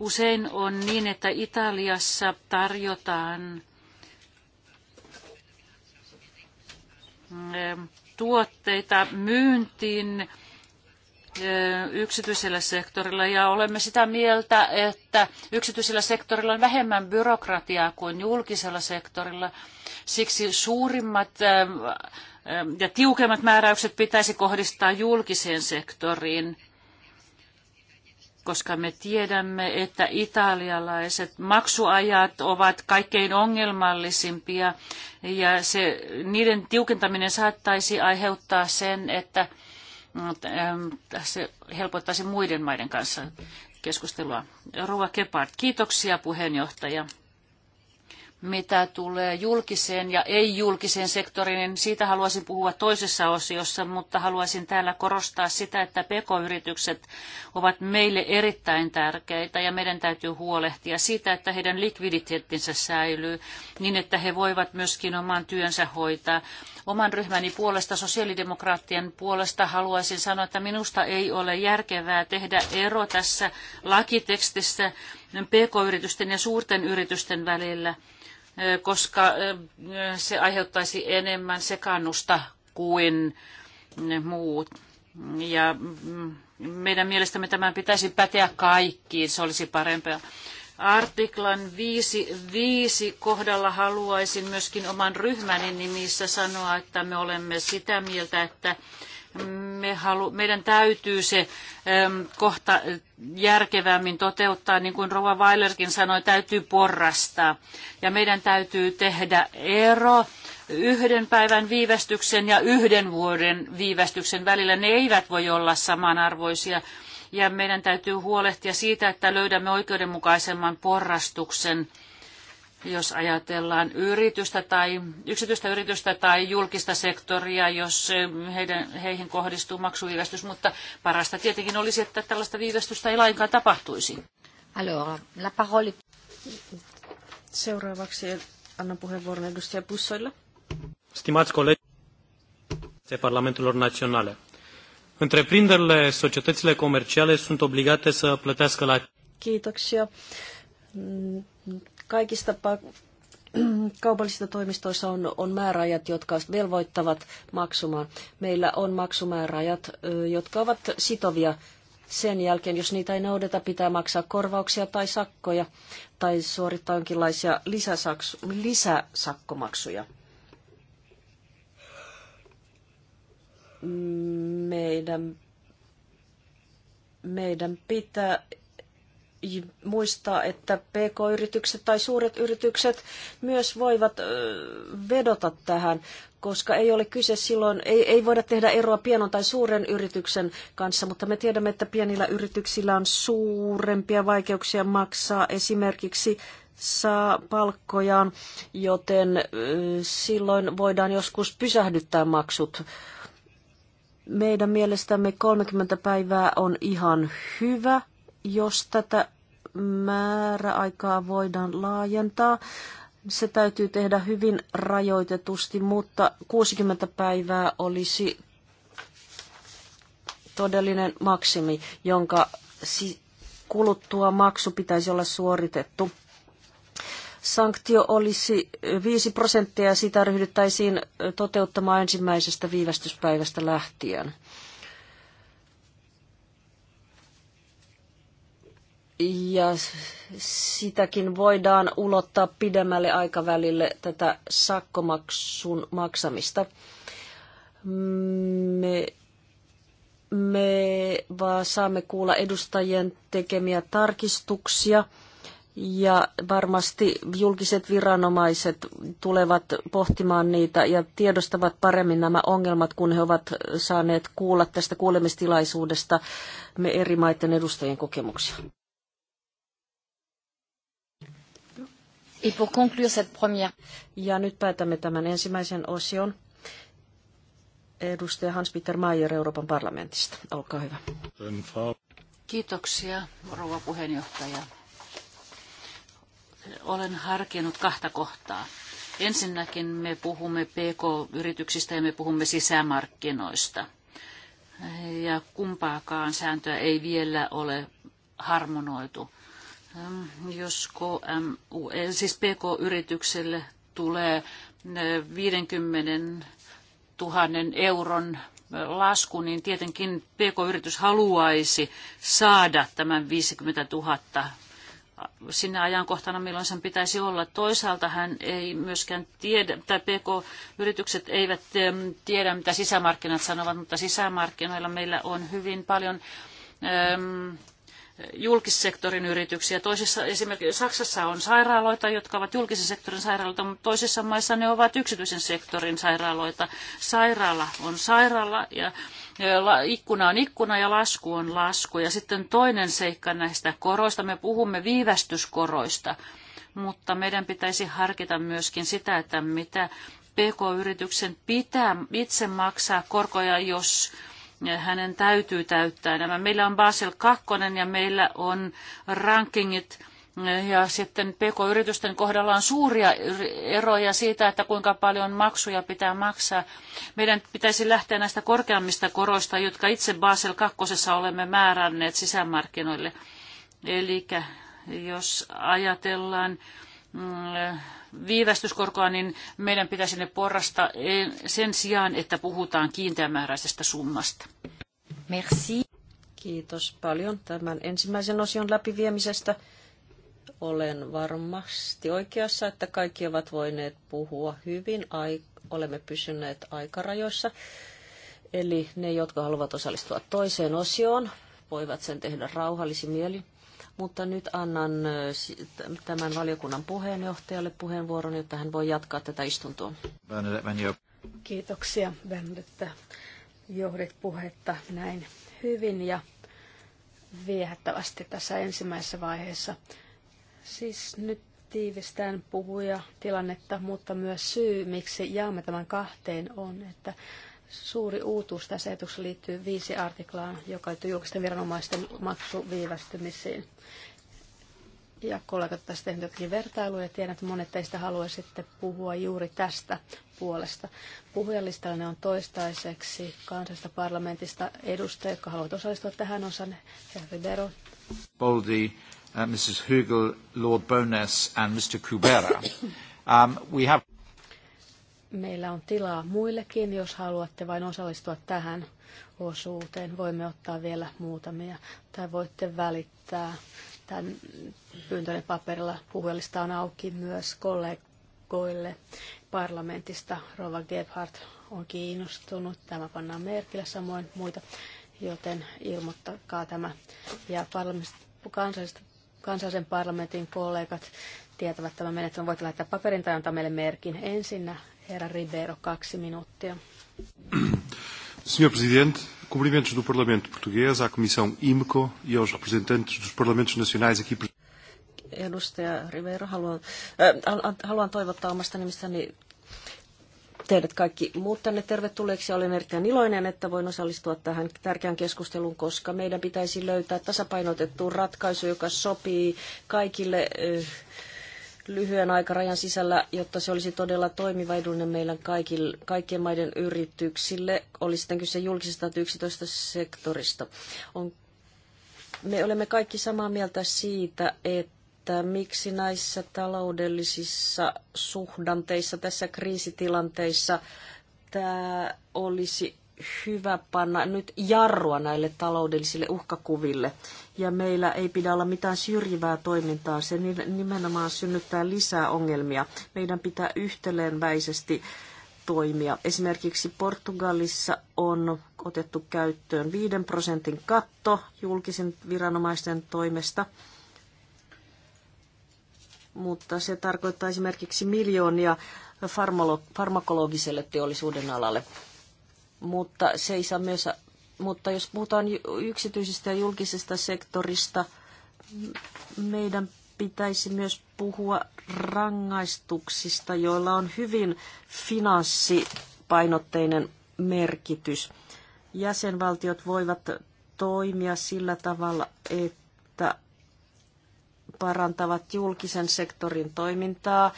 Usein on niin, että Italiassa tarjotaan tuotteita myyntiin Eh, yksityisellä sektorilla ja olemme sitä mieltä, että yksityisellä sektorilla on vähemmän byrokratiaa kuin julkisella sektorilla. Siksi suurimmat eh, eh, ja tiukemmat määräykset pitäisi kohdistaa julkiseen sektoriin, koska me tiedämme, että italialaiset maksuajat ovat kaikkein ongelmallisimpia ja se, niiden tiukentaminen saattaisi aiheuttaa sen, että – Ähm, se helpottaisi muiden maiden kanssa keskustelua. Rova Kepard, kiitoksia puheenjohtaja mitä tulee julkiseen ja ei-julkiseen sektoriin, niin siitä haluaisin puhua toisessa osiossa, mutta haluaisin täällä korostaa sitä, että pk-yritykset ovat meille erittäin tärkeitä ja meidän täytyy huolehtia siitä, että heidän likviditeettinsä säilyy niin, että he voivat myöskin oman työnsä hoitaa. Oman ryhmäni puolesta, sosiaalidemokraattien puolesta haluaisin sanoa, että minusta ei ole järkevää tehdä ero tässä lakitekstissä pk-yritysten ja suurten yritysten välillä – koska se aiheuttaisi enemmän sekannusta kuin muut. Ja mm, meidän mielestämme tämän pitäisi päteä kaikkiin, se olisi parempaa. Artiklan 5.5 kohdalla haluaisin myöskin oman ryhmäni nimissä sanoa, että me olemme sitä mieltä, että me halu, meidän täytyy se äm, kohta järkevämmin toteuttaa, niin kuin Rova Weilerkin sanoi, täytyy porrastaa. Ja meidän täytyy tehdä ero yhden päivän viivästyksen ja yhden vuoden viivästyksen välillä. Ne eivät voi olla samanarvoisia. Ja meidän täytyy huolehtia siitä, että löydämme oikeudenmukaisemman porrastuksen jos ajatellaan yritystä tai yksityistä yritystä tai julkista sektoria, jos heidän, heihin kohdistuu maksuviivästys, mutta parasta tietenkin olisi, että tällaista viivästystä ei lainkaan tapahtuisi. Alors, la parole. Seuraavaksi annan puheenvuoron edustaja Pussoilla. Stimați colegi se Parlamentelor Naționale, întreprinderile, societățile comerciale sunt obligate să plătească la... Kiitoksia Kaikista kaupallisista toimistoissa on, on määräajat, jotka velvoittavat maksumaan. Meillä on maksumääräajat, jotka ovat sitovia sen jälkeen, jos niitä ei noudata, pitää maksaa korvauksia tai sakkoja tai suorittaa jonkinlaisia lisäsakkomaksuja. Mm, meidän, meidän pitää muistaa, että PK-yritykset tai suuret yritykset myös voivat vedota tähän, koska ei ole kyse silloin, ei, ei voida tehdä eroa pienon tai suuren yrityksen kanssa, mutta me tiedämme, että pienillä yrityksillä on suurempia vaikeuksia maksaa esimerkiksi saa palkkojaan, joten silloin voidaan joskus pysähdyttää maksut. Meidän mielestämme 30 päivää on ihan hyvä jos tätä määräaikaa voidaan laajentaa, se täytyy tehdä hyvin rajoitetusti, mutta 60 päivää olisi todellinen maksimi, jonka kuluttua maksu pitäisi olla suoritettu. Sanktio olisi 5 prosenttia ja sitä ryhdyttäisiin toteuttamaan ensimmäisestä viivästyspäivästä lähtien. ja sitäkin voidaan ulottaa pidemmälle aikavälille tätä sakkomaksun maksamista. Me, me vaan saamme kuulla edustajien tekemiä tarkistuksia ja varmasti julkiset viranomaiset tulevat pohtimaan niitä ja tiedostavat paremmin nämä ongelmat, kun he ovat saaneet kuulla tästä kuulemistilaisuudesta me eri maiden edustajien kokemuksia. Et pour conclure cette première... Ja nyt päätämme tämän ensimmäisen osion. Edustaja Hans-Peter Mayer Euroopan parlamentista. Olkaa hyvä. Kiitoksia, rouva puheenjohtaja. Olen harkinnut kahta kohtaa. Ensinnäkin me puhumme PK-yrityksistä ja me puhumme sisämarkkinoista. Ja kumpaakaan sääntöä ei vielä ole harmonoitu. Ah, jos KMU, eh, siis PK-yritykselle tulee 50 eh, 000 euron eh, lasku, niin tietenkin PK-yritys haluaisi saada tämän 50 000 sinä ajankohtana, milloin sen pitäisi olla. Toisaalta hän ei myöskään tiedä, tai PK-yritykset eivät tiedä, mitä sisämarkkinat sanovat, mutta sisämarkkinoilla meillä on hyvin paljon julkissektorin yrityksiä. Toisessa esimerkiksi Saksassa on sairaaloita, jotka ovat julkisen sektorin sairaaloita, mutta toisissa maissa ne ovat yksityisen sektorin sairaaloita. Sairaala on sairaala ja ikkuna on ikkuna ja lasku on lasku. Ja sitten toinen seikka näistä koroista, me puhumme viivästyskoroista, mutta meidän pitäisi harkita myöskin sitä, että mitä PK-yrityksen pitää itse maksaa korkoja, jos hänen täytyy täyttää nämä. Meillä on Basel 2 ja meillä on rankingit ja sitten PK-yritysten kohdalla on suuria eroja siitä, että kuinka paljon maksuja pitää maksaa. Meidän pitäisi lähteä näistä korkeammista koroista, jotka itse Basel 2. olemme määränneet sisämarkkinoille. Eli jos ajatellaan mm, viivästyskorkoa, niin meidän pitäisi ne porrasta eh, sen sijaan, että puhutaan kiinteämääräisestä summasta. Merci. Kiitos paljon tämän ensimmäisen osion läpiviemisestä. Olen varmasti oikeassa, että kaikki ovat voineet puhua hyvin. Ai, olemme pysyneet aikarajoissa. Eli ne, jotka haluavat osallistua toiseen osioon, voivat sen tehdä rauhallisin mielin mutta nyt annan tämän valiokunnan puheenjohtajalle puheenvuoron, jotta hän voi jatkaa tätä istuntoa. Kiitoksia, Bernadette. Johdit puhetta näin hyvin ja viehättävästi tässä ensimmäisessä vaiheessa. Siis nyt tiivistään puhuja tilannetta, mutta myös syy, miksi jaamme tämän kahteen, on, että Suuri uutuus tässä etuksessa liittyy viisi artiklaan, joka liittyy julkisten viranomaisten maksuviivästymisiin. Ja kollegat tästä tehnyt jotakin vertailuja. Tiedän, että monet teistä haluaisitte puhua juuri tästä puolesta. Puhujalistallainen on toistaiseksi kansasta parlamentista edustaja, joka haluaa osallistua tähän osan. Herra Rivero. Boldi, uh, Mrs. Hugel, Lord Bonas and Mr. Kubera. Um, we have... Meillä on tilaa muillekin, jos haluatte vain osallistua tähän osuuteen. Voimme ottaa vielä muutamia tai voitte välittää tämän pyyntöinen paperilla. Puhelista on auki myös kollegoille parlamentista. Rova Gebhardt on kiinnostunut. Tämä pannaan merkille samoin muita, joten ilmoittakaa tämä. Ja kansallista, kansallisen parlamentin kollegat tietävät tämän menetelmän. Voitte laittaa paperin tai antaa meille merkin. Ensinnä Herra Ribeiro, kaksi minuuttia. Senhor Presidente, cumprimentos do Parlamento Português à Comissão IMCO e aos representantes dos Parlamentos Nacionais aqui presentes. Edustaja Rivero, haluan, äh, haluan toivottaa omasta nimestäni teidät kaikki muut tänne tervetulleeksi. Olen erittäin iloinen, että voin osallistua tähän tärkeään keskusteluun, koska meidän pitäisi löytää tasapainotettu ratkaisu, joka sopii kaikille äh, lyhyen aikarajan sisällä, jotta se olisi todella toimiva edullinen meidän kaikille, kaikkien maiden yrityksille, oli sitten kyse julkisesta tai yksityistä sektorista. On, me olemme kaikki samaa mieltä siitä, että miksi näissä taloudellisissa suhdanteissa, tässä kriisitilanteissa, tämä olisi hyvä panna nyt jarrua näille taloudellisille uhkakuville. Ja meillä ei pidä olla mitään syrjivää toimintaa, se nimenomaan synnyttää lisää ongelmia. Meidän pitää yhteleenväisesti toimia. Esimerkiksi Portugalissa on otettu käyttöön 5 prosentin katto julkisen viranomaisten toimesta mutta se tarkoittaa esimerkiksi miljoonia farmakologiselle teollisuuden alalle mutta se ei saa myös, mutta jos puhutaan yksityisestä ja julkisesta sektorista, meidän pitäisi myös puhua rangaistuksista, joilla on hyvin finanssipainotteinen merkitys. Jäsenvaltiot voivat toimia sillä tavalla, että parantavat julkisen sektorin toimintaa,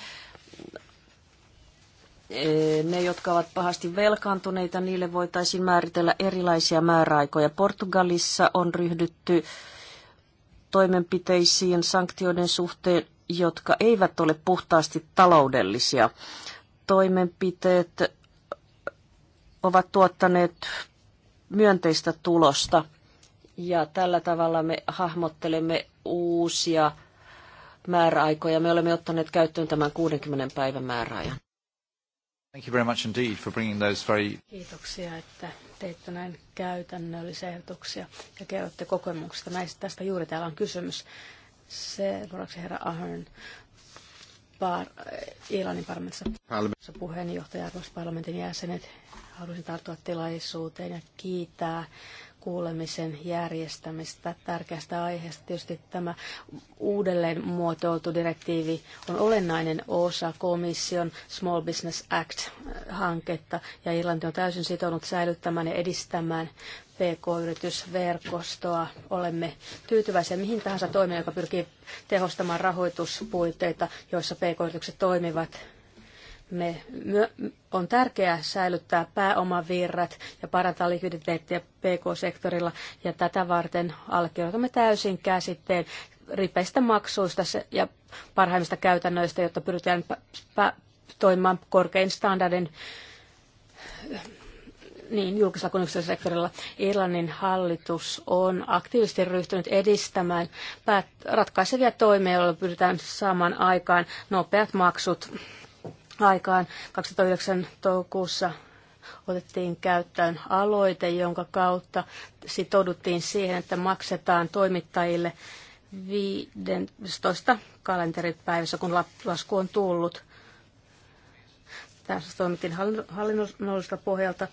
Eh, ne, jotka ovat pahasti velkaantuneita, niille voitaisiin määritellä erilaisia määräaikoja. Portugalissa on ryhdytty toimenpiteisiin sanktioiden suhteen, jotka eivät ole puhtaasti taloudellisia. Toimenpiteet ovat tuottaneet myönteistä tulosta ja tällä tavalla me hahmottelemme uusia määräaikoja. Me olemme ottaneet käyttöön tämän 60 päivän määräajan. Thank you very much indeed for bringing those very... Kiitoksia, että teitte näin käytännöllisiä ehdotuksia ja kerrotte kokemuksista. Näistä, tästä juuri täällä on kysymys. Seuraavaksi herra Ahern, par, Ilanin parlamentissa puheenjohtaja, arvoisat parlamentin jäsenet. Haluaisin tarttua tilaisuuteen ja kiittää kuulemisen järjestämistä tärkeästä aiheesta. Tietysti tämä uudelleen muotoiltu direktiivi on olennainen osa komission Small Business Act-hanketta, ja Irlanti on täysin sitonut säilyttämään ja edistämään PK-yritysverkostoa. Olemme tyytyväisiä mihin tahansa toimeen, joka pyrkii tehostamaan rahoituspuitteita, joissa PK-yritykset toimivat me, me, on tärkeää säilyttää pääomavirrat ja parantaa likviditeettiä PK-sektorilla, ja tätä varten allekirjoitamme täysin käsitteen ripeistä maksuista ja parhaimmista käytännöistä, jotta pyritään toimimaan korkein standardin niin julkisella kuin yksityisellä sektorilla. Irlannin hallitus on aktiivisesti ryhtynyt edistämään päät- ratkaisevia toimia, joilla pyritään saamaan aikaan nopeat maksut aikaan. 2009 toukokuussa otettiin käyttöön aloite, jonka kautta sitouduttiin siihen, että maksetaan toimittajille 15 kalenteripäivässä, kun lasku on tullut. Tässä toimittiin hallinnolliselta pohjalta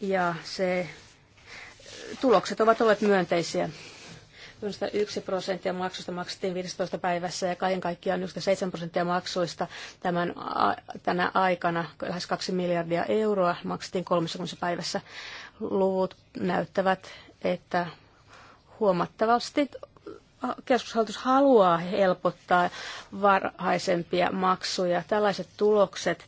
ja se, tulokset ovat olleet myönteisiä. Yksi prosenttia maksusta maksettiin 15 päivässä ja kaiken kaikkiaan seitsemän prosenttia maksuista tämän, tänä aikana, lähes 2 miljardia euroa, maksettiin 30 päivässä. Luvut näyttävät, että huomattavasti keskushallitus haluaa helpottaa varhaisempia maksuja. Tällaiset tulokset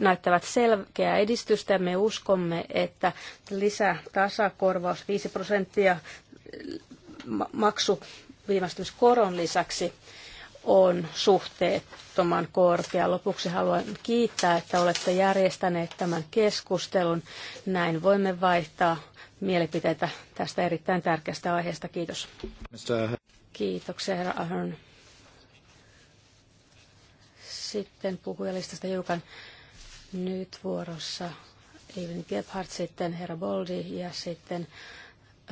näyttävät selkeää edistystä ja me uskomme, että lisätasakorvaus 5 prosenttia maksu viivästymiskoron lisäksi on suhteettoman korkea. Lopuksi haluan kiittää, että olette järjestäneet tämän keskustelun. Näin voimme vaihtaa mielipiteitä tästä erittäin tärkeästä aiheesta. Kiitos. Kiitoksia, herra Ahern. Sitten puhujalistasta hiukan nyt vuorossa Evelyn Gebhardt, sitten herra Boldi ja sitten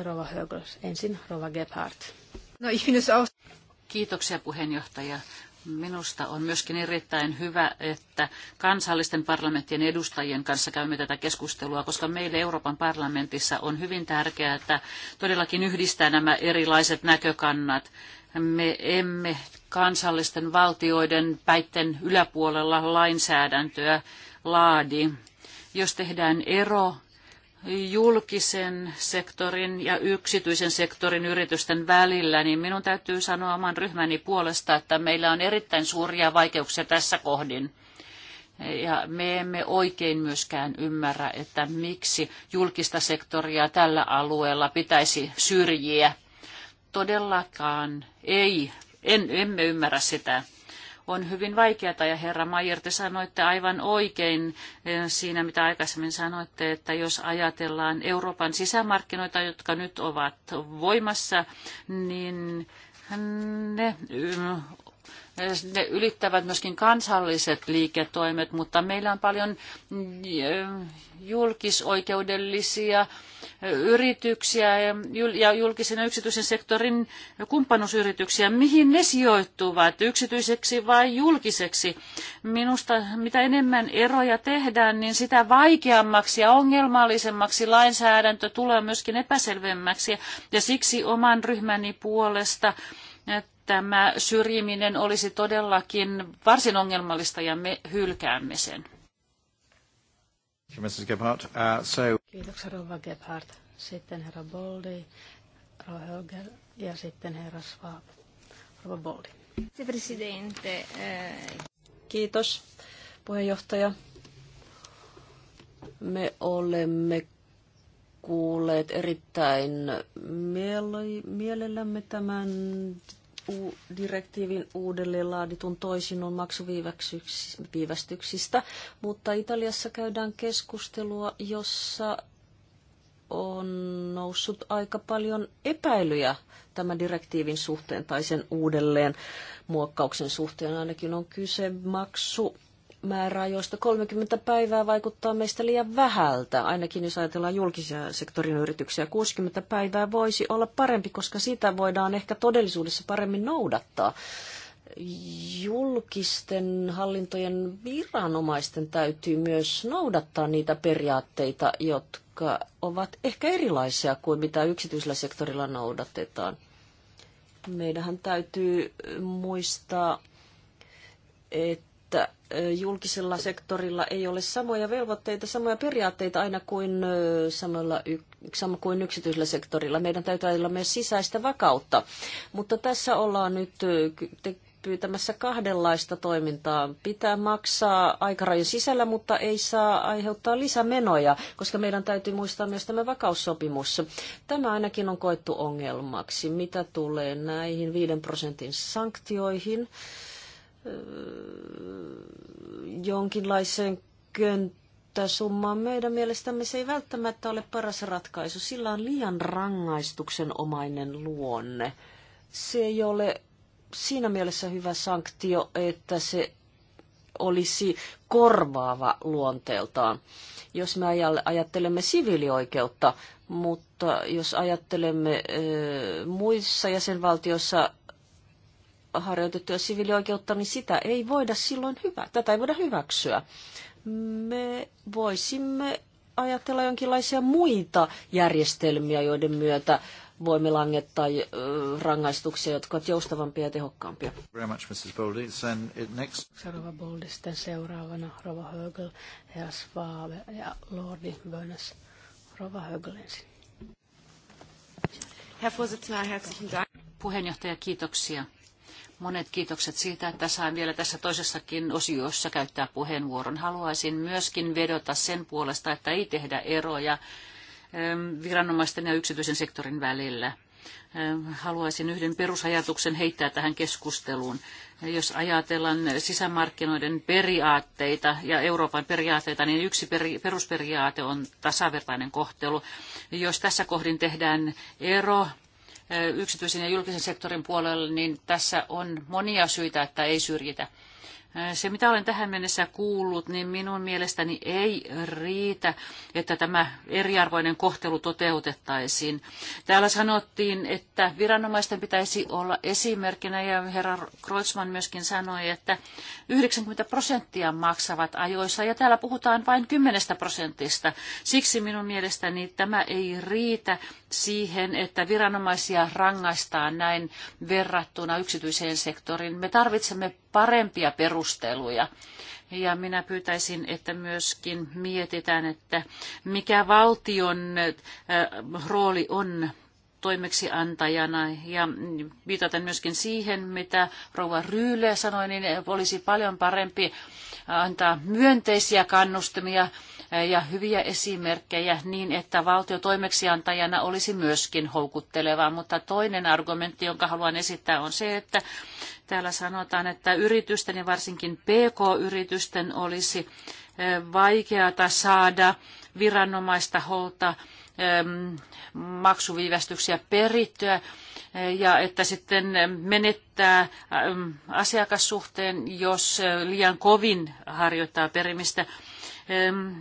Rova Högels. Ensin Rova Gebhardt. No, ich finde auch... Kiitoksia puheenjohtaja. Minusta on myöskin erittäin hyvä, että kansallisten parlamenttien edustajien kanssa käymme tätä keskustelua, koska meille Euroopan parlamentissa on hyvin tärkeää, että todellakin yhdistää nämä erilaiset näkökannat. Me emme kansallisten valtioiden päitten yläpuolella lainsäädäntöä laadi. Jos tehdään ero julkisen sektorin ja yksityisen sektorin yritysten välillä, niin minun täytyy sanoa oman ryhmäni puolesta, että meillä on erittäin suuria vaikeuksia tässä kohdin. Ja me emme oikein myöskään ymmärrä, että miksi julkista sektoria tällä alueella pitäisi syrjiä. Todellakaan ei, en, emme ymmärrä sitä on hyvin vaikeata. Ja herra Mayer, te sanoitte aivan oikein eh, siinä, mitä aikaisemmin sanoitte, että jos ajatellaan Euroopan sisämarkkinoita, jotka nyt ovat voimassa, niin ne mm, ne ylittävät myöskin kansalliset liiketoimet, mutta meillä on paljon eh, julkisoikeudellisia eh, yrityksiä ja julkisen ja yksityisen sektorin kumppanuusyrityksiä. Mihin ne sijoittuvat, yksityiseksi vai julkiseksi? Minusta mitä enemmän eroja tehdään, niin sitä vaikeammaksi ja ongelmallisemmaksi lainsäädäntö tulee myöskin epäselvemmäksi. Ja siksi oman ryhmäni puolesta tämä syrjiminen olisi todellakin varsin ongelmallista ja me hylkäämme sen. Uh, Kiitoksia Rova Gebhardt. Sitten herra Boldi, Rohelger ja sitten herra Svab, Rova Boldi. Presidente. Eh. Kiitos puheenjohtaja. Me olemme kuulleet erittäin mielellämme tämän direktiivin uudelleen laaditun toisinnon maksuviivästyksistä, mutta Italiassa käydään keskustelua, jossa on noussut aika paljon epäilyjä tämän direktiivin suhteen tai sen uudelleen muokkauksen suhteen. Ainakin on kyse maksu joista 30 päivää vaikuttaa meistä liian vähältä, ainakin jos ajatellaan julkisia sektorin yrityksiä. 60 päivää voisi olla parempi, koska sitä voidaan ehkä todellisuudessa paremmin noudattaa. Julkisten hallintojen viranomaisten täytyy myös noudattaa niitä periaatteita, jotka ovat ehkä erilaisia kuin mitä yksityisellä sektorilla noudatetaan. Meidän täytyy muistaa, että että julkisella sektorilla ei ole samoja velvoitteita, samoja periaatteita aina kuin samalla sama kuin yksityisellä sektorilla. Meidän täytyy olla myös sisäistä vakautta. Mutta tässä ollaan nyt pyytämässä kahdenlaista toimintaa. Pitää maksaa aikarajan sisällä, mutta ei saa aiheuttaa lisämenoja, koska meidän täytyy muistaa myös tämä vakaussopimus. Tämä ainakin on koettu ongelmaksi, mitä tulee näihin viiden prosentin sanktioihin jonkinlaiseen könttäsummaan. Meidän mielestämme se ei välttämättä ole paras ratkaisu. Sillä on liian rangaistuksen omainen luonne. Se ei ole siinä mielessä hyvä sanktio, että se olisi korvaava luonteeltaan, jos me ajattelemme siviilioikeutta, mutta jos ajattelemme muissa jäsenvaltioissa harjoitettua siviilioikeutta, niin sitä ei voida silloin hyvä, tätä ei voida hyväksyä. Me voisimme ajatella jonkinlaisia muita järjestelmiä, joiden myötä voimme langettaa rangaistuksia, jotka ovat joustavampia ja tehokkaampia. Very much, Mrs. Boldy. Sen next... Rova Boldy, sitten seuraavana Rova Högel Herr Svaave ja Lordi Bönes. Rova Högel ensin. Herr Vorsitzender, herzlichen Dank. Puheenjohtaja, kiitoksia. Monet kiitokset siitä, että sain vielä tässä toisessakin osiossa käyttää puheenvuoron. Haluaisin myöskin vedota sen puolesta, että ei tehdä eroja ähm, viranomaisten ja yksityisen sektorin välillä. Ähm, haluaisin yhden perusajatuksen heittää tähän keskusteluun. Jos ajatellaan sisämarkkinoiden periaatteita ja Euroopan periaatteita, niin yksi perusperiaate on tasavertainen kohtelu. Jos tässä kohdin tehdään ero yksityisen ja julkisen sektorin puolella, niin tässä on monia syitä, että ei syrjitä se, mitä olen tähän mennessä kuullut, niin minun mielestäni ei riitä, että tämä eriarvoinen kohtelu toteutettaisiin. Täällä sanottiin, että viranomaisten pitäisi olla esimerkkinä, ja herra Kreutzmann myöskin sanoi, että 90 prosenttia maksavat ajoissa, ja täällä puhutaan vain 10 prosentista. Siksi minun mielestäni tämä ei riitä siihen, että viranomaisia rangaistaan näin verrattuna yksityiseen sektoriin. Me tarvitsemme parempia perusteluja. Ja minä pyytäisin, että myöskin mietitään, että mikä valtion äh, rooli on toimeksiantajana ja viitaten myöskin siihen, mitä rouva Ryyle sanoi, niin olisi paljon parempi antaa myönteisiä kannustimia Eh, ja hyviä esimerkkejä niin, että valtio toimeksiantajana olisi myöskin houkuttelevaa. Mutta toinen argumentti, jonka haluan esittää, on se, että täällä sanotaan, että yritysten ja varsinkin PK-yritysten olisi eh, vaikeata saada viranomaista holta maksuviivästyksiä perittyä eh, ja että sitten menettää asiakassuhteen, jos liian kovin harjoittaa perimistä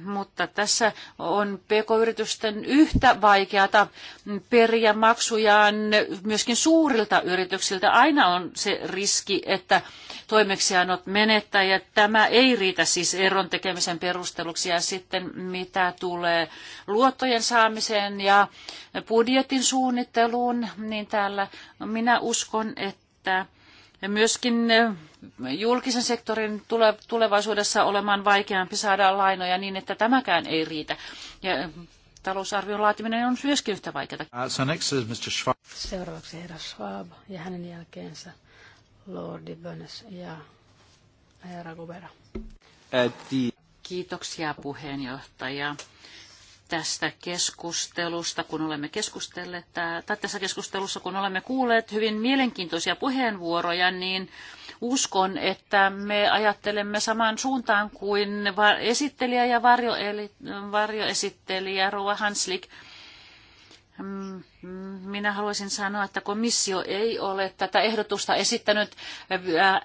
mutta tässä on pk-yritysten yhtä vaikeata periä maksujaan myöskin suurilta yrityksiltä. Aina on se riski, että toimeksiannot menettää ja tämä ei riitä siis eron tekemisen perusteluksi ja sitten mitä tulee luottojen saamiseen ja budjetin suunnitteluun, niin täällä minä uskon, että myöskin eh, julkisen sektorin tule, tulevaisuudessa olemaan vaikeampi saada lainoja niin, että tämäkään ei riitä. Ja eh, talousarvion laatiminen on myöskin yhtä vaikeaa. Uh, Seuraavaksi herra Schwab ja hänen jälkeensä Lordi Bönes ja herra Gubera. Kiitoksia puheenjohtaja tästä keskustelusta, kun olemme keskustelleet, tai tässä keskustelussa, kun olemme kuulleet hyvin mielenkiintoisia puheenvuoroja, niin uskon, että me ajattelemme samaan suuntaan kuin esittelijä ja varjo, varjoesittelijä Rova Hanslik – Mm, minä haluaisin sanoa, että komissio ei ole tätä ehdotusta esittänyt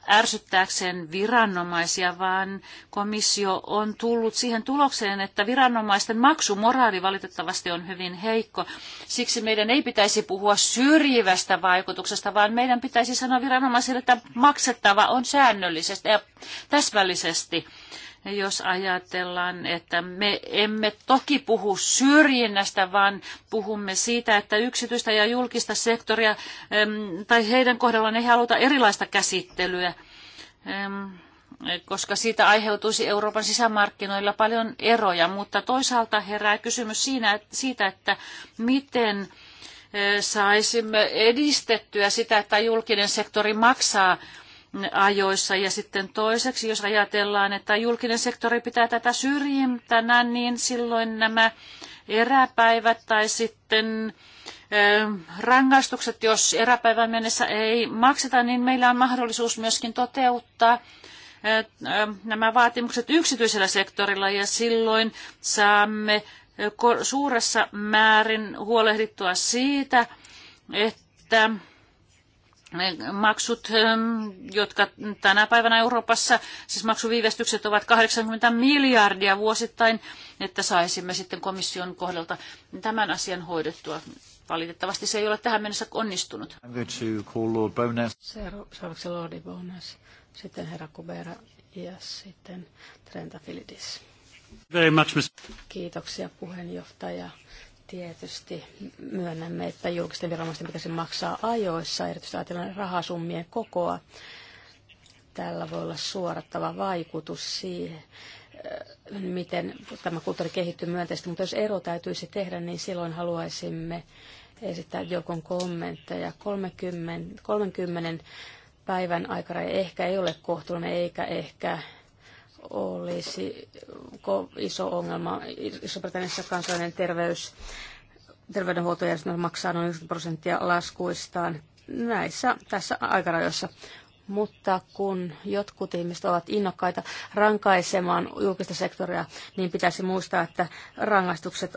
ärsyttääkseen viranomaisia, vaan komissio on tullut siihen tulokseen, että viranomaisten maksumoraali valitettavasti on hyvin heikko. Siksi meidän ei pitäisi puhua syrjivästä vaikutuksesta, vaan meidän pitäisi sanoa viranomaisille, että maksettava on säännöllisesti ja täsmällisesti jos ajatellaan, että me emme toki puhu syrjinnästä, vaan puhumme siitä, että yksityistä ja julkista sektoria tai heidän kohdallaan ei haluta erilaista käsittelyä koska siitä aiheutuisi Euroopan sisämarkkinoilla paljon eroja, mutta toisaalta herää kysymys siinä, siitä, että miten e, saisimme edistettyä sitä, että julkinen sektori maksaa ajoissa. Ja sitten toiseksi, jos ajatellaan, että julkinen sektori pitää tätä syrjintänä, niin silloin nämä eräpäivät tai sitten rangaistukset, jos eräpäivän mennessä ei makseta, niin meillä on mahdollisuus myöskin toteuttaa nämä vaatimukset yksityisellä sektorilla ja silloin saamme suuressa määrin huolehdittua siitä, että maksut, jotka tänä päivänä Euroopassa, siis maksuviivästykset ovat 80 miljardia vuosittain, että saisimme sitten komission kohdalta tämän asian hoidettua. Valitettavasti se ei ole tähän mennessä onnistunut. Seuraavaksi Lordi Bonas, sitten herra Kubera ja sitten Trenta Filidis. Very much, Kiitoksia puheenjohtaja. Tietysti myönnämme, että julkisten viranomaisten pitäisi maksaa ajoissa, erityisesti ajatellaan rahasummien kokoa. Tällä voi olla suorattava vaikutus siihen, äh, miten tämä kulttuuri kehittyy myönteisesti, mutta jos ero täytyisi tehdä, niin silloin haluaisimme esittää joukon kommentteja. 30, 30 päivän aikaraja ehkä ei ole kohtuullinen, eikä ehkä olisi iso ongelma. Iso-Britanniassa kansallinen terveys, terveydenhuoltojärjestelmä maksaa noin 90 prosenttia laskuistaan näissä tässä aikarajoissa. Mutta kun jotkut ihmiset ovat innokkaita rankaisemaan julkista sektoria, niin pitäisi muistaa, että rangaistukset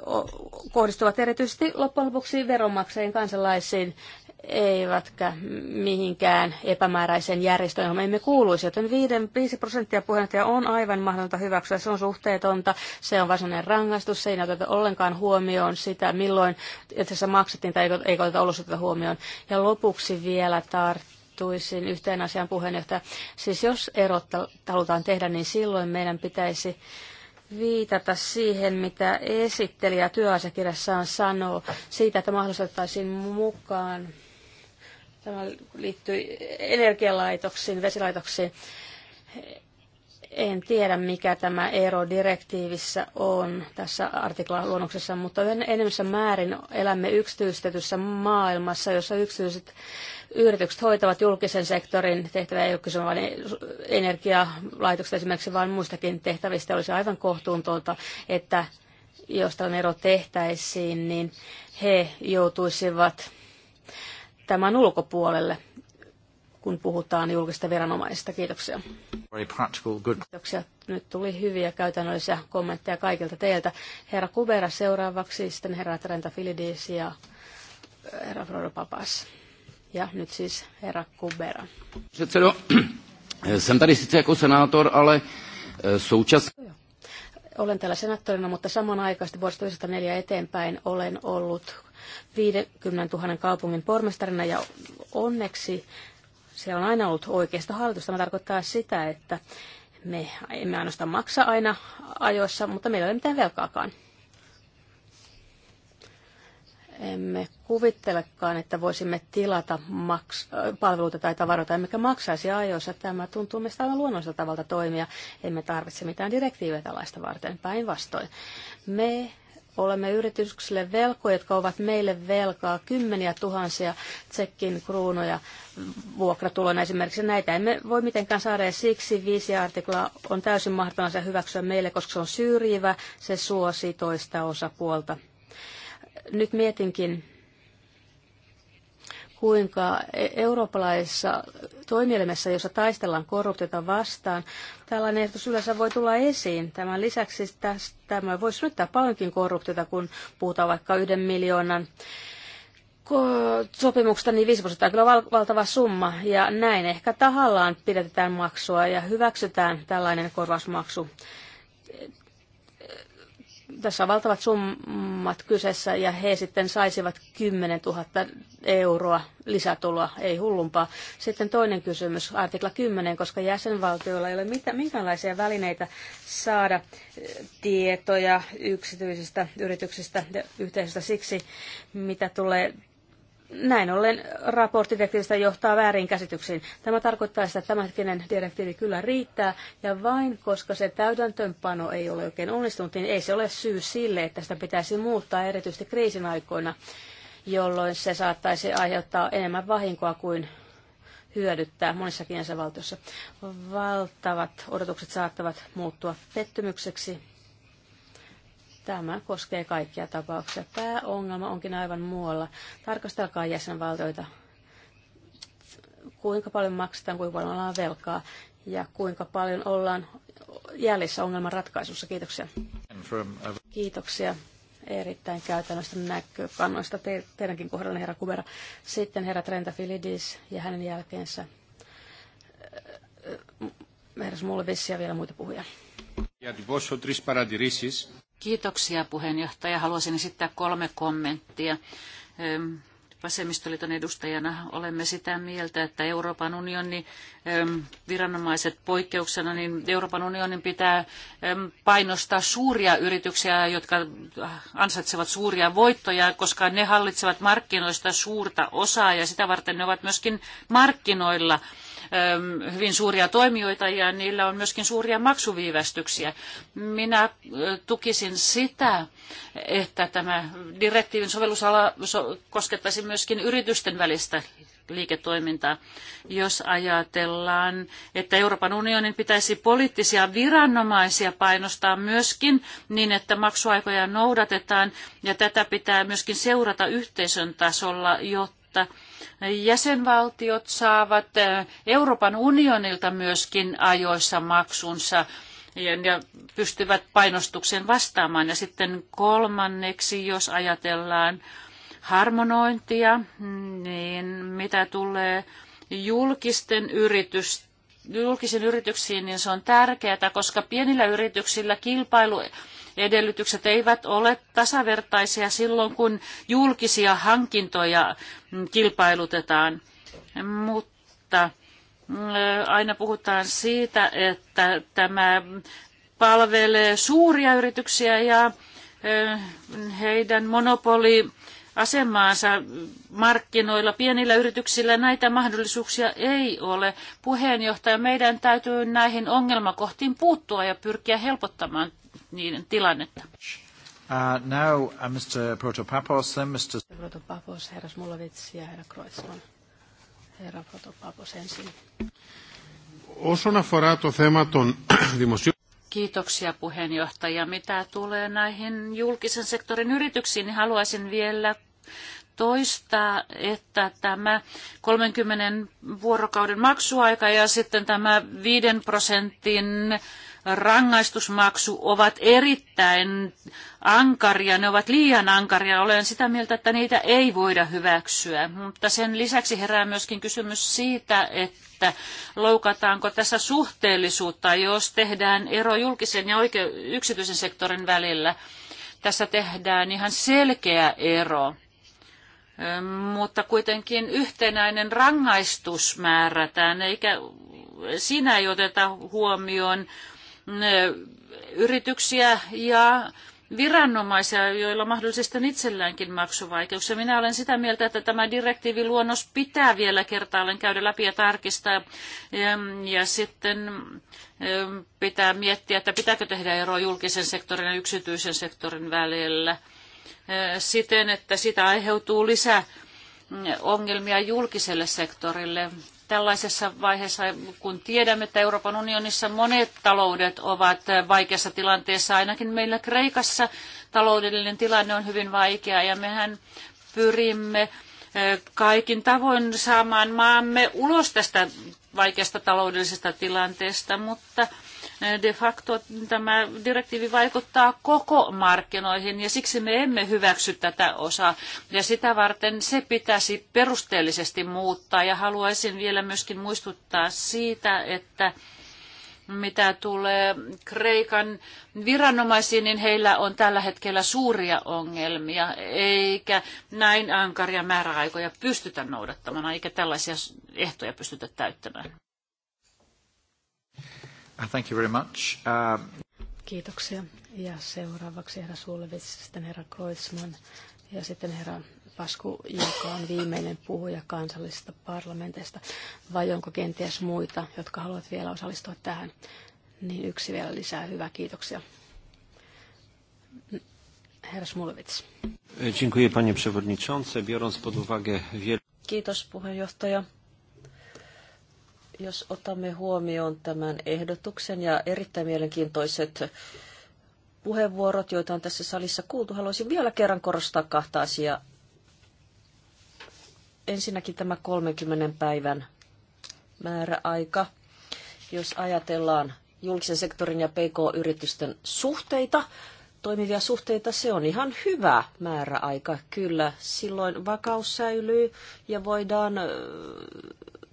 kohdistuvat erityisesti loppujen lopuksi veronmaksajien kansalaisiin, eivätkä mihinkään epämääräisen järjestöön, johon me emme kuuluisi. Joten 5 prosenttia puheenjohtaja on aivan mahdotonta hyväksyä. Se on suhteetonta, se on varsinainen rangaistus, se ei näytetä ollenkaan huomioon sitä, milloin itse asiassa maksettiin tai ei oteta olosuhteita huomioon. Ja lopuksi vielä tarttuisin yhteen asian puheenjohtaja. Siis jos erot halutaan tehdä, niin silloin meidän pitäisi viitata siihen, mitä esittelijä työasiakirjassaan sanoo siitä, että mahdollistettaisiin mukaan Tämä liittyy energialaitoksiin, vesilaitoksiin. En tiedä, mikä tämä ero direktiivissä on tässä artiklaluonnoksessa, mutta enemmässä määrin elämme yksityistetyssä maailmassa, jossa yksityiset yritykset hoitavat julkisen sektorin tehtäviä, ei ole kysymys vain energialaitoksista esimerkiksi, vaan muistakin tehtävistä. Olisi aivan kohtuuntonta, että jos tällainen ero tehtäisiin, niin he joutuisivat tämän ulkopuolelle, kun puhutaan julkista viranomaisista. Kiitoksia. Very practical, good. Kiitoksia. Nyt tuli hyviä käytännöllisiä kommentteja kaikilta teiltä. Herra Kubera seuraavaksi, sitten herra Trenta Filidis ja eh, herra Frodo Papas. Ja nyt siis herra Kubera. Předsedo, jsem tady sice jako senátor, ale eh, současně olen täällä senaattorina, mutta samanaikaisesti vuodesta 1994 eteenpäin olen ollut 50 000 kaupungin pormestarina ja onneksi siellä on aina ollut oikeasta hallitusta. Tämä tarkoittaa sitä, että me emme ainoastaan maksa aina ajoissa, mutta meillä ei ole mitään velkaakaan. Emme kuvittelekaan, että voisimme tilata maks- palveluita tai tavaroita, emmekä maksaisi ajoissa. Tämä tuntuu meistä aivan luonnolliselta tavalta toimia. Emme tarvitse mitään direktiivejä tällaista varten, päinvastoin. Me Olemme yrityksille velkoja, jotka ovat meille velkaa kymmeniä tuhansia tsekkin kruunoja vuokratulona esimerkiksi. Näitä emme voi mitenkään saada ja siksi viisi artiklaa on täysin mahdotonta hyväksyä meille, koska se on syrjivä, se suosii toista osapuolta. Nyt mietinkin, kuinka e- eurooppalaisessa toimielimessä, jossa taistellaan korruptiota vastaan, tällainen ehdotus yleensä voi tulla esiin. Tämän lisäksi tämä voi synnyttää paljonkin korruptiota, kun puhutaan vaikka yhden miljoonan sopimuksesta, niin 5 prosenttia on kyllä val- valtava summa. Ja näin ehkä tahallaan pidetään maksua ja hyväksytään tällainen korvausmaksu tässä on valtavat summat kyseessä ja he sitten saisivat 10 000 euroa lisätuloa, ei hullumpaa. Sitten toinen kysymys, artikla 10, koska jäsenvaltioilla ei ole mitään, minkäänlaisia välineitä saada eh, tietoja yksityisistä yrityksistä ja yhteisöstä siksi, mitä tulee näin ollen raporttidirektiivistä johtaa väärinkäsityksiin. Tämä tarkoittaa sitä, että tämänhetkinen direktiivi kyllä riittää, ja vain koska se täytäntöönpano ei ole oikein onnistunut, niin ei se ole syy sille, että sitä pitäisi muuttaa erityisesti kriisin aikoina, jolloin se saattaisi aiheuttaa enemmän vahinkoa kuin hyödyttää monissakin jäsenvaltiossa. Valtavat odotukset saattavat muuttua pettymykseksi Tämä koskee kaikkia tapauksia. Pääongelma onkin aivan muualla. Tarkastelkaa jäsenvaltioita, kuinka paljon maksetaan, kuinka paljon ollaan velkaa ja kuinka paljon ollaan jäljessä ongelman ratkaisussa. Kiitoksia. Kiitoksia erittäin käytännöstä näkökannoista te, teidänkin kohdalla, herra Kubera. Sitten herra Trenta Filidis ja hänen jälkeensä äh, äh, herra Smulvis ja vielä muita puhujia. Kiitoksia puheenjohtaja. Haluaisin esittää kolme kommenttia. Vasemmistoliiton edustajana olemme sitä mieltä, että Euroopan unionin viranomaiset poikkeuksena, niin Euroopan unionin pitää painostaa suuria yrityksiä, jotka ansaitsevat suuria voittoja, koska ne hallitsevat markkinoista suurta osaa ja sitä varten ne ovat myöskin markkinoilla – hyvin suuria toimijoita ja niillä on myöskin suuria maksuviivästyksiä. Minä tukisin sitä, että tämä direktiivin sovellusala koskettaisi myöskin yritysten välistä liiketoimintaa. Jos ajatellaan, että Euroopan unionin pitäisi poliittisia viranomaisia painostaa myöskin niin, että maksuaikoja noudatetaan ja tätä pitää myöskin seurata yhteisön tasolla, jotta Jäsenvaltiot saavat eh, Euroopan unionilta myöskin ajoissa maksunsa ja pystyvät painostukseen vastaamaan. Ja sitten kolmanneksi, jos ajatellaan harmonointia, niin mitä tulee julkisten yritysten julkisiin yrityksiin, niin se on tärkeää, koska pienillä yrityksillä kilpailu edellytykset eivät ole tasavertaisia silloin, kun julkisia hankintoja kilpailutetaan. Mutta äh, aina puhutaan siitä, että tämä palvelee suuria yrityksiä ja äh, heidän monopoli asemaansa markkinoilla. Pienillä yrityksillä näitä mahdollisuuksia ei ole. Puheenjohtaja, meidän täytyy näihin ongelmakohtiin puuttua ja pyrkiä helpottamaan niiden tilannetta. Uh, now, uh, Mr. Protopapos, then Mr. Protopapos, herra ja herra Kreutzmann. Herra Protopapos ensin. Όσον αφορά το θέμα των δημοσίων... Kiitoksia puheenjohtaja. Mitä tulee näihin julkisen sektorin yrityksiin, niin haluaisin vielä toistaa, että tämä 30 vuorokauden maksuaika ja sitten tämä 5 prosentin rangaistusmaksu ovat erittäin ankaria, ne ovat liian ankaria. Olen sitä mieltä, että niitä ei voida hyväksyä. Mutta sen lisäksi herää myöskin kysymys siitä, että loukataanko tässä suhteellisuutta, jos tehdään ero julkisen ja oikeu- yksityisen sektorin välillä. Tässä tehdään ihan selkeä ero mutta kuitenkin yhtenäinen rangaistus määrätään, eikä siinä ei oteta huomioon yrityksiä ja viranomaisia, joilla mahdollisesti on itselläänkin maksuvaikeuksia. Minä olen sitä mieltä, että tämä direktiiviluonnos pitää vielä kertaalleen käydä läpi ja tarkistaa. Ja sitten pitää miettiä, että pitääkö tehdä ero julkisen sektorin ja yksityisen sektorin välillä siten, että sitä aiheutuu lisää mm, ongelmia julkiselle sektorille tällaisessa vaiheessa, kun tiedämme, että Euroopan unionissa monet taloudet ovat vaikeassa tilanteessa, ainakin meillä Kreikassa taloudellinen tilanne on hyvin vaikea ja mehän pyrimme eh, kaikin tavoin saamaan maamme ulos tästä vaikeasta taloudellisesta tilanteesta, mutta de facto tämä direktiivi vaikuttaa koko markkinoihin ja siksi me emme hyväksy tätä osaa. Ja sitä varten se pitäisi perusteellisesti muuttaa ja haluaisin vielä myöskin muistuttaa siitä, että mitä tulee Kreikan viranomaisiin, niin heillä on tällä hetkellä suuria ongelmia, eikä näin ankaria määräaikoja pystytä noudattamaan, eikä tällaisia ehtoja pystytä täyttämään. Thank you very much. Uh... Kiitoksia. Ja seuraavaksi herra Sulevits, sitten herra Kreutzmann ja sitten herra Pasku, joka on viimeinen puhuja kansallisesta parlamenteista. Vai onko kenties muita, jotka haluavat vielä osallistua tähän? Niin yksi vielä lisää. Hyvä, kiitoksia. Herra Smulewicz. Dziękuję panie przewodniczący. Biorąc pod uwagę wiele... Kiitos puheenjohtaja. Jos otamme huomioon tämän ehdotuksen ja erittäin mielenkiintoiset puheenvuorot, joita on tässä salissa kuultu, haluaisin vielä kerran korostaa kahta asiaa. Ensinnäkin tämä 30 päivän määräaika. Jos ajatellaan julkisen sektorin ja PK-yritysten suhteita, toimivia suhteita, se on ihan hyvä määräaika. Kyllä, silloin vakaus säilyy ja voidaan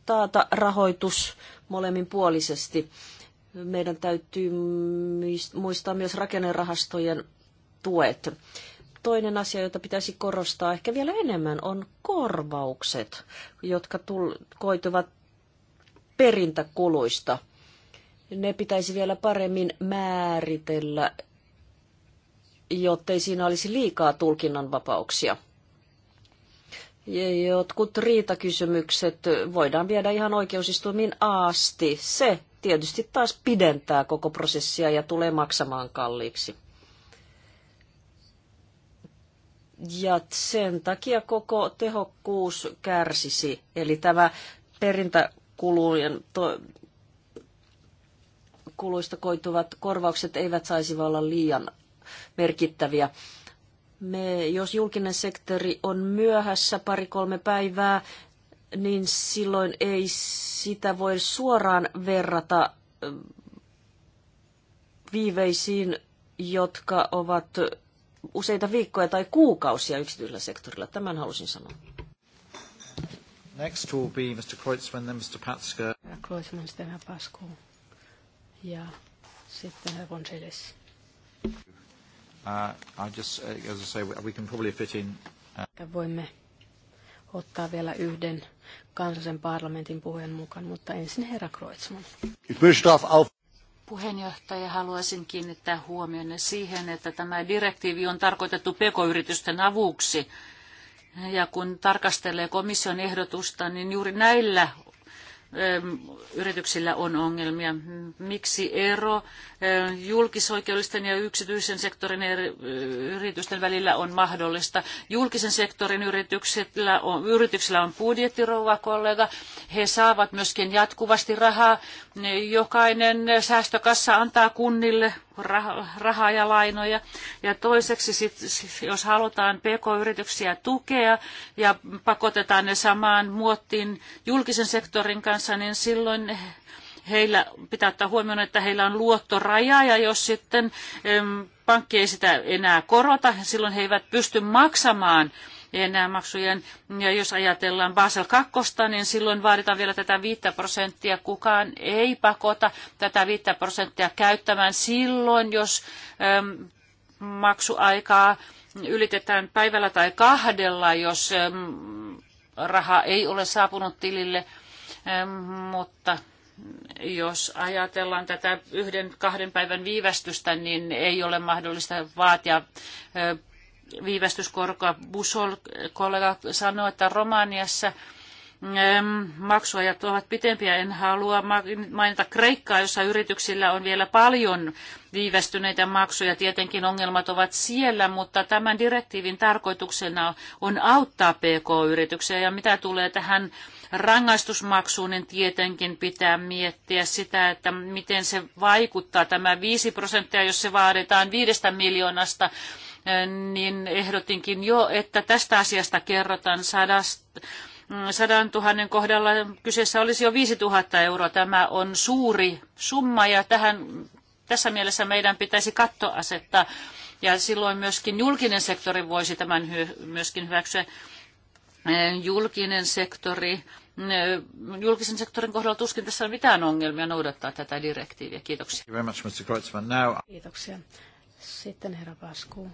taata rahoitus molemminpuolisesti. Meidän täytyy muistaa myös rakennerahastojen tuet. Toinen asia, jota pitäisi korostaa ehkä vielä enemmän, on korvaukset, jotka tul- koituvat perintäkuluista. Ne pitäisi vielä paremmin määritellä, jottei siinä olisi liikaa tulkinnanvapauksia Jotkut riitakysymykset voidaan viedä ihan oikeusistuimiin asti. Se tietysti taas pidentää koko prosessia ja tulee maksamaan kalliiksi. Ja sen takia koko tehokkuus kärsisi. Eli tämä perintäkulujen to- kuluista koituvat korvaukset eivät saisi olla liian merkittäviä. Me, jos julkinen sektori on myöhässä pari-kolme päivää, niin silloin ei sitä voi suoraan verrata viiveisiin, jotka ovat useita viikkoja tai kuukausia yksityisellä sektorilla. Tämän halusin sanoa. Next will be Mr. Kreutzmann, then Mr. Patska. Kreutzmann, sitten Pasku ja sitten Herr Vonselis. Uh, I just, uh, as I say, we can probably fit in. Uh, voimme ottaa vielä yhden kansallisen parlamentin puheen mukaan, mutta ensin herra Kreutzmann. Puheenjohtaja, haluaisin kiinnittää huomionne siihen, että tämä direktiivi on tarkoitettu pekoyritysten avuksi. Ja kun tarkastelee komission ehdotusta, niin juuri näillä yrityksillä on ongelmia. Miksi ero julkisoikeudellisten ja yksityisen sektorin yritysten välillä on mahdollista. Julkisen sektorin yrityksillä on, yrityksillä on budjettirouva kollega. He saavat myöskin jatkuvasti rahaa. Jokainen säästökassa antaa kunnille rahaa ja lainoja. Ja toiseksi, sit, jos halutaan pk-yrityksiä tukea ja pakotetaan ne samaan muottiin julkisen sektorin kanssa, niin silloin heillä pitää ottaa huomioon, että heillä on luottoraja ja jos sitten pankki ei sitä enää korota, silloin he eivät pysty maksamaan enää maksujen. Ja jos ajatellaan Basel 2, niin silloin vaaditaan vielä tätä 5 prosenttia. Kukaan ei pakota tätä 5 prosenttia käyttämään silloin, jos äm, maksuaikaa ylitetään päivällä tai kahdella, jos äm, raha ei ole saapunut tilille. Äm, mutta jos ajatellaan tätä yhden, kahden päivän viivästystä, niin ei ole mahdollista vaatia viivästyskorkoa. Busol kollega sanoi, että Romaniassa – maksuajat ovat pitempiä. En halua mainita Kreikkaa, jossa yrityksillä on vielä paljon viivästyneitä maksuja. Tietenkin ongelmat ovat siellä, mutta tämän direktiivin tarkoituksena on auttaa PK-yrityksiä. Ja mitä tulee tähän rangaistusmaksuun, niin tietenkin pitää miettiä sitä, että miten se vaikuttaa tämä 5 prosenttia, jos se vaaditaan viidestä miljoonasta niin ehdotinkin jo, että tästä asiasta kerrotaan sadasta, 100 000 kohdalla kyseessä olisi jo 5 000 euroa. Tämä on suuri summa ja tähän, tässä mielessä meidän pitäisi katto asettaa. Ja silloin myöskin julkinen sektori voisi tämän myöskin hyväksyä. Julkinen sektori, julkisen sektorin kohdalla tuskin tässä on mitään ongelmia noudattaa tätä direktiiviä. Kiitoksia. Kiitoksia. Sitten herra Pasku,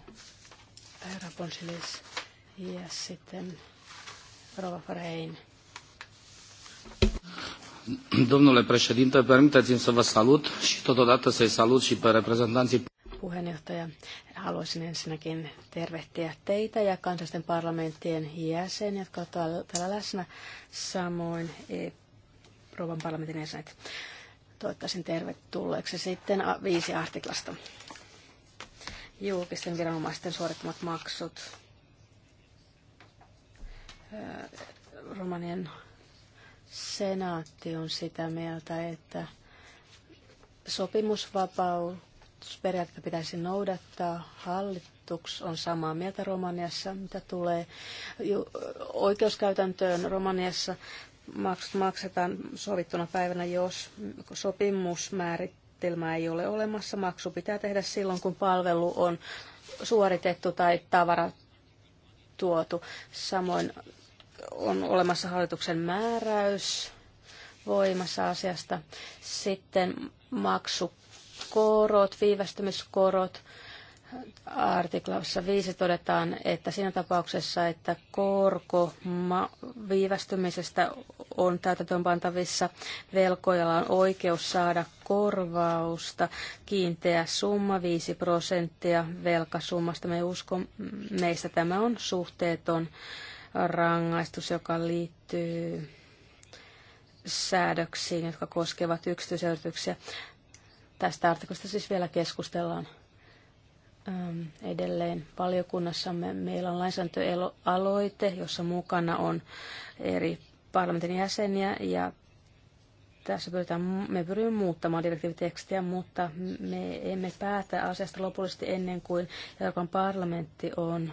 herra Ponsilis ja sitten Rova Frein. Domnule președinte, permiteți-mi să vă salut și totodată să-i salut și pe reprezentanții puheenjohtaja. Haluaisin ensinnäkin tervehtiä teitä ja kansallisten parlamenttien jäseniä, jotka ovat täällä läsnä, samoin e, Euroopan parlamentin jäsenet. Toivottaisin tervetulleeksi sitten viisi artiklasta. Julkisten viranomaisten suorittamat maksut Äh, Romanian senaatti on sitä mieltä, että sopimusvapausperiaatetta pitäisi noudattaa. Hallitus on samaa mieltä Romaniassa, mitä tulee oikeuskäytäntöön Romaniassa. maksetaan sovittuna päivänä, jos sopimusmääritelmä ei ole olemassa. Maksu pitää tehdä silloin, kun palvelu on suoritettu tai tavara tuotu. Samoin on olemassa hallituksen määräys voimassa asiasta. Sitten maksukorot, viivästymiskorot. Artiklassa 5 todetaan, että siinä tapauksessa, että korko viivästymisestä on täytäntöönpantavissa, velkojalla on oikeus saada korvausta. Kiinteä summa 5 prosenttia velkasummasta. Me uskon, meistä tämä on suhteeton rangaistus, joka liittyy säädöksiin, jotka koskevat yksityisyrityksiä. Tästä artikosta siis vielä keskustellaan ähm, edelleen valiokunnassamme. Meillä on lainsäädäntöaloite, jossa mukana on eri parlamentin jäseniä ja tässä pyritään, me pyrimme muuttamaan direktiivitekstiä, mutta me emme päätä asiasta lopullisesti ennen kuin Euroopan parlamentti on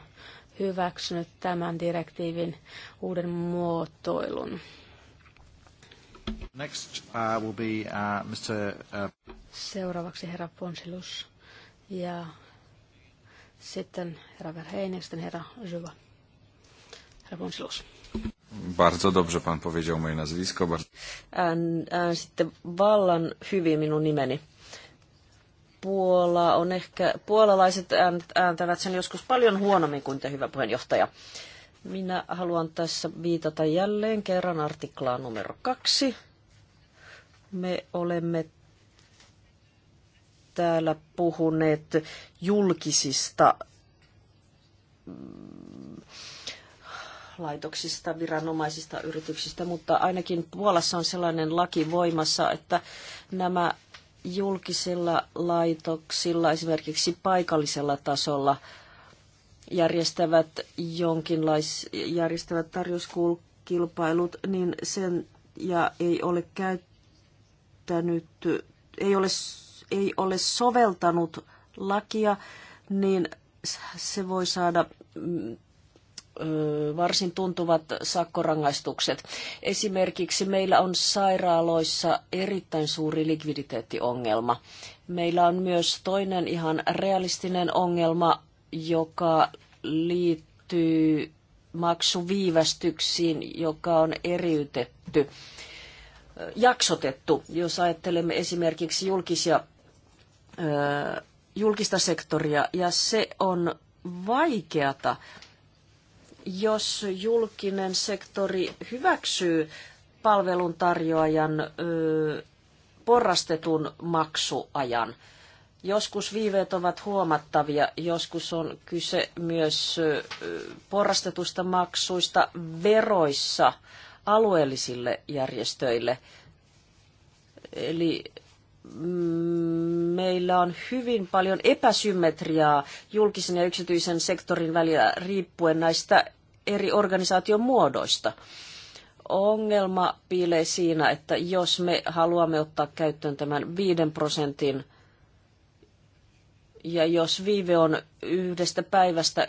hyväksynyt tämän direktiivin uuden muotoilun. Next, uh, will be, uh, Mr. Uh, Seuraavaksi herra Ponsilus ja sitten herra Verheyen ja sitten herra Zyva. Herra Ponsilus. Bardzo dobrze pan powiedział moje nazwisko. bardzo. sitten vallan hyvin minun nimeni. Puola on ehkä, puolalaiset ääntävät sen joskus paljon huonommin kuin te, hyvä puheenjohtaja. Minä haluan tässä viitata jälleen kerran artiklaan numero kaksi. Me olemme täällä puhuneet julkisista mm, laitoksista, viranomaisista, yrityksistä, mutta ainakin Puolassa on sellainen laki voimassa, että nämä julkisilla laitoksilla, esimerkiksi paikallisella tasolla, järjestävät, jonkinlais, järjestävät tarjouskilpailut, niin sen ja ei ole käyttänyt, ei ole, ei ole soveltanut lakia, niin se voi saada varsin tuntuvat sakkorangaistukset. Esimerkiksi meillä on sairaaloissa erittäin suuri likviditeettiongelma. Meillä on myös toinen ihan realistinen ongelma, joka liittyy maksuviivästyksiin, joka on eriytetty, jaksotettu. Jos ajattelemme esimerkiksi julkisia, julkista sektoria, ja se on vaikeata jos julkinen sektori hyväksyy palveluntarjoajan ö, porrastetun maksuajan, Joskus viiveet ovat huomattavia, joskus on kyse myös porrastetusta maksuista veroissa alueellisille järjestöille. Eli meillä on hyvin paljon epäsymmetriaa julkisen ja yksityisen sektorin välillä riippuen näistä eri organisaation muodoista. Ongelma piilee siinä, että jos me haluamme ottaa käyttöön tämän 5 prosentin ja jos viive on yhdestä päivästä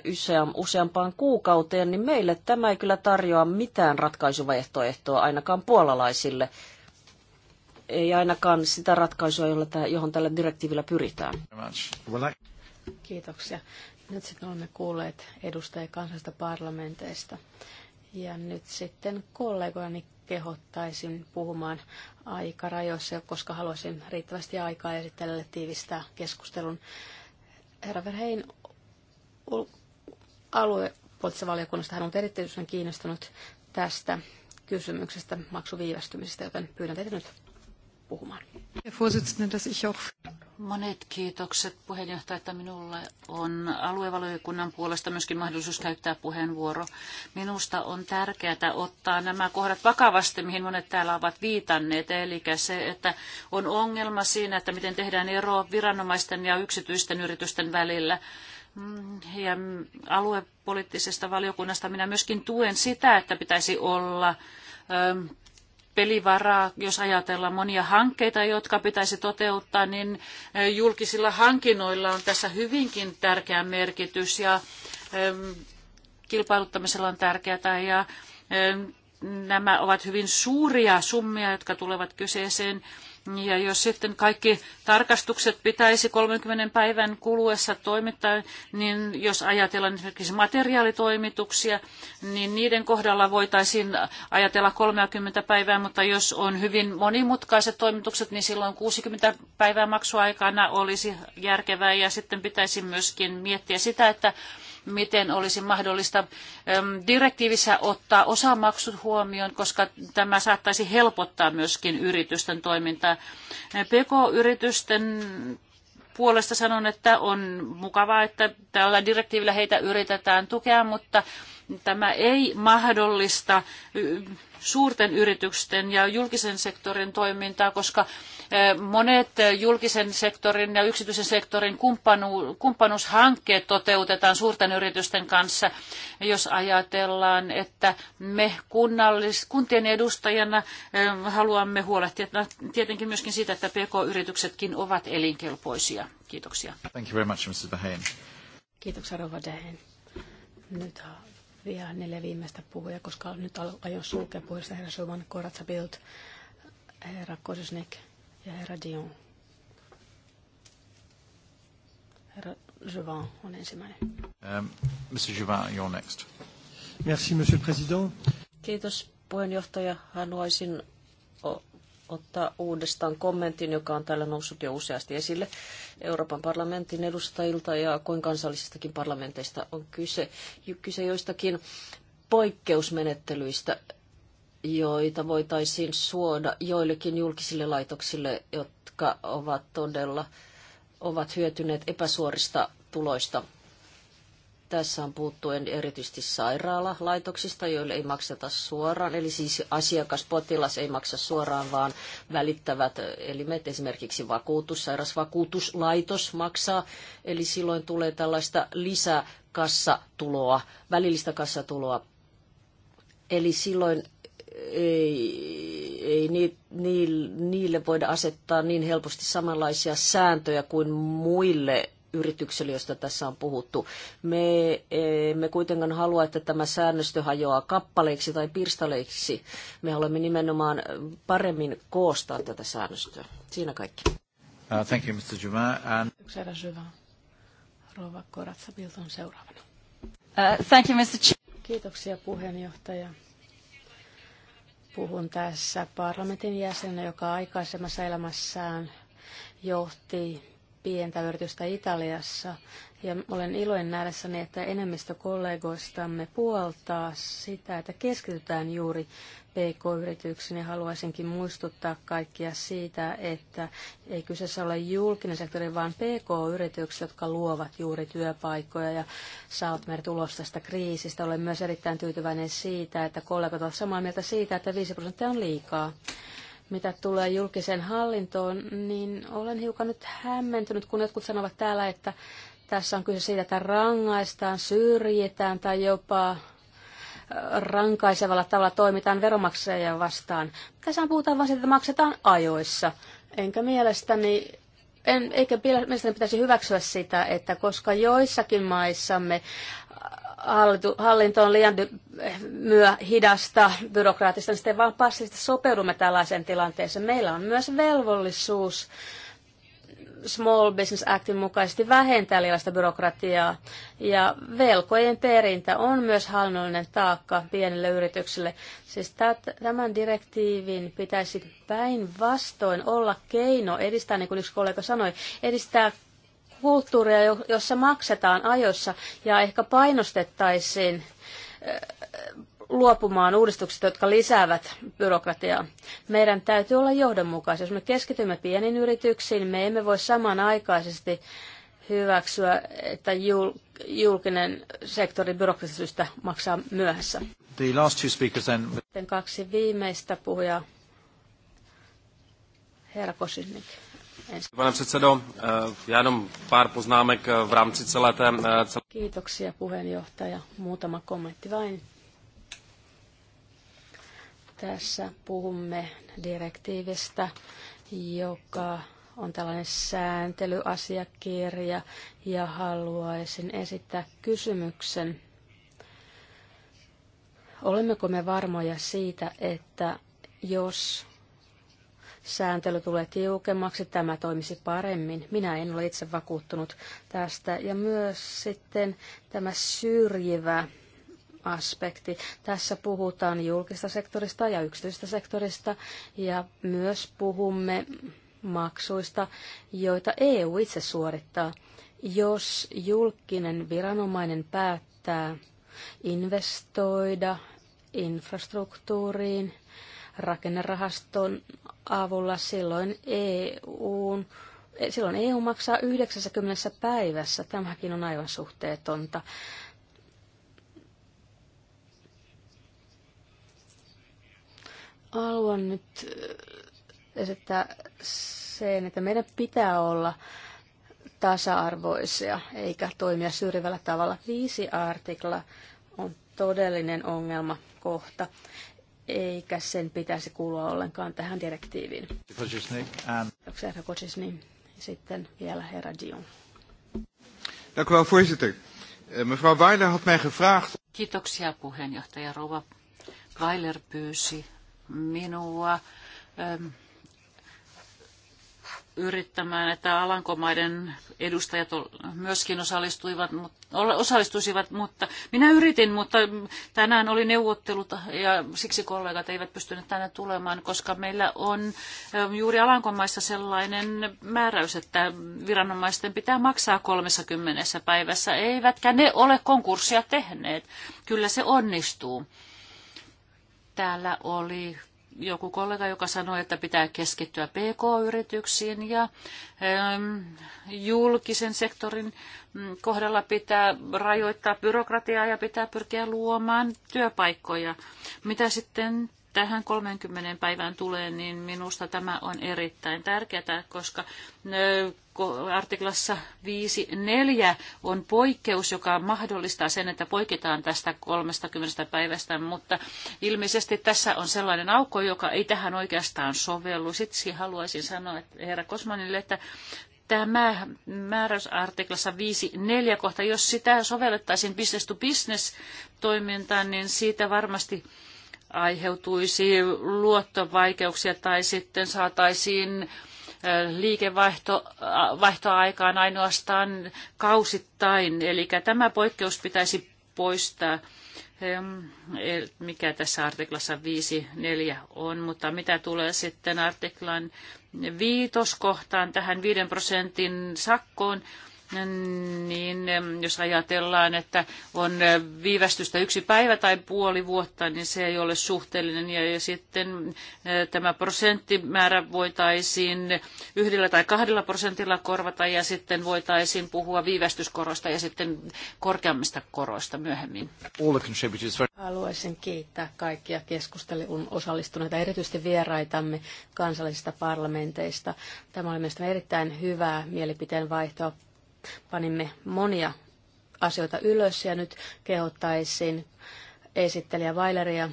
useampaan kuukauteen, niin meille tämä ei kyllä tarjoa mitään ratkaisuvaihtoehtoa ainakaan puolalaisille ei ainakaan sitä ratkaisua, jolla tämä, johon tällä direktiivillä pyritään. Kiitoksia. Nyt sitten olemme kuulleet edustajia kansallisista parlamenteista. Ja nyt sitten kollegojani kehottaisin puhumaan aikarajoissa, koska haluaisin riittävästi aikaa esittelijälle tiivistää keskustelun. Herra Verhein aluepoliittisesta valiokunnasta hän on erityisen kiinnostunut tästä kysymyksestä maksuviivästymisestä, joten pyydän teitä nyt puhumaan. Monet kiitokset puheenjohtaja, että minulle on aluevaliokunnan puolesta myöskin mahdollisuus käyttää puheenvuoro. Minusta on tärkeää ottaa nämä kohdat vakavasti, mihin monet täällä ovat viitanneet, eli se, että on ongelma siinä, että miten tehdään ero viranomaisten ja yksityisten yritysten välillä. Mm, ja aluepoliittisesta valiokunnasta minä myöskin tuen sitä, että pitäisi olla pelivaraa, jos ajatellaan monia hankkeita, jotka pitäisi toteuttaa, niin eh, julkisilla hankinnoilla on tässä hyvinkin tärkeä merkitys ja kilpailuttamisella on tärkeää ja nämä ovat hyvin suuria summia, jotka tulevat kyseeseen. Ja jos sitten kaikki tarkastukset pitäisi 30 päivän kuluessa toimittaa, niin jos ajatellaan esimerkiksi materiaalitoimituksia, niin niiden kohdalla voitaisiin ajatella 30 päivää, mutta jos on hyvin monimutkaiset toimitukset, niin silloin 60 päivää maksuaikana olisi järkevää ja sitten pitäisi myöskin miettiä sitä, että miten olisi mahdollista ähm, direktiivissä ottaa osamaksut huomioon, koska tämä saattaisi helpottaa myöskin yritysten toimintaa. PK-yritysten puolesta sanon, että on mukavaa, että tällä direktiivillä heitä yritetään tukea, mutta tämä ei mahdollista suurten yritysten ja julkisen sektorin toimintaa, koska eh, monet julkisen sektorin ja yksityisen sektorin kumppanuushankkeet toteutetaan suurten yritysten kanssa. Jos ajatellaan, että me kunnallis, kuntien edustajana eh, haluamme huolehtia tietenkin myöskin siitä, että PK-yrityksetkin ovat elinkelpoisia. Kiitoksia. Thank you very much, Kiitoksia, Dehen. Nyt vielä neljä viimeistä puhuja, koska nyt aion sulkea puheesta herra Suvan, Koratsa Bild, herra Kosisnek ja herra Dion. Herra Jovan on ensimmäinen. Um, Mr. Juvan, you're next. Merci, Monsieur le Président. Kiitos puheenjohtaja. Haluaisin ottaa uudestaan kommentin, joka on täällä noussut jo useasti esille Euroopan parlamentin edustajilta ja kuin kansallisistakin parlamenteista on kyse, kyse joistakin poikkeusmenettelyistä, joita voitaisiin suoda joillekin julkisille laitoksille, jotka ovat todella ovat hyötyneet epäsuorista tuloista tässä on puuttuen erityisesti sairaalalaitoksista, joille ei makseta suoraan, eli siis asiakas, potilas ei maksa suoraan, vaan välittävät elimet, esimerkiksi vakuutus, sairausvakuutuslaitos maksaa, eli silloin tulee tällaista lisäkassatuloa, välillistä kassatuloa. Eli silloin ei, ei ni, ni, niille voida asettaa niin helposti samanlaisia sääntöjä kuin muille yritykselle, josta tässä on puhuttu. Me emme kuitenkaan halua, että tämä säännöstö hajoaa kappaleiksi tai pirstaleiksi. Me haluamme nimenomaan paremmin koostaa tätä säännöstöä. Siinä kaikki. Uh, thank you, Mr. Juma. And... Rova seuraavana. Uh, thank you, Mr. Ch- Kiitoksia puheenjohtaja. Puhun tässä parlamentin jäsenenä, joka aikaisemmassa elämässään johti pientä yritystä Italiassa. Ja olen iloinen nähdessäni, että enemmistö kollegoistamme puoltaa sitä, että keskitytään juuri PK-yrityksiin ja haluaisinkin muistuttaa kaikkia siitä, että ei kyseessä ole julkinen sektori, vaan PK-yritykset, jotka luovat juuri työpaikkoja ja saavat meidät ulos tästä kriisistä. Olen myös erittäin tyytyväinen siitä, että kollegat ovat samaa mieltä siitä, että 5 prosenttia on liikaa. Mitä tulee julkiseen hallintoon, niin olen hiukan nyt hämmentynyt, kun jotkut sanovat täällä, että tässä on kyse siitä, että rangaistaan, syrjitään tai jopa rankaisevalla tavalla toimitaan veromaksajia vastaan. Tässä puhutaan vain siitä, että maksetaan ajoissa. Enkä mielestäni, en, eikä mielestäni pitäisi hyväksyä sitä, että koska joissakin maissamme hallinto on liian myö hidasta, byrokraattista, niin sitten vaan passiivisesti sopeudumme tällaiseen tilanteeseen. Meillä on myös velvollisuus Small Business Actin mukaisesti vähentää liiallista byrokratiaa. Ja velkojen perintä on myös hallinnollinen taakka pienille yrityksille. Siis tämän direktiivin pitäisi päinvastoin olla keino edistää, niin kuin yksi kollega sanoi, edistää kulttuuria, jossa maksetaan ajoissa ja ehkä painostettaisiin eh, luopumaan uudistuksista, jotka lisäävät byrokratiaa. Meidän täytyy olla johdonmukaisia. Jos me keskitymme pieniin yrityksiin, me emme voi samanaikaisesti hyväksyä, että julkinen sektori byrokratisyystä maksaa myöhässä. The last two speakers then. Sitten kaksi viimeistä puhujaa. Herra Kosisnik. Pane předsedo, eh, já jenom pár poznámek eh, v rámci celé té... Eh, Kiitoksia puheenjohtaja. Muutama kommentti vain. Tässä puhumme direktiivistä, joka on tällainen sääntelyasiakirja ja haluaisin esittää kysymyksen. Olemmeko me varmoja siitä, että jos sääntely tulee tiukemmaksi, tämä toimisi paremmin. Minä en ole itse vakuuttunut tästä. Ja myös sitten tämä syrjivä aspekti. Tässä puhutaan julkista sektorista ja yksityistä sektorista ja myös puhumme maksuista, joita EU itse suorittaa. Jos julkinen viranomainen päättää investoida infrastruktuuriin, rakennerahaston avulla silloin EU, eh, Silloin EU maksaa 90 päivässä. Tämäkin on aivan suhteetonta. Haluan nyt eh, esittää sen, että meidän pitää olla tasa-arvoisia eikä toimia syrjivällä tavalla. Viisi artikla on todellinen ongelma kohta eikä sen pitäisi kuulua ollenkaan tähän direktiiviin. Herra Kocisni, sitten vielä herra Dion. Dank eh, Mevrouw Weiler had mij Kiitoksia puheenjohtaja Rova. Weiler pyysi minua ähm, yrittämään, että Alankomaiden edustajat myöskin osallistuivat, mutta osallistuisivat, mutta minä yritin, mutta tänään oli neuvottelut ja siksi kollegat eivät pystyneet tänne tulemaan, koska meillä on juuri Alankomaissa sellainen määräys, että viranomaisten pitää maksaa 30 päivässä, eivätkä ne ole konkurssia tehneet. Kyllä se onnistuu. Täällä oli joku kollega, joka sanoi, että pitää keskittyä PK-yrityksiin ja julkisen sektorin mm, kohdalla pitää rajoittaa byrokratiaa ja pitää pyrkiä luomaan työpaikkoja. Mitä sitten tähän 30 päivään tulee, niin minusta tämä on erittäin tärkeää, koska artiklassa 5.4 on poikkeus, joka mahdollistaa sen, että poiketaan tästä 30 päivästä, mutta ilmeisesti tässä on sellainen aukko, joka ei tähän oikeastaan sovellu. Siksi haluaisin sanoa että herra Kosmanille, että tämä määräysartiklassa 5.4 kohta, jos sitä sovellettaisiin business to business toimintaan, niin siitä varmasti aiheutuisi luottovaikeuksia tai sitten saataisiin liikevaihtoaikaan ainoastaan kausittain. Eli tämä poikkeus pitäisi poistaa, mikä tässä artiklassa 5.4 on, mutta mitä tulee sitten artiklan viitoskohtaan tähän 5 prosentin sakkoon, niin jos ajatellaan, että on viivästystä yksi päivä tai puoli vuotta, niin se ei ole suhteellinen. Ja, sitten eh, tämä prosenttimäärä voitaisiin yhdellä tai kahdella prosentilla korvata ja sitten voitaisiin puhua viivästyskorosta ja sitten korkeammista koroista myöhemmin. Haluaisin kiittää kaikkia keskusteluun osallistuneita, erityisesti vieraitamme kansallisista parlamenteista. Tämä oli mielestäni erittäin hyvää mielipiteen vaihtoa Panimme monia asioita ylös ja nyt kehottaisin esittelijä Vaileria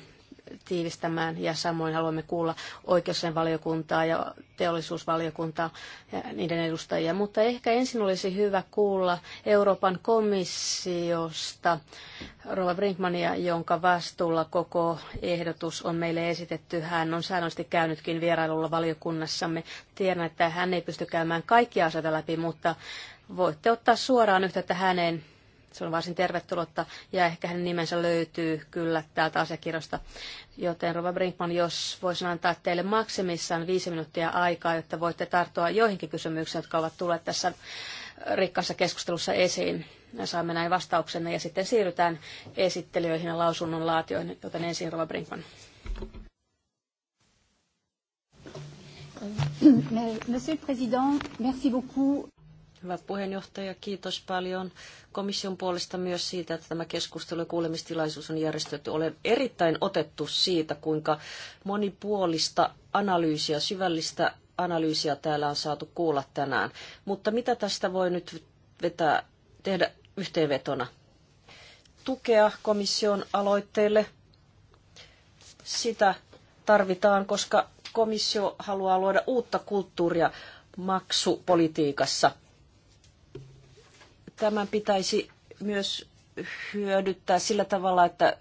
tiivistämään ja samoin haluamme kuulla oikeusen valiokuntaa ja teollisuusvaliokuntaa ja niiden edustajia. Mutta ehkä ensin olisi hyvä kuulla Euroopan komissiosta Rova Brinkmania, jonka vastuulla koko ehdotus on meille esitetty. Hän on säännöllisesti käynytkin vierailulla valiokunnassamme. Tiedän, että hän ei pysty käymään kaikkia asioita läpi, mutta voitte ottaa suoraan yhteyttä häneen. Se on varsin tervetullutta ja ehkä hänen nimensä löytyy kyllä täältä asiakirjasta. Joten Rova Brinkman, jos voisin antaa teille maksimissaan viisi minuuttia aikaa, jotta voitte tarttua joihinkin kysymyksiin, jotka ovat tulleet tässä rikkaassa keskustelussa esiin. Saamme näin vastauksenne ja sitten siirrytään esittelijöihin ja lausunnon laatioihin, joten ensin Rova Brinkman. Monsieur le Président, merci beaucoup. Hyvä puheenjohtaja, kiitos paljon komission puolesta myös siitä, että tämä keskustelu ja kuulemistilaisuus on järjestetty. Olen erittäin otettu siitä, kuinka monipuolista analyysiä, syvällistä analyysiä täällä on saatu kuulla tänään. Mutta mitä tästä voi nyt vetää, tehdä yhteenvetona? Tukea komission aloitteelle. Sitä tarvitaan, koska komissio haluaa luoda uutta kulttuuria maksupolitiikassa – Tämän pitäisi myös hyödyttää sillä tavalla, että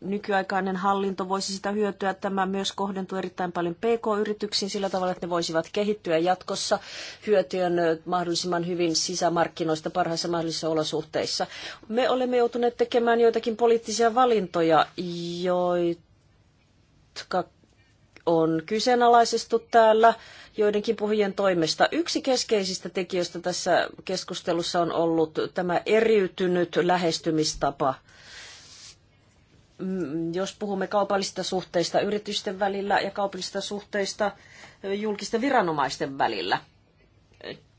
nykyaikainen hallinto voisi sitä hyötyä. Tämä myös kohdentuu erittäin paljon PK-yrityksiin sillä tavalla, että ne voisivat kehittyä jatkossa hyötyön mahdollisimman hyvin sisämarkkinoista parhaissa mahdollisissa olosuhteissa. Me olemme joutuneet tekemään joitakin poliittisia valintoja, jotka on kyseenalaistettu täällä joidenkin puhujien toimesta. Yksi keskeisistä tekijöistä tässä keskustelussa on ollut tämä eriytynyt lähestymistapa mm, jos puhumme kaupallisista suhteista yritysten välillä ja kaupallisista suhteista julkisten viranomaisten välillä.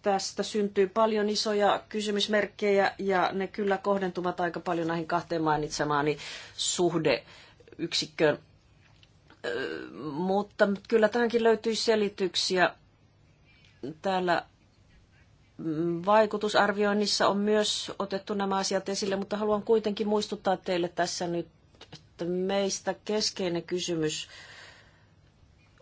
Tästä syntyy paljon isoja kysymysmerkkejä ja ne kyllä kohdentuvat aika paljon näihin kahteen mainitsemaani suhdeyksikköön mutta kyllä tähänkin löytyy selityksiä. Täällä vaikutusarvioinnissa on myös otettu nämä asiat esille, mutta haluan kuitenkin muistuttaa teille tässä nyt, että meistä keskeinen kysymys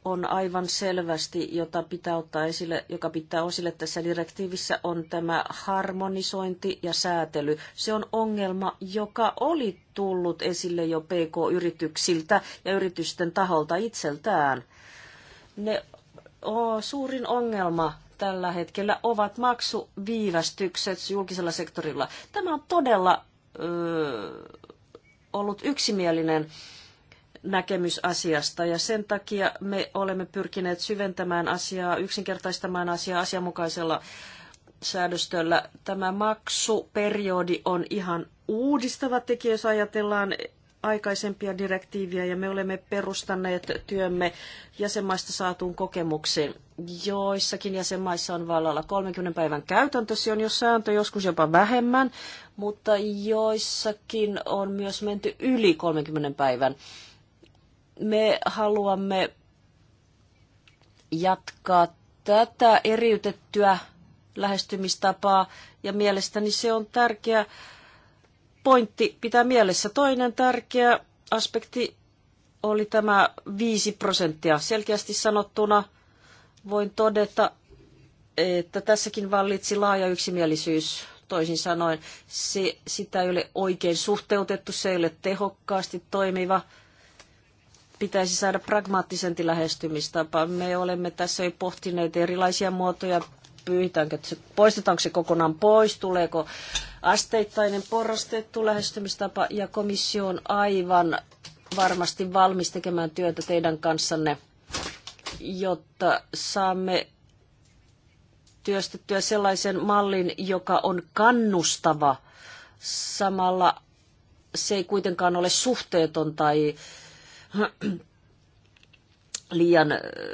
on aivan selvästi, jota pitää ottaa esille, joka pitää osille tässä direktiivissä, on tämä harmonisointi ja säätely. Se on ongelma, joka oli tullut esille jo PK-yrityksiltä ja yritysten taholta itseltään. Ne o, suurin ongelma tällä hetkellä ovat maksuviivästykset julkisella sektorilla. Tämä on todella ö, ollut yksimielinen ö, näkemys asiasta ja sen takia me olemme pyrkineet syventämään asiaa, yksinkertaistamaan asiaa asianmukaisella säädöstöllä. Tämä maksuperiodi on ihan uudistava tekijä, jos ajatellaan aikaisempia direktiiviä ja me olemme perustaneet työmme jäsenmaista saatuun kokemuksiin. Joissakin jäsenmaissa on vallalla 30 päivän käytäntö, se on jo sääntö, joskus jopa vähemmän, mutta joissakin on myös menty yli 30 päivän me haluamme jatkaa tätä eriytettyä lähestymistapaa ja mielestäni se on tärkeä pointti pitää mielessä. Toinen tärkeä aspekti oli tämä 5 prosenttia. Selkeästi sanottuna voin todeta, että tässäkin vallitsi laaja yksimielisyys. Toisin sanoen, se, sitä ei ole oikein suhteutettu, se ei ole tehokkaasti toimiva pitäisi saada pragmaattisempi lähestymistapa. Me olemme tässä jo pohtineet erilaisia muotoja, pyytäänkö, se, poistetaanko se kokonaan pois, tuleeko asteittainen porrastettu lähestymistapa ja komissio on aivan varmasti valmis tekemään työtä teidän kanssanne, jotta saamme työstettyä sellaisen mallin, joka on kannustava. Samalla se ei kuitenkaan ole suhteeton tai liian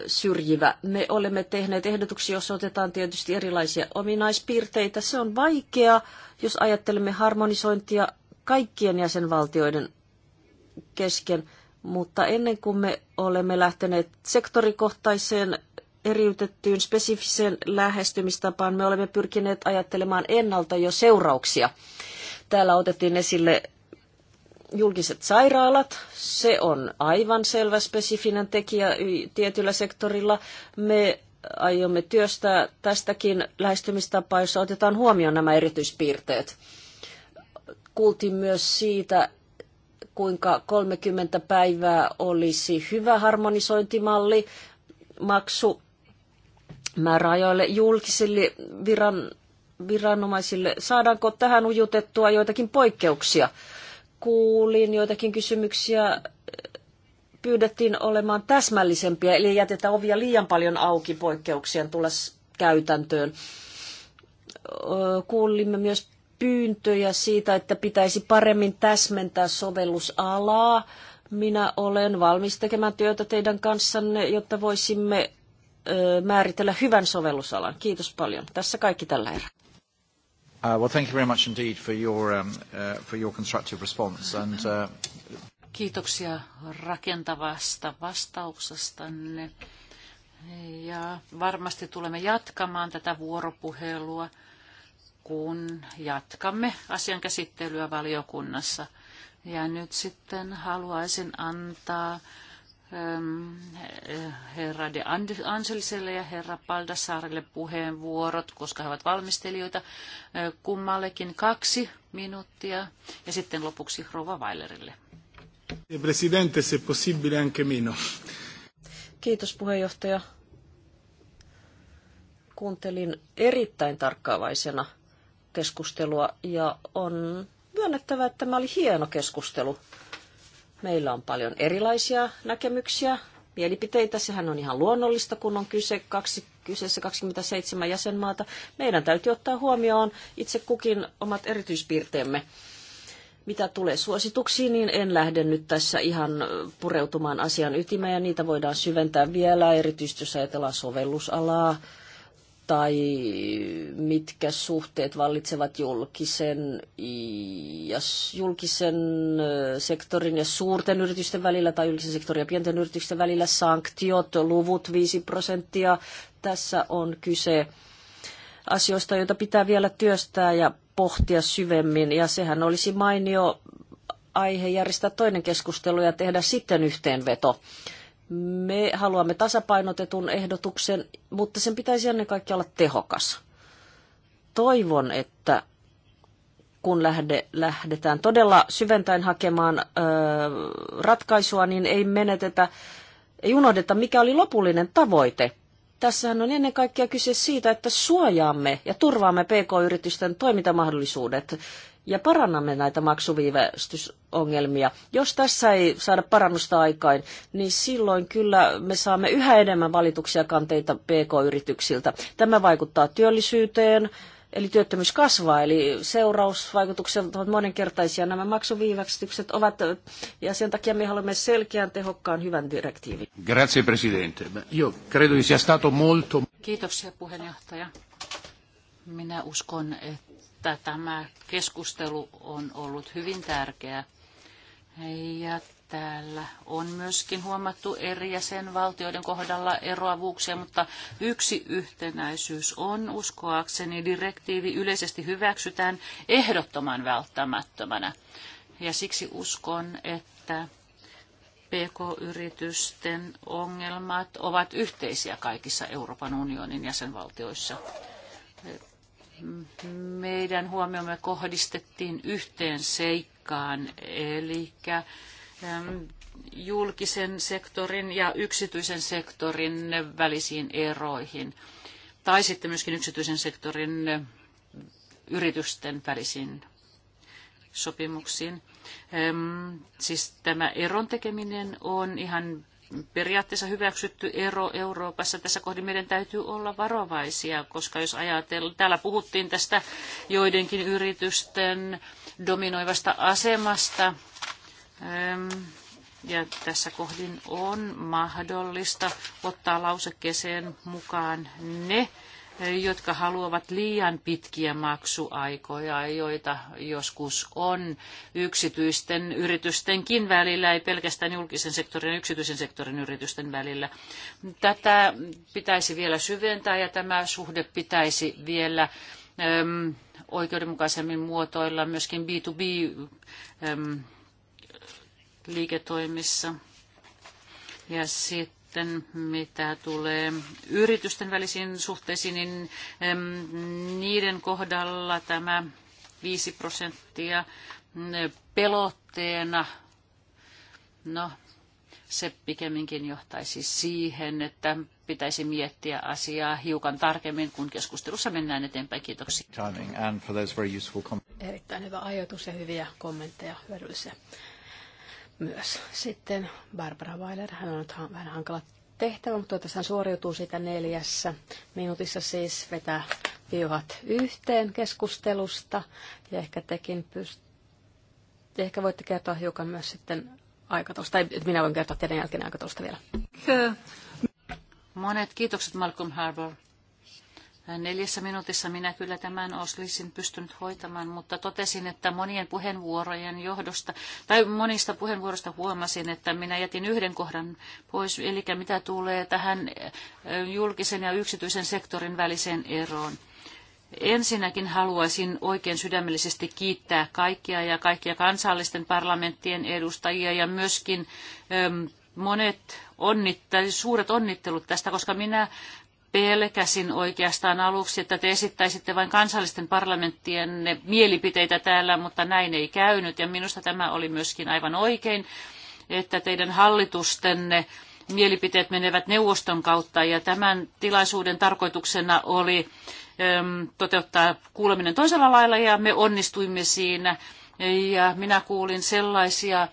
syrjivä. Me olemme tehneet ehdotuksia, jos otetaan tietysti erilaisia ominaispiirteitä. Se on vaikea, jos ajattelemme harmonisointia kaikkien jäsenvaltioiden kesken, mutta ennen kuin me olemme lähteneet sektorikohtaiseen eriytettyyn spesifiseen lähestymistapaan, me olemme pyrkineet ajattelemaan ennalta jo seurauksia. Täällä otettiin esille julkiset sairaalat, se on aivan selvä spesifinen tekijä tietyllä sektorilla. Me aiomme työstää tästäkin lähestymistapaa, jossa otetaan huomioon nämä erityispiirteet. Kuultiin myös siitä, kuinka 30 päivää olisi hyvä harmonisointimalli maksu määräajoille julkisille viran, viranomaisille. Saadaanko tähän ujutettua joitakin poikkeuksia? kuulin joitakin kysymyksiä, pyydettiin olemaan täsmällisempiä, eli jätetään ovia liian paljon auki poikkeuksien tulla käytäntöön. Kuulimme myös pyyntöjä siitä, että pitäisi paremmin täsmentää sovellusalaa. Minä olen valmis tekemään työtä teidän kanssanne, jotta voisimme määritellä hyvän sovellusalan. Kiitos paljon. Tässä kaikki tällä erää. Uh, well, thank you very much indeed for your, um, uh, for your constructive response. And, uh... Kiitoksia rakentavasta vastauksestanne. Ja varmasti tulemme jatkamaan tätä vuoropuhelua, kun jatkamme asian käsittelyä valiokunnassa. Ja nyt sitten haluaisin antaa Ähm, herra De Anselselle ja herra Paldassaarelle puheenvuorot, koska he ovat valmistelijoita. Äh, kummallekin kaksi minuuttia ja sitten lopuksi Rova Weilerille. Eh, presidente, se possibile anche meno. Kiitos puheenjohtaja. Kuuntelin erittäin tarkkaavaisena keskustelua ja on myönnettävä, että tämä oli hieno keskustelu. Meillä on paljon erilaisia näkemyksiä, mielipiteitä. Sehän on ihan luonnollista, kun on kyse kaksi, kyseessä 27 jäsenmaata. Meidän täytyy ottaa huomioon itse kukin omat erityispiirteemme. Mitä tulee suosituksiin, niin en lähde nyt tässä ihan pureutumaan asian ytimeen. Niitä voidaan syventää vielä, erityisesti jos ajatellaan sovellusalaa, tai mitkä suhteet vallitsevat julkisen, ja julkisen sektorin ja suurten yritysten välillä tai julkisen sektorin ja pienten yritysten välillä sanktiot, luvut 5 prosenttia. Tässä on kyse asioista, joita pitää vielä työstää ja pohtia syvemmin ja sehän olisi mainio aihe järjestää toinen keskustelu ja tehdä sitten yhteenveto me haluamme tasapainotetun ehdotuksen, mutta sen pitäisi ennen kaikkea olla tehokas. Toivon, että kun lähde, lähdetään todella syventäen hakemaan ö, ratkaisua, niin ei menetetä, ei unohdeta, mikä oli lopullinen tavoite. Tässähän on ennen kaikkea kyse siitä, että suojaamme ja turvaamme pk-yritysten toimintamahdollisuudet ja parannamme näitä maksuviivästysongelmia. Jos tässä ei saada parannusta aikaan, niin silloin kyllä me saamme yhä enemmän valituksia kanteita PK-yrityksiltä. Tämä vaikuttaa työllisyyteen, eli työttömyys kasvaa, eli seurausvaikutukset ovat monenkertaisia. Nämä maksuviivästykset ovat, ja sen takia me haluamme selkeän, tehokkaan, hyvän direktiivin. Grazie, Presidente. Io credo sia stato molto... Kiitoksia, puheenjohtaja. Minä uskon, että että tämä keskustelu on ollut hyvin tärkeä. Ja täällä on myöskin huomattu eri jäsenvaltioiden kohdalla eroavuuksia, mutta yksi yhtenäisyys on uskoakseni direktiivi yleisesti hyväksytään ehdottoman välttämättömänä. Ja siksi uskon, että PK-yritysten ongelmat ovat yhteisiä kaikissa Euroopan unionin jäsenvaltioissa meidän huomiomme kohdistettiin yhteen seikkaan, eli ähm, julkisen sektorin ja yksityisen sektorin välisiin eroihin, tai sitten myöskin yksityisen sektorin äh, yritysten välisiin sopimuksiin. Ähm, siis tämä eron tekeminen on ihan periaatteessa hyväksytty ero Euroopassa. Tässä kohdin meidän täytyy olla varovaisia, koska jos ajatellaan, täällä puhuttiin tästä joidenkin yritysten dominoivasta asemasta, ähm, ja tässä kohdin on mahdollista ottaa lausekkeeseen mukaan ne jotka haluavat liian pitkiä maksuaikoja, joita joskus on yksityisten yritystenkin välillä, ei pelkästään julkisen sektorin ja yksityisen sektorin yritysten välillä. Tätä pitäisi vielä syventää ja tämä suhde pitäisi vielä äm, oikeudenmukaisemmin muotoilla myöskin B2B-liiketoimissa. Ähm, ja sitten sitten mitä tulee yritysten välisiin suhteisiin, niin niiden kohdalla tämä 5 prosenttia mm, pelotteena, no se pikemminkin johtaisi siihen, että pitäisi miettiä asiaa hiukan tarkemmin, kun keskustelussa mennään eteenpäin. Kiitoksia. Erittäin hyvä ajoitus ja hyviä kommentteja, hyödyllisiä myös. Sitten Barbara Weiler, hän on nyt vähän hankala tehtävä, mutta tässä hän suoriutuu siitä neljässä minuutissa siis vetää viuhat yhteen keskustelusta ja ehkä tekin pyst- ehkä voitte kertoa hiukan myös sitten aikataulusta, tai minä voin kertoa teidän jälkeen aikataulusta vielä. Monet kiitokset Malcolm Harbour Neljässä minuutissa minä kyllä tämän olisin pystynyt hoitamaan, mutta totesin, että monien puheenvuorojen johdosta, tai monista puheenvuoroista huomasin, että minä jätin yhden kohdan pois, eli mitä tulee tähän julkisen ja yksityisen sektorin väliseen eroon. Ensinnäkin haluaisin oikein sydämellisesti kiittää kaikkia ja kaikkia kansallisten parlamenttien edustajia ja myöskin monet onnittelut, suuret onnittelut tästä, koska minä pelkäsin oikeastaan aluksi, että te esittäisitte vain kansallisten parlamenttien mielipiteitä täällä, mutta näin ei käynyt. Ja minusta tämä oli myöskin aivan oikein, että teidän hallitustenne mielipiteet menevät neuvoston kautta. Ja tämän tilaisuuden tarkoituksena oli toteuttaa kuuleminen toisella lailla ja me onnistuimme siinä. Ja minä kuulin sellaisia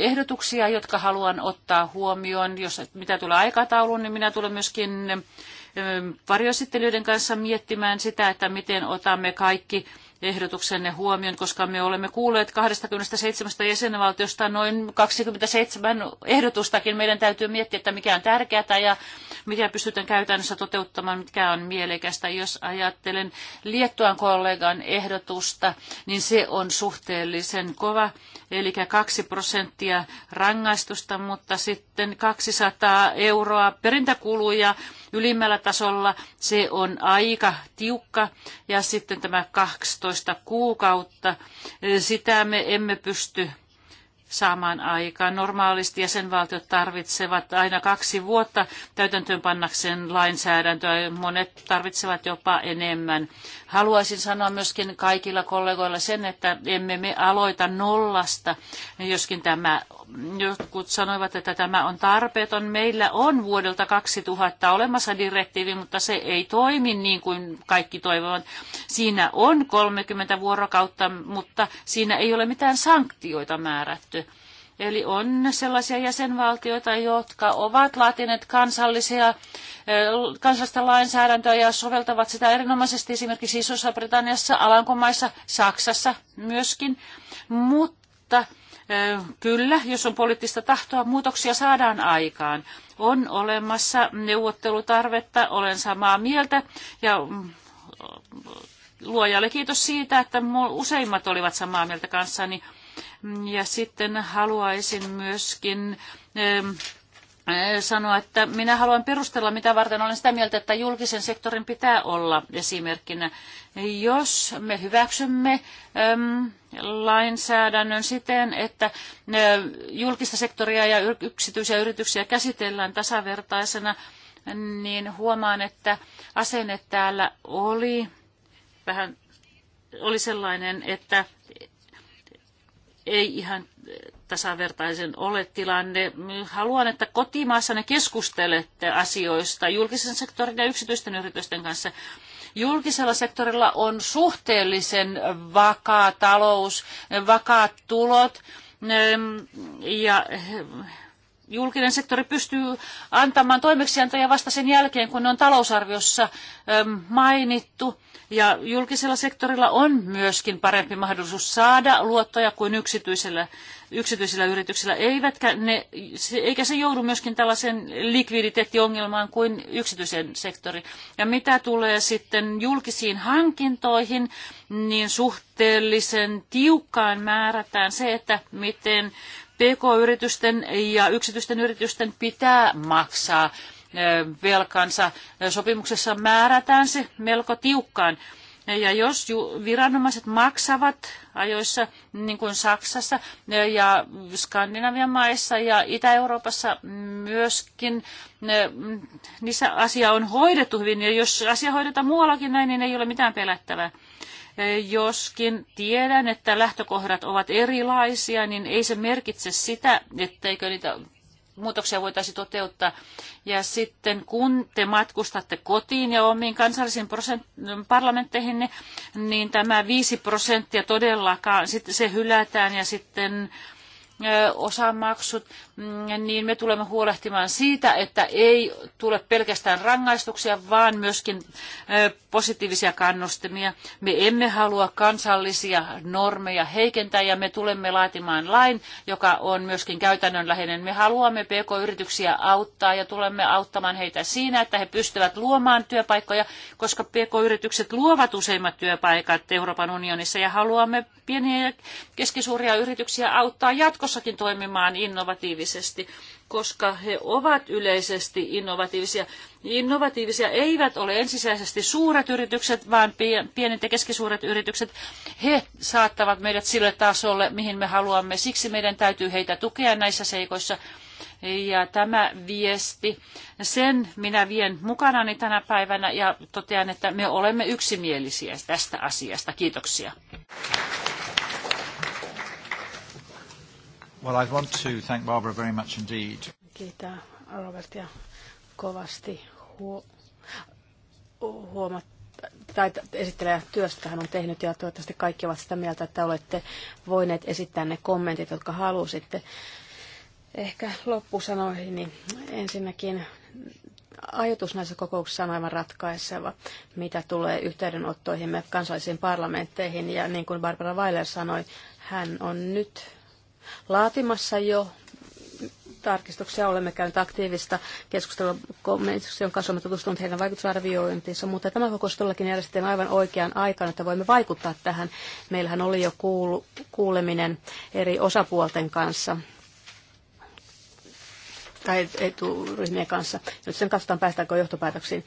ehdotuksia, jotka haluan ottaa huomioon. Jos mitä tulee aikatauluun, niin minä tulen myöskin varjoesittelyiden kanssa miettimään sitä, että miten otamme kaikki ehdotuksenne huomioon, koska me olemme kuulleet 27 jäsenvaltiosta noin 27 ehdotustakin. Meidän täytyy miettiä, että mikä on tärkeää ja mitä pystytään käytännössä toteuttamaan, mikä on mielekästä. Jos ajattelen Liettuan kollegan ehdotusta, niin se on suhteellisen kova, eli 2 prosenttia rangaistusta, mutta sitten sitten 200 euroa perintäkuluja ylimmällä tasolla. Se on aika tiukka. Ja sitten tämä 12 kuukautta, sitä me emme pysty saamaan aikaan. Normaalisti jäsenvaltiot tarvitsevat aina kaksi vuotta täytäntöönpannakseen lainsäädäntöä. Monet tarvitsevat jopa enemmän. Haluaisin sanoa myöskin kaikilla kollegoilla sen, että emme me aloita nollasta, joskin tämä jotkut sanoivat, että tämä on tarpeeton. Meillä on vuodelta 2000 olemassa direktiivi, mutta se ei toimi niin kuin kaikki toivovat. Siinä on 30 vuorokautta, mutta siinä ei ole mitään sanktioita määrätty. Eli on sellaisia jäsenvaltioita, jotka ovat laatineet kansallisia, kansallista lainsäädäntöä ja soveltavat sitä erinomaisesti esimerkiksi iso britanniassa Alankomaissa, Saksassa myöskin. Mutta Kyllä, jos on poliittista tahtoa, muutoksia saadaan aikaan. On olemassa neuvottelutarvetta, olen samaa mieltä ja mm, luojalle kiitos siitä, että useimmat olivat samaa mieltä kanssani. Ja sitten haluaisin myöskin sanoa, että minä haluan perustella, mitä varten olen sitä mieltä, että julkisen sektorin pitää olla esimerkkinä. Jos me hyväksymme äm, lainsäädännön siten, että ä, julkista sektoria ja yksityisiä yrityksiä käsitellään tasavertaisena, niin huomaan, että asenne täällä oli vähän oli sellainen, että ei ihan tasavertaisen ole tilanne. Haluan, että kotimaassanne keskustelette asioista julkisen sektorin ja yksityisten yritysten kanssa. Julkisella sektorilla on suhteellisen vakaa talous, vakaat tulot ehm, ja julkinen sektori pystyy antamaan toimeksiantoja vasta sen jälkeen, kun ne on talousarviossa ehm, mainittu. Ja julkisella sektorilla on myöskin parempi mahdollisuus saada luottoja kuin yksityisellä yksityisillä yrityksillä, eivätkä ne, eikä se joudu myöskin tällaisen likviditeettiongelmaan kuin yksityisen sektori. Ja mitä tulee sitten julkisiin hankintoihin, niin suhteellisen tiukkaan määrätään se, että miten PK-yritysten ja yksityisten yritysten pitää maksaa velkansa. Sopimuksessa määrätään se melko tiukkaan. Ja jos viranomaiset maksavat ajoissa, niin kuin Saksassa ja Skandinavian maissa ja Itä-Euroopassa myöskin, niissä asia on hoidettu hyvin. Ja jos asia hoidetaan muuallakin näin, niin ei ole mitään pelättävää joskin tiedän, että lähtökohdat ovat erilaisia, niin ei se merkitse sitä, etteikö niitä muutoksia voitaisiin toteuttaa. Ja sitten kun te matkustatte kotiin ja omiin kansallisiin parlamentteihin, niin, niin tämä 5 prosenttia todellakaan, se hylätään ja sitten osamaksut, mm, niin me tulemme huolehtimaan siitä, että ei tule pelkästään rangaistuksia, vaan myöskin positiivisia kannustimia. Me emme halua kansallisia normeja heikentää ja me tulemme laatimaan lain, joka on myöskin käytännönläheinen. Me haluamme PK-yrityksiä auttaa ja tulemme auttamaan heitä siinä, että he pystyvät luomaan työpaikkoja, koska PK-yritykset luovat useimmat työpaikat Euroopan unionissa ja haluamme pieniä ja keskisuuria yrityksiä auttaa jatkossa jatkossakin toimimaan innovatiivisesti, koska he ovat yleisesti innovatiivisia. Innovatiivisia eivät ole ensisijaisesti suuret yritykset, vaan pienet ja keskisuuret yritykset. He saattavat meidät sille tasolle, mihin me haluamme. Siksi meidän täytyy heitä tukea näissä seikoissa. Ja tämä viesti, sen minä vien mukanani tänä päivänä ja totean, että me olemme yksimielisiä tästä asiasta. Kiitoksia. Well, I want to thank Barbara very much indeed. Kiitää Robertia kovasti huo- huomat tai esittelee työstä hän on tehnyt ja toivottavasti kaikki ovat sitä mieltä, että olette voineet esittää ne kommentit, jotka halusitte. Ehkä loppusanoihin, niin ensinnäkin ajatus näissä kokouksissa on aivan ratkaiseva, mitä tulee yhteydenottoihimme kansallisiin parlamentteihin. Ja niin kuin Barbara Weiler sanoi, hän on nyt laatimassa jo tarkistuksia. Olemme käyneet aktiivista keskustelua komission kanssa, olemme tutustuneet heidän vaikutusarviointiinsa, mutta tämä kokous todellakin järjestetään aivan oikeaan aikaan, että voimme vaikuttaa tähän. Meillähän oli jo kuulu, kuuleminen eri osapuolten kanssa tai eturyhmien kanssa. Nyt sen katsotaan, päästäänkö johtopäätöksiin.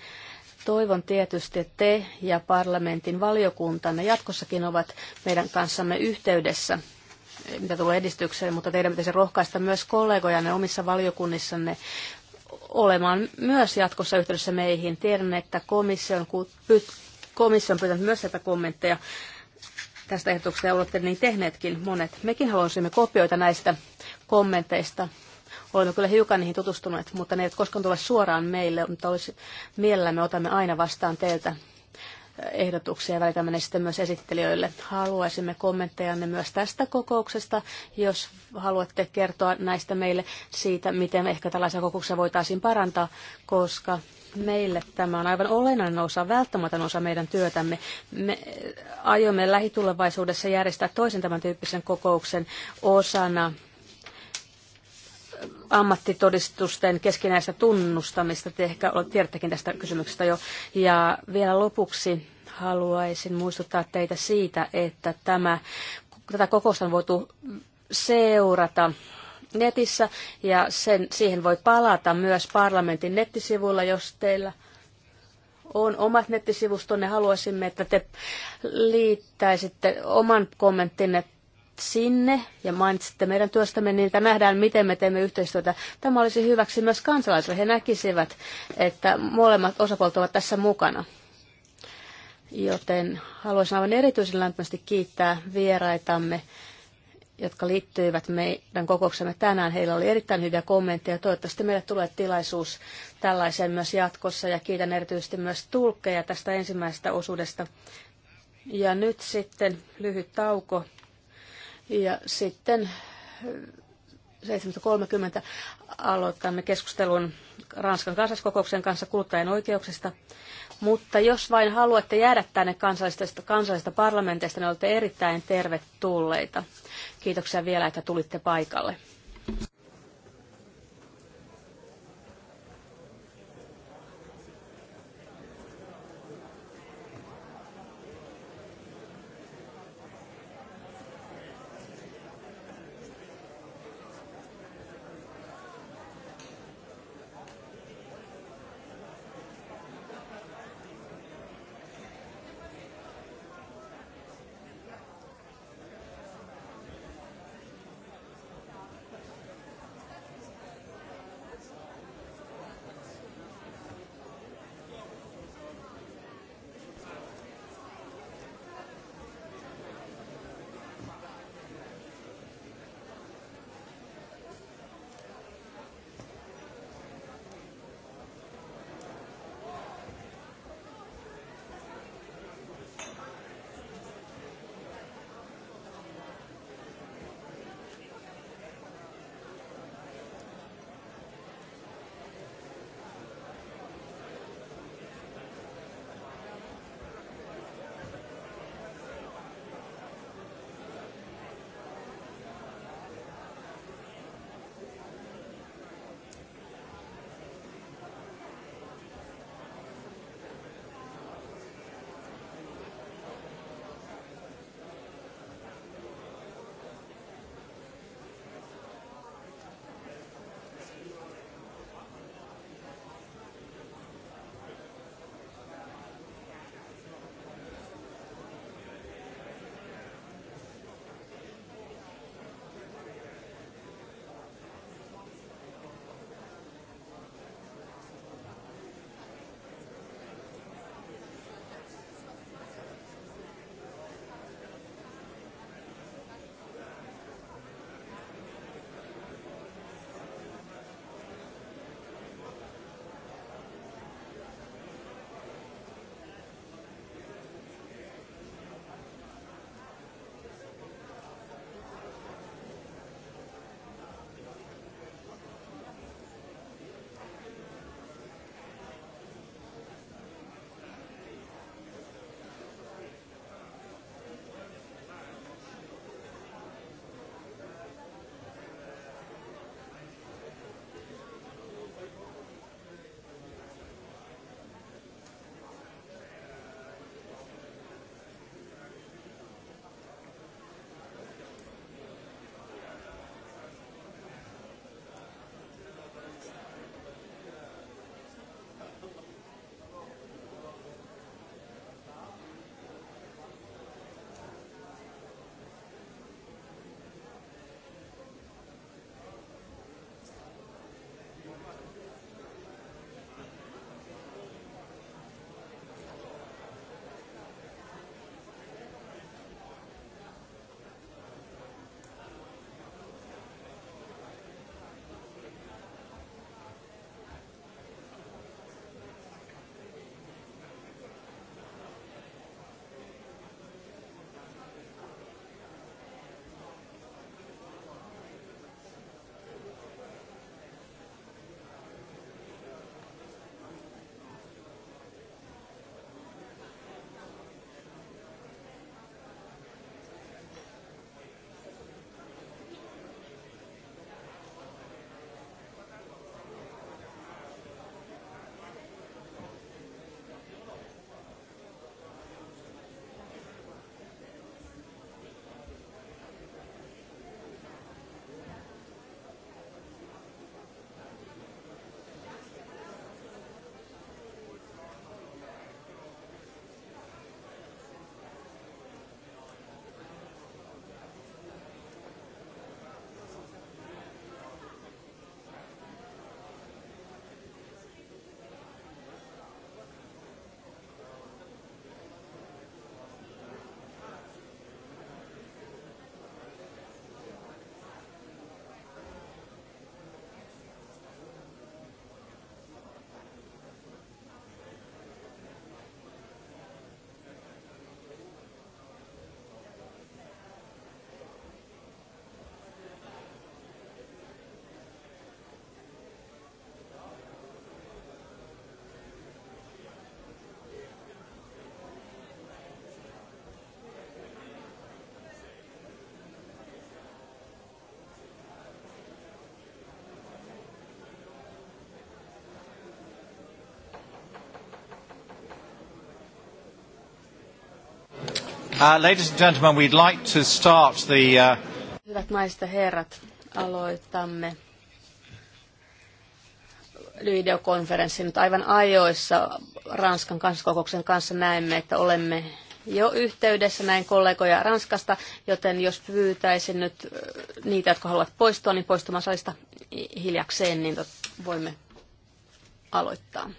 Toivon tietysti, että te ja parlamentin valiokuntanne jatkossakin ovat meidän kanssamme yhteydessä mitä tulee edistykseen, mutta teidän pitäisi rohkaista myös kollegojanne omissa valiokunnissanne olemaan myös jatkossa yhteydessä meihin. Tiedän, että komission, komissio on pyytänyt myös tätä kommentteja tästä ehdotuksesta ja olette niin tehneetkin monet. Mekin haluaisimme kopioita näistä kommenteista. Olemme kyllä hiukan niihin tutustuneet, mutta ne eivät koskaan tule suoraan meille, mutta olisi, mielellämme otamme aina vastaan teiltä ehdotuksia välitämme ne sitten myös esittelijöille. Haluaisimme kommenttejanne myös tästä kokouksesta, jos haluatte kertoa näistä meille siitä, miten ehkä tällaisia kokouksia voitaisiin parantaa, koska meille tämä on aivan olennainen osa, välttämätön osa meidän työtämme. Me aiomme lähitulevaisuudessa järjestää toisen tämän tyyppisen kokouksen osana ammattitodistusten keskinäistä tunnustamista. Te ehkä tiedättekin tästä kysymyksestä jo. Ja vielä lopuksi haluaisin muistuttaa teitä siitä, että tämä, tätä kokousta on voitu seurata netissä ja sen, siihen voi palata myös parlamentin nettisivuilla, jos teillä on omat nettisivustonne. Haluaisimme, että te liittäisitte oman kommenttinne sinne ja mainitsitte meidän työstämme, niin nähdään, miten me teemme yhteistyötä. Tämä olisi hyväksi myös kansalaisille. He näkisivät, että molemmat osapuolet ovat tässä mukana. Joten haluaisin aivan erityisen lämpimästi kiittää vieraitamme, jotka liittyivät meidän kokouksemme tänään. Heillä oli erittäin hyviä kommentteja. Toivottavasti meille tulee tilaisuus tällaiseen myös jatkossa. Ja kiitän erityisesti myös tulkkeja tästä ensimmäisestä osuudesta. Ja nyt sitten lyhyt tauko. Ja sitten 7.30 eh, aloitamme keskustelun Ranskan kansalliskokouksen kanssa kuluttajan oikeuksista. Mutta jos vain haluatte jäädä tänne kansallisesta, kansallisesta parlamenteista, niin olette erittäin tervetulleita. Kiitoksia vielä, että tulitte paikalle. Uh, ladies and gentlemen, we'd like to start the... Uh... Hyvät naiset ja herrat, aloitamme videokonferenssin. nyt aivan ajoissa Ranskan kansakokouksen kanssa näemme, että olemme jo yhteydessä näin kollegoja Ranskasta, joten jos pyytäisin nyt äh, niitä, jotka haluavat poistua, niin poistumaan salista hiljakseen, niin voimme aloittaa.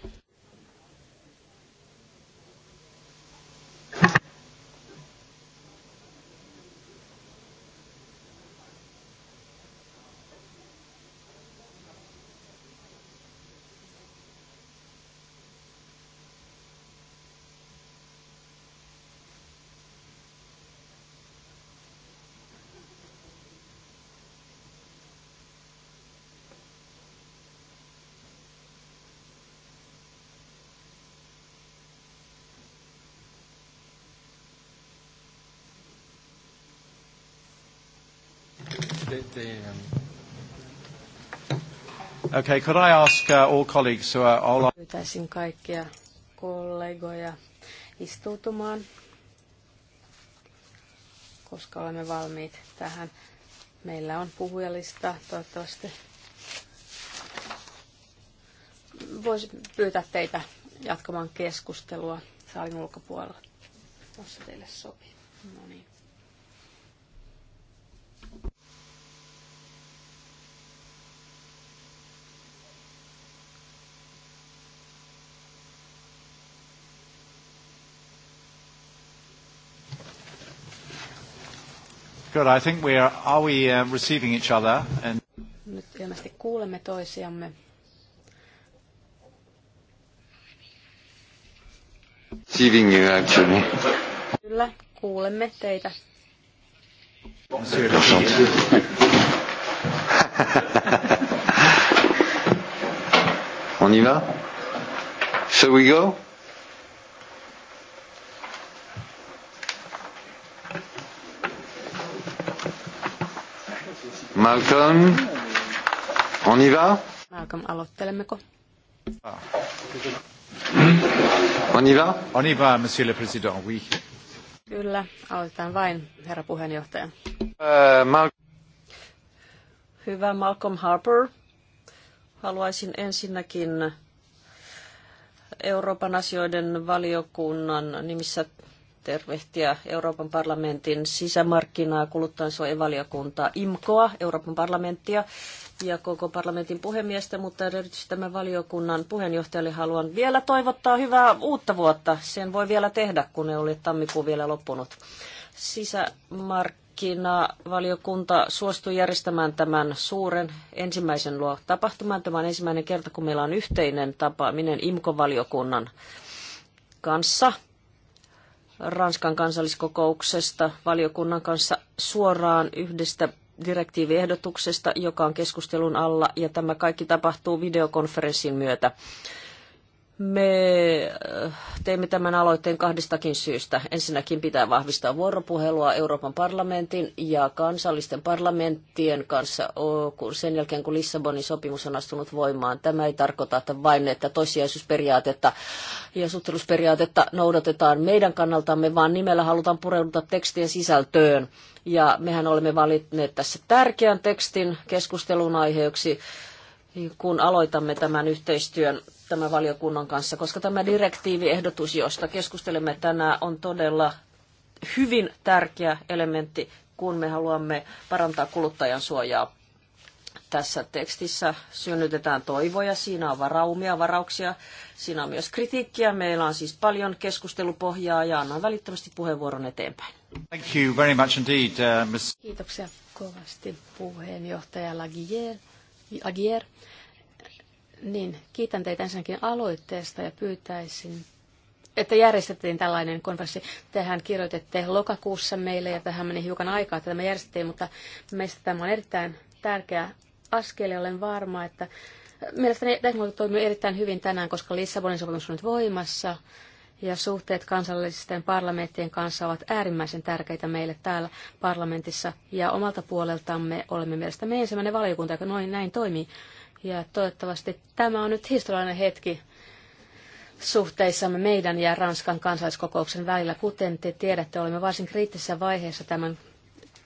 Um, okay, could I ask uh, all colleagues who are all... Pyytäisin kaikkia kollegoja istuutumaan, koska olemme valmiit tähän. Meillä on puhujalista, toivottavasti voisi pyytää teitä jatkamaan keskustelua saalin ulkopuolella, jos se teille sopii. No niin. Good, I think we are, are we uh, receiving each other? And... Nyt ilmeisesti kuulemme toisiamme. Receiving you actually. Kyllä, kuulemme teitä. On y va? Shall we go? Malcolm, on y va? Malcolm, aloittelemmeko? Hmm? On y va? On y va, monsieur le président, oui. Kyllä, aloitetaan vain, herra puheenjohtaja. Uh, Mal- Hyvä Malcolm Harper. Haluaisin ensinnäkin Euroopan asioiden valiokunnan nimissä tervehtiä Euroopan parlamentin sisämarkkinaa, kuluttajansuojavaliokuntaa, IMKOa, Euroopan parlamenttia ja koko parlamentin puhemiestä, mutta erityisesti tämän valiokunnan puheenjohtajalle haluan vielä toivottaa hyvää uutta vuotta. Sen voi vielä tehdä, kun ei ole tammikuu vielä loppunut. Sisämarkkinavaliokunta suostui järjestämään tämän suuren ensimmäisen luo tapahtuman. Tämä on ensimmäinen kerta, kun meillä on yhteinen tapaaminen IMKO-valiokunnan kanssa. Ranskan kansalliskokouksesta valiokunnan kanssa suoraan yhdestä direktiiviehdotuksesta, joka on keskustelun alla, ja tämä kaikki tapahtuu videokonferenssin myötä. Me äh, teimme tämän aloitteen kahdestakin syystä. Ensinnäkin pitää vahvistaa vuoropuhelua Euroopan parlamentin ja kansallisten parlamenttien kanssa sen jälkeen, kun Lissabonin sopimus on astunut voimaan. Tämä ei tarkoita että vain, että toissijaisuusperiaatetta ja suhteellisuusperiaatetta noudatetaan meidän kannaltamme, vaan nimellä halutaan pureuduta tekstien sisältöön. Ja mehän olemme valinneet tässä tärkeän tekstin keskustelun aiheeksi kun aloitamme tämän yhteistyön tämän valiokunnan kanssa, koska tämä direktiiviehdotus, josta keskustelemme tänään, on todella hyvin tärkeä elementti, kun me haluamme parantaa kuluttajan suojaa. Tässä tekstissä synnytetään toivoja, siinä on varaumia, varauksia, siinä on myös kritiikkiä. Meillä on siis paljon keskustelupohjaa ja annan välittömästi puheenvuoron eteenpäin. Thank you very much indeed, uh, Kiitoksia kovasti puheenjohtaja Lagier. Agier. Niin, kiitän teitä ensinnäkin aloitteesta ja pyytäisin, että järjestettiin tällainen konferenssi. Tehän kirjoitette lokakuussa meille ja tähän meni hiukan aikaa, että tämä järjestettiin, mutta meistä tämä on erittäin tärkeä askel ja olen varma, että mielestäni teknologia toimii erittäin hyvin tänään, koska Lissabonin sopimus on nyt voimassa ja suhteet kansallisten parlamenttien kanssa ovat äärimmäisen tärkeitä meille täällä parlamentissa. Ja omalta puoleltamme olemme mielestämme ensimmäinen valiokunta, joka noin näin toimii. Ja toivottavasti tämä on nyt historiallinen hetki suhteissamme meidän ja Ranskan kansalliskokouksen välillä. Kuten te tiedätte, olemme varsin kriittisessä vaiheessa tämän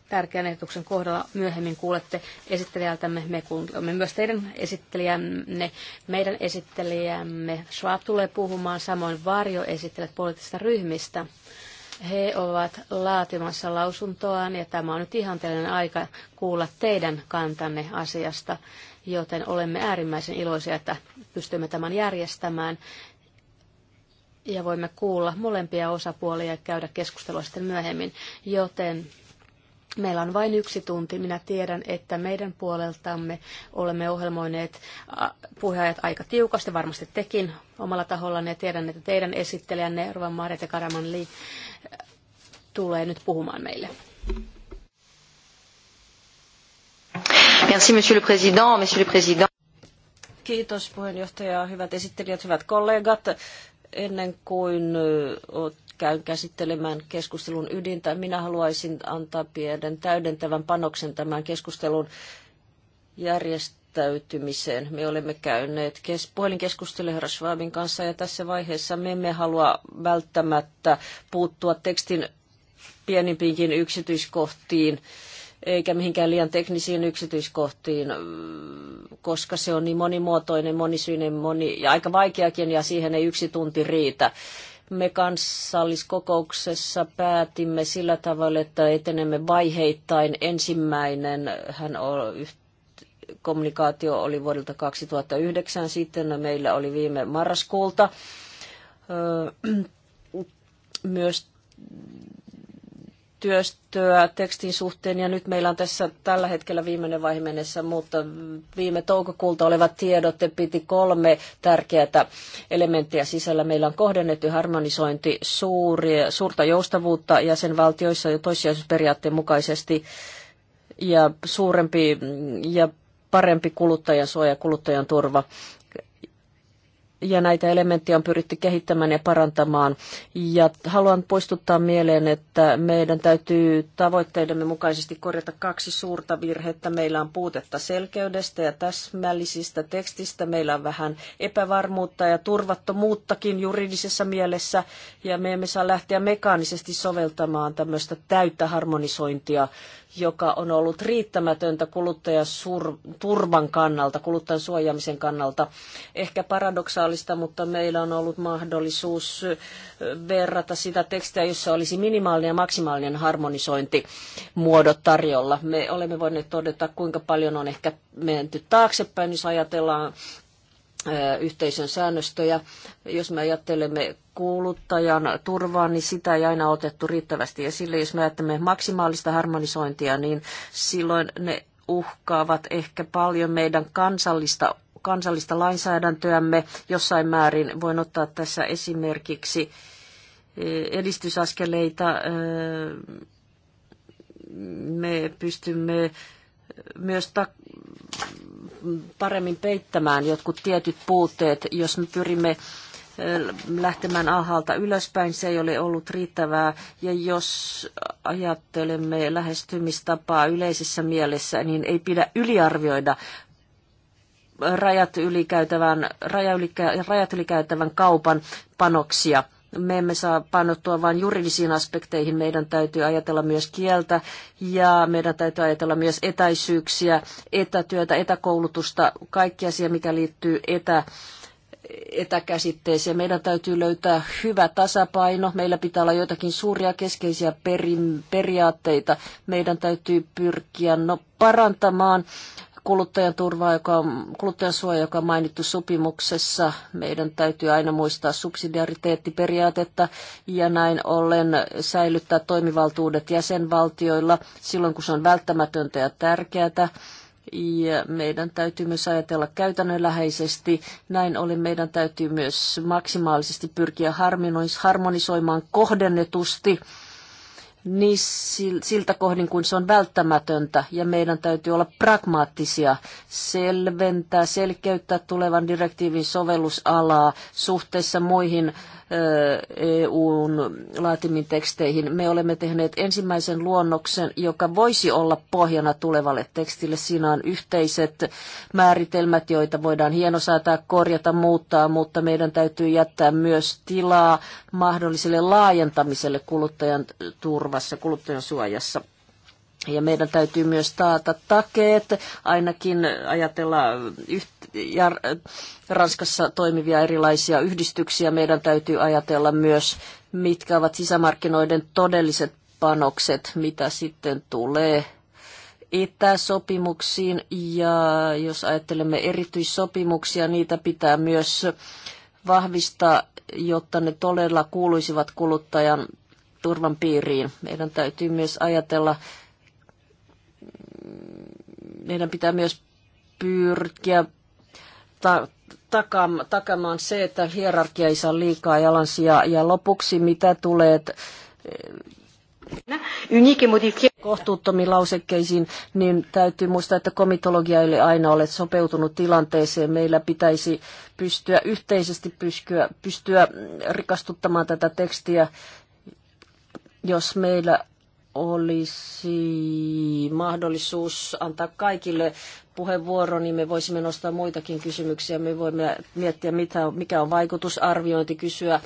tärkeän ehdotuksen kohdalla myöhemmin kuulette esittelijältämme. Me kuulemme myös teidän esittelijänne. Meidän esittelijämme Schwab tulee puhumaan samoin varjoesittelijät poliittisista ryhmistä. He ovat laatimassa lausuntoaan ja tämä on nyt ihanteellinen aika kuulla teidän kantanne asiasta, joten olemme äärimmäisen iloisia, että pystymme tämän järjestämään ja voimme kuulla molempia osapuolia ja käydä keskustelua sitten myöhemmin. Joten Meillä on vain yksi tunti. Minä tiedän, että meidän puoleltamme olemme ohjelmoineet puheajat aika tiukasti, varmasti tekin omalla tahollanne. Ja tiedän, että teidän esittelijänne Rovan ja Karaman Li tulee nyt puhumaan meille. Merci, monsieur le président, monsieur le président. Kiitos puheenjohtaja, hyvät esittelijät, hyvät kollegat. Ennen kuin käyn käsittelemään keskustelun ydintä. Minä haluaisin antaa pienen täydentävän panoksen tämän keskustelun järjestäytymiseen. Me olemme käyneet puhelinkeskustelun herra Schwabin kanssa ja tässä vaiheessa me emme halua välttämättä puuttua tekstin pienimpiinkin yksityiskohtiin eikä mihinkään liian teknisiin yksityiskohtiin, koska se on niin monimuotoinen, monisyinen moni, ja aika vaikeakin ja siihen ei yksi tunti riitä. Me kansalliskokouksessa päätimme sillä tavalla, että etenemme vaiheittain. Ensimmäinen hän on kommunikaatio oli vuodelta 2009, sitten meillä oli viime marraskuulta. Myös työstöä tekstin suhteen ja nyt meillä on tässä tällä hetkellä viimeinen vaihe mennessä, mutta viime toukokuulta olevat tiedot piti kolme tärkeää elementtiä sisällä. Meillä on kohdennettu harmonisointi, suuri, suurta joustavuutta jäsenvaltioissa jo toissijaisuusperiaatteen mukaisesti ja suurempi ja parempi kuluttajan suoja, kuluttajan turva ja näitä elementtejä on pyritty kehittämään ja parantamaan. Ja haluan poistuttaa mieleen, että meidän täytyy tavoitteidemme mukaisesti korjata kaksi suurta virhettä. Meillä on puutetta selkeydestä ja täsmällisistä tekstistä. Meillä on vähän epävarmuutta ja turvattomuuttakin juridisessa mielessä. Ja me emme saa lähteä mekaanisesti soveltamaan tämmöistä täyttä harmonisointia joka on ollut riittämätöntä kuluttajaturvan kannalta, kuluttajan suojaamisen kannalta. Ehkä paradoksaalista, mutta meillä on ollut mahdollisuus verrata sitä tekstiä, jossa olisi minimaalinen ja maksimaalinen harmonisointi muodot tarjolla. Me olemme voineet todeta, kuinka paljon on ehkä menty taaksepäin, jos ajatellaan yhteisön säännöstöjä. Jos me ajattelemme kuuluttajan turvaa, niin sitä ei aina otettu riittävästi esille. Jos me ajattelemme maksimaalista harmonisointia, niin silloin ne uhkaavat ehkä paljon meidän kansallista, kansallista lainsäädäntöämme. Jossain määrin voin ottaa tässä esimerkiksi edistysaskeleita. Me pystymme myös ta- paremmin peittämään jotkut tietyt puutteet, jos me pyrimme lähtemään alhaalta ylöspäin, se ei ole ollut riittävää. Ja jos ajattelemme lähestymistapaa yleisessä mielessä, niin ei pidä yliarvioida rajat ylikäytävän, rajat ylikäytävän kaupan panoksia – me emme saa painottua vain juridisiin aspekteihin, meidän täytyy ajatella myös kieltä ja meidän täytyy ajatella myös etäisyyksiä, etätyötä, etäkoulutusta, kaikki asia, mikä liittyy etä, etäkäsitteeseen. Meidän täytyy löytää hyvä tasapaino. Meillä pitää olla joitakin suuria keskeisiä peri, periaatteita. Meidän täytyy pyrkiä no, parantamaan kuluttajaturvaa, joka on, kuluttajansuoja, joka on mainittu sopimuksessa. Meidän täytyy aina muistaa subsidiariteettiperiaatetta ja näin ollen säilyttää toimivaltuudet jäsenvaltioilla silloin, kun se on välttämätöntä ja tärkeää. Ja meidän täytyy myös ajatella käytännönläheisesti. Näin ollen meidän täytyy myös maksimaalisesti pyrkiä harmonisoimaan kohdennetusti niin siltä kohdin kuin se on välttämätöntä ja meidän täytyy olla pragmaattisia, selventää, selkeyttää tulevan direktiivin sovellusalaa suhteessa muihin EUn eh, e laatimiin teksteihin. Me olemme tehneet ensimmäisen luonnoksen, joka voisi olla pohjana tulevalle tekstille. Siinä on yhteiset määritelmät, joita voidaan hienosäätää, korjata, muuttaa, mutta meidän täytyy jättää myös tilaa mahdolliselle laajentamiselle kuluttajan turvassa, kuluttajan suojassa. Ja meidän täytyy myös taata takeet, ainakin ajatella yht- ja Ranskassa toimivia erilaisia yhdistyksiä. Meidän täytyy ajatella myös, mitkä ovat sisämarkkinoiden todelliset panokset, mitä sitten tulee etäsopimuksiin. Ja jos ajattelemme erityissopimuksia, niitä pitää myös vahvistaa, jotta ne todella kuuluisivat kuluttajan turvan piiriin. Meidän täytyy myös ajatella meidän pitää myös pyrkiä ta- takaamaan, takamaan se, että hierarkia ei saa liikaa jalansia. Ja lopuksi mitä tulee eh, kohtuuttomiin lausekkeisiin, niin täytyy muistaa, että komitologia ei aina ole sopeutunut tilanteeseen. Meillä pitäisi pystyä yhteisesti pystyä, pystyä rikastuttamaan tätä tekstiä, jos meillä olisi mahdollisuus antaa kaikille puheenvuoro, niin me voisimme nostaa muitakin kysymyksiä. Me voimme miettiä, mitä, mikä on vaikutusarviointi, kysyä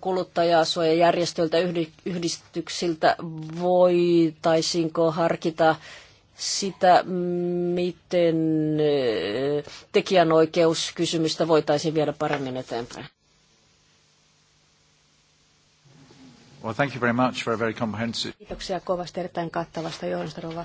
kuluttajasuojajärjestöiltä, yhdistyksiltä, voitaisinko harkita sitä, miten eh, tekijänoikeuskysymystä voitaisiin viedä paremmin eteenpäin. Well, thank you very much for a very comprehensive... Kiitoksia kovasti erittäin kattavasta johdosta, Rova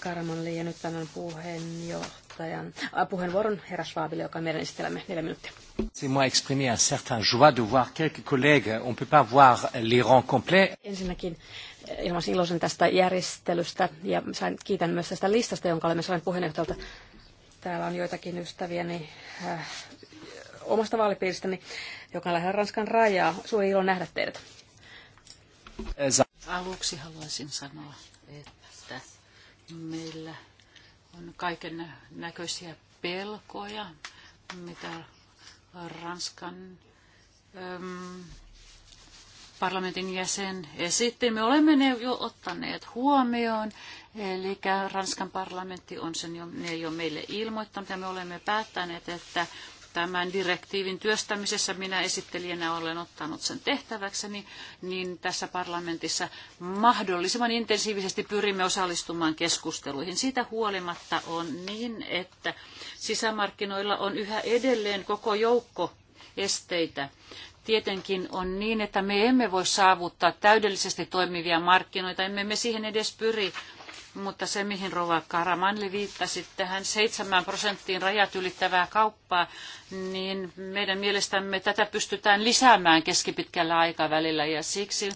Karamanli, ja nyt tämän puheenjohtajan, äh, puheenvuoron herra Schwabille, joka meidän esittelemme neljä minuuttia. C'est moi exprimer un certain joie de voir quelques collègues. On peut pas voir Ensinnäkin äh, ilman iloisen tästä järjestelystä ja sain, kiitän myös tästä listasta, jonka olemme saaneet puheenjohtajalta. Täällä on joitakin ystäviäni äh, omasta vaalipiiristäni, joka on lähellä Ranskan rajaa. Suuri ilo nähdä teidät. Aluksi haluaisin sanoa, että meillä on kaiken näköisiä pelkoja, mitä Ranskan äm, parlamentin jäsen esitti. Me olemme ne jo ottaneet huomioon, eli Ranskan parlamentti on sen jo, ne jo meille ilmoittanut ja me olemme päättäneet, että tämän direktiivin työstämisessä minä esittelijänä olen ottanut sen tehtäväkseni, niin tässä parlamentissa mahdollisimman intensiivisesti pyrimme osallistumaan keskusteluihin. Siitä huolimatta on niin, että sisämarkkinoilla on yhä edelleen koko joukko esteitä. Tietenkin on niin, että me emme voi saavuttaa täydellisesti toimivia markkinoita, emme me siihen edes pyri, mutta se mihin Rova Karamanli viittasi tähän 7 prosenttiin rajat ylittävää kauppaa, niin meidän mielestämme tätä pystytään lisäämään keskipitkällä aikavälillä ja siksi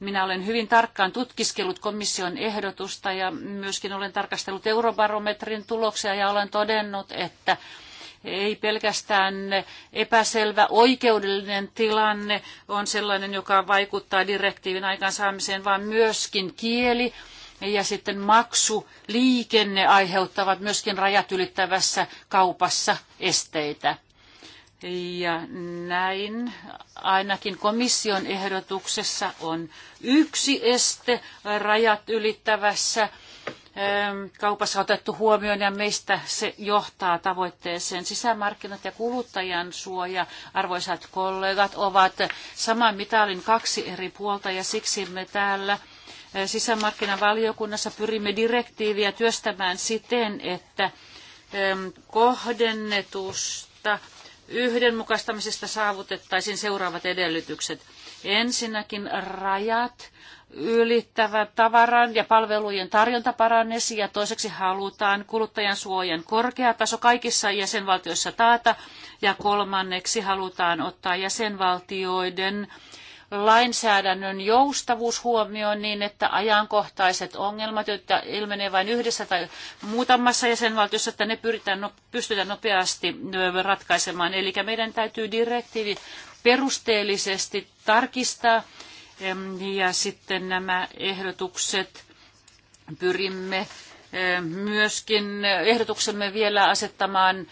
minä olen hyvin tarkkaan tutkiskellut komission ehdotusta ja myöskin olen tarkastellut eurobarometrin tuloksia ja olen todennut, että ei pelkästään epäselvä oikeudellinen tilanne on sellainen, joka vaikuttaa direktiivin aikaansaamiseen, vaan myöskin kieli ja sitten maksu, liikenne aiheuttavat myöskin rajat ylittävässä kaupassa esteitä. Ja näin ainakin komission ehdotuksessa on yksi este rajat ylittävässä kaupassa otettu huomioon ja mistä se johtaa tavoitteeseen. Sisämarkkinat ja kuluttajan suoja, arvoisat kollegat, ovat saman mitalin kaksi eri puolta ja siksi me täällä sisämarkkinavaliokunnassa pyrimme direktiiviä työstämään siten, että kohdennetusta yhdenmukaistamisesta saavutettaisiin seuraavat edellytykset. Ensinnäkin rajat ylittävän tavaran ja palvelujen tarjonta paranesi ja toiseksi halutaan kuluttajan suojan korkea taso kaikissa jäsenvaltioissa taata ja kolmanneksi halutaan ottaa jäsenvaltioiden lainsäädännön joustavuus huomioon niin, että ajankohtaiset ongelmat, joita ilmenee vain yhdessä tai muutamassa jäsenvaltiossa, että ne pyritään, no-, pystytään nopeasti ratkaisemaan. Eli meidän täytyy direktiivi perusteellisesti tarkistaa ja sitten nämä ehdotukset pyrimme myöskin ehdotuksemme vielä asettamaan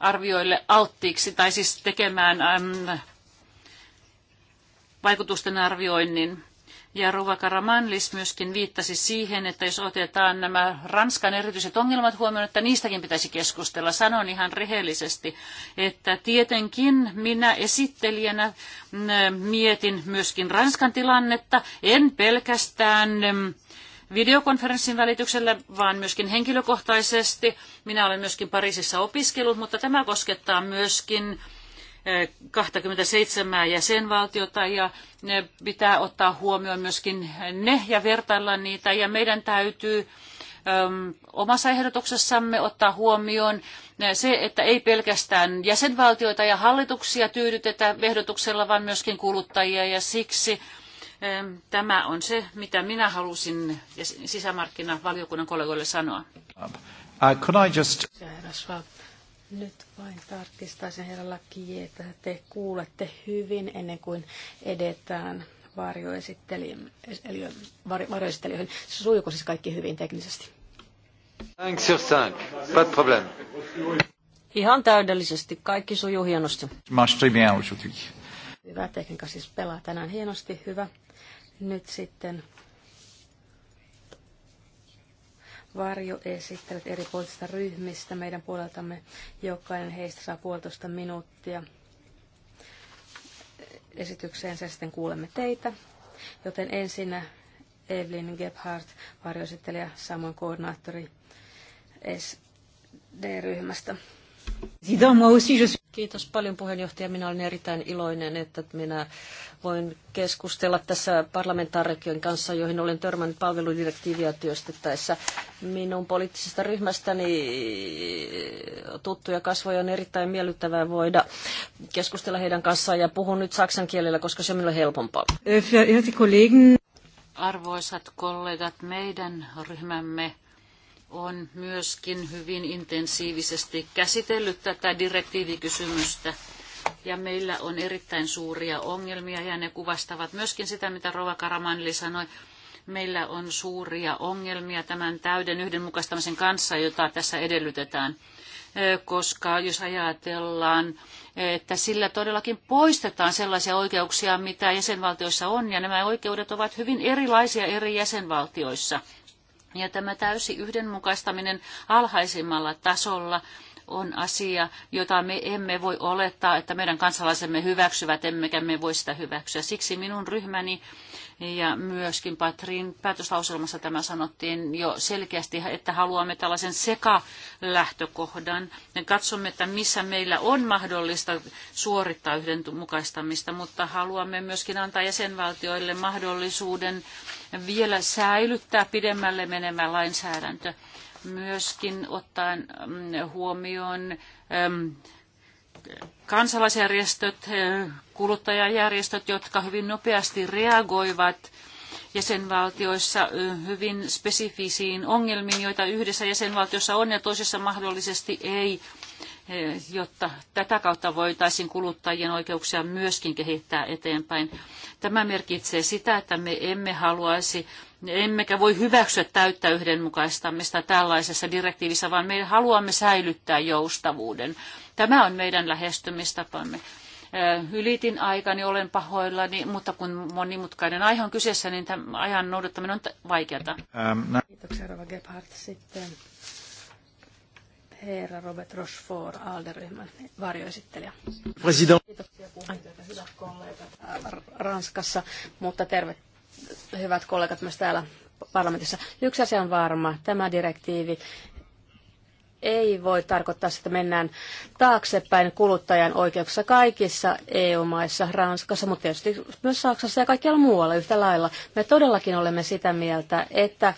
arvioille alttiiksi tai siis tekemään vaikutusten arvioinnin. Ja Ruvakara Karamanlis myöskin viittasi siihen, että jos otetaan nämä Ranskan erityiset ongelmat huomioon, että niistäkin pitäisi keskustella. Sanon ihan rehellisesti, että tietenkin minä esittelijänä mm, mietin myöskin Ranskan tilannetta, en pelkästään mm, videokonferenssin välityksellä, vaan myöskin henkilökohtaisesti. Minä olen myöskin Pariisissa opiskellut, mutta tämä koskettaa myöskin 27 jäsenvaltiota ja ne pitää ottaa huomioon myöskin ne ja vertailla niitä ja meidän täytyy ähm, omassa ehdotuksessamme ottaa huomioon se, että ei pelkästään jäsenvaltioita ja hallituksia tyydytetä ehdotuksella, vaan myöskin kuluttajia ja siksi ähm, Tämä on se, mitä minä halusin sisämarkkinavaliokunnan kollegoille sanoa. Uh, could I just... Nyt vain tarkistaisin herralla Kii, että te kuulette hyvin ennen kuin edetään varjoesittelijöihin. Sujuuko siis kaikki hyvin teknisesti? Thanks, sur cinq. Pas problem. Ihan täydellisesti. Kaikki sujuu hienosti. Hyvä tekniikka siis pelaa tänään hienosti. Hyvä. Nyt sitten varjoesittelyt eri puolista ryhmistä meidän puoleltamme. Jokainen heistä saa puolitoista minuuttia ja sitten kuulemme teitä. Joten ensinnä Evelyn Gebhardt, varjoesittelijä, samoin koordinaattori SD-ryhmästä. Kiitos paljon puheenjohtaja. Minä olen erittäin iloinen, että minä voin keskustella tässä parlamentaarikkojen kanssa, joihin olen törmännyt palveludirektiiviä työstettäessä. Minun poliittisesta ryhmästäni tuttuja kasvoja on erittäin miellyttävää voida keskustella heidän kanssaan ja puhun nyt saksan kielellä, koska se on minulle helpompaa. Äh, äh, Arvoisat kollegat, meidän ryhmämme on myöskin hyvin intensiivisesti käsitellyt tätä direktiivikysymystä. Ja meillä on erittäin suuria ongelmia ja ne kuvastavat myöskin sitä, mitä Rova Karamanli sanoi. Meillä on suuria ongelmia tämän täyden yhdenmukaistamisen kanssa, jota tässä edellytetään. Koska jos ajatellaan, että sillä todellakin poistetaan sellaisia oikeuksia, mitä jäsenvaltioissa on, ja nämä oikeudet ovat hyvin erilaisia eri jäsenvaltioissa ja tämä täysi yhdenmukaistaminen alhaisimmalla tasolla on asia, jota me emme voi olettaa, että meidän kansalaisemme hyväksyvät, emmekä me voi sitä hyväksyä. Siksi minun ryhmäni ja myöskin Patrin päätöslauselmassa tämä sanottiin jo selkeästi, että haluamme tällaisen sekalähtökohdan. Me katsomme, että missä meillä on mahdollista suorittaa yhdenmukaistamista, mutta haluamme myöskin antaa jäsenvaltioille mahdollisuuden vielä säilyttää pidemmälle menemään lainsäädäntö myöskin ottaen mm, huomioon mm, kansalaisjärjestöt, mm, kuluttajajärjestöt, jotka hyvin nopeasti reagoivat jäsenvaltioissa hyvin spesifisiin ongelmiin, joita yhdessä jäsenvaltiossa on ja toisessa mahdollisesti ei Eh, jotta tätä kautta voitaisiin kuluttajien oikeuksia myöskin kehittää eteenpäin. Tämä merkitsee sitä, että me emme haluaisi, emmekä voi hyväksyä täyttä yhdenmukaistamista tällaisessa direktiivissä, vaan me haluamme säilyttää joustavuuden. Tämä on meidän lähestymistapamme. Eh, ylitin aikani, olen pahoillani, mutta kun monimutkainen aihe on kyseessä, niin tämän ajan noudattaminen on vaikeata. Ähm, Kiitoksia, Rova Gebhardt. Sitten herra Robert Rochefort, ALDE-ryhmän varjoesittelijä. President. Kiitoksia puheenjohtaja, hyvät kollegat Ranskassa, mutta terve, hyvät kollegat myös täällä parlamentissa. Yksi asia on varma. Tämä direktiivi ei voi tarkoittaa, että mennään taaksepäin kuluttajan oikeuksissa kaikissa EU-maissa, Ranskassa, mutta tietysti myös Saksassa ja kaikkialla muualla yhtä lailla. Me todellakin olemme sitä mieltä, että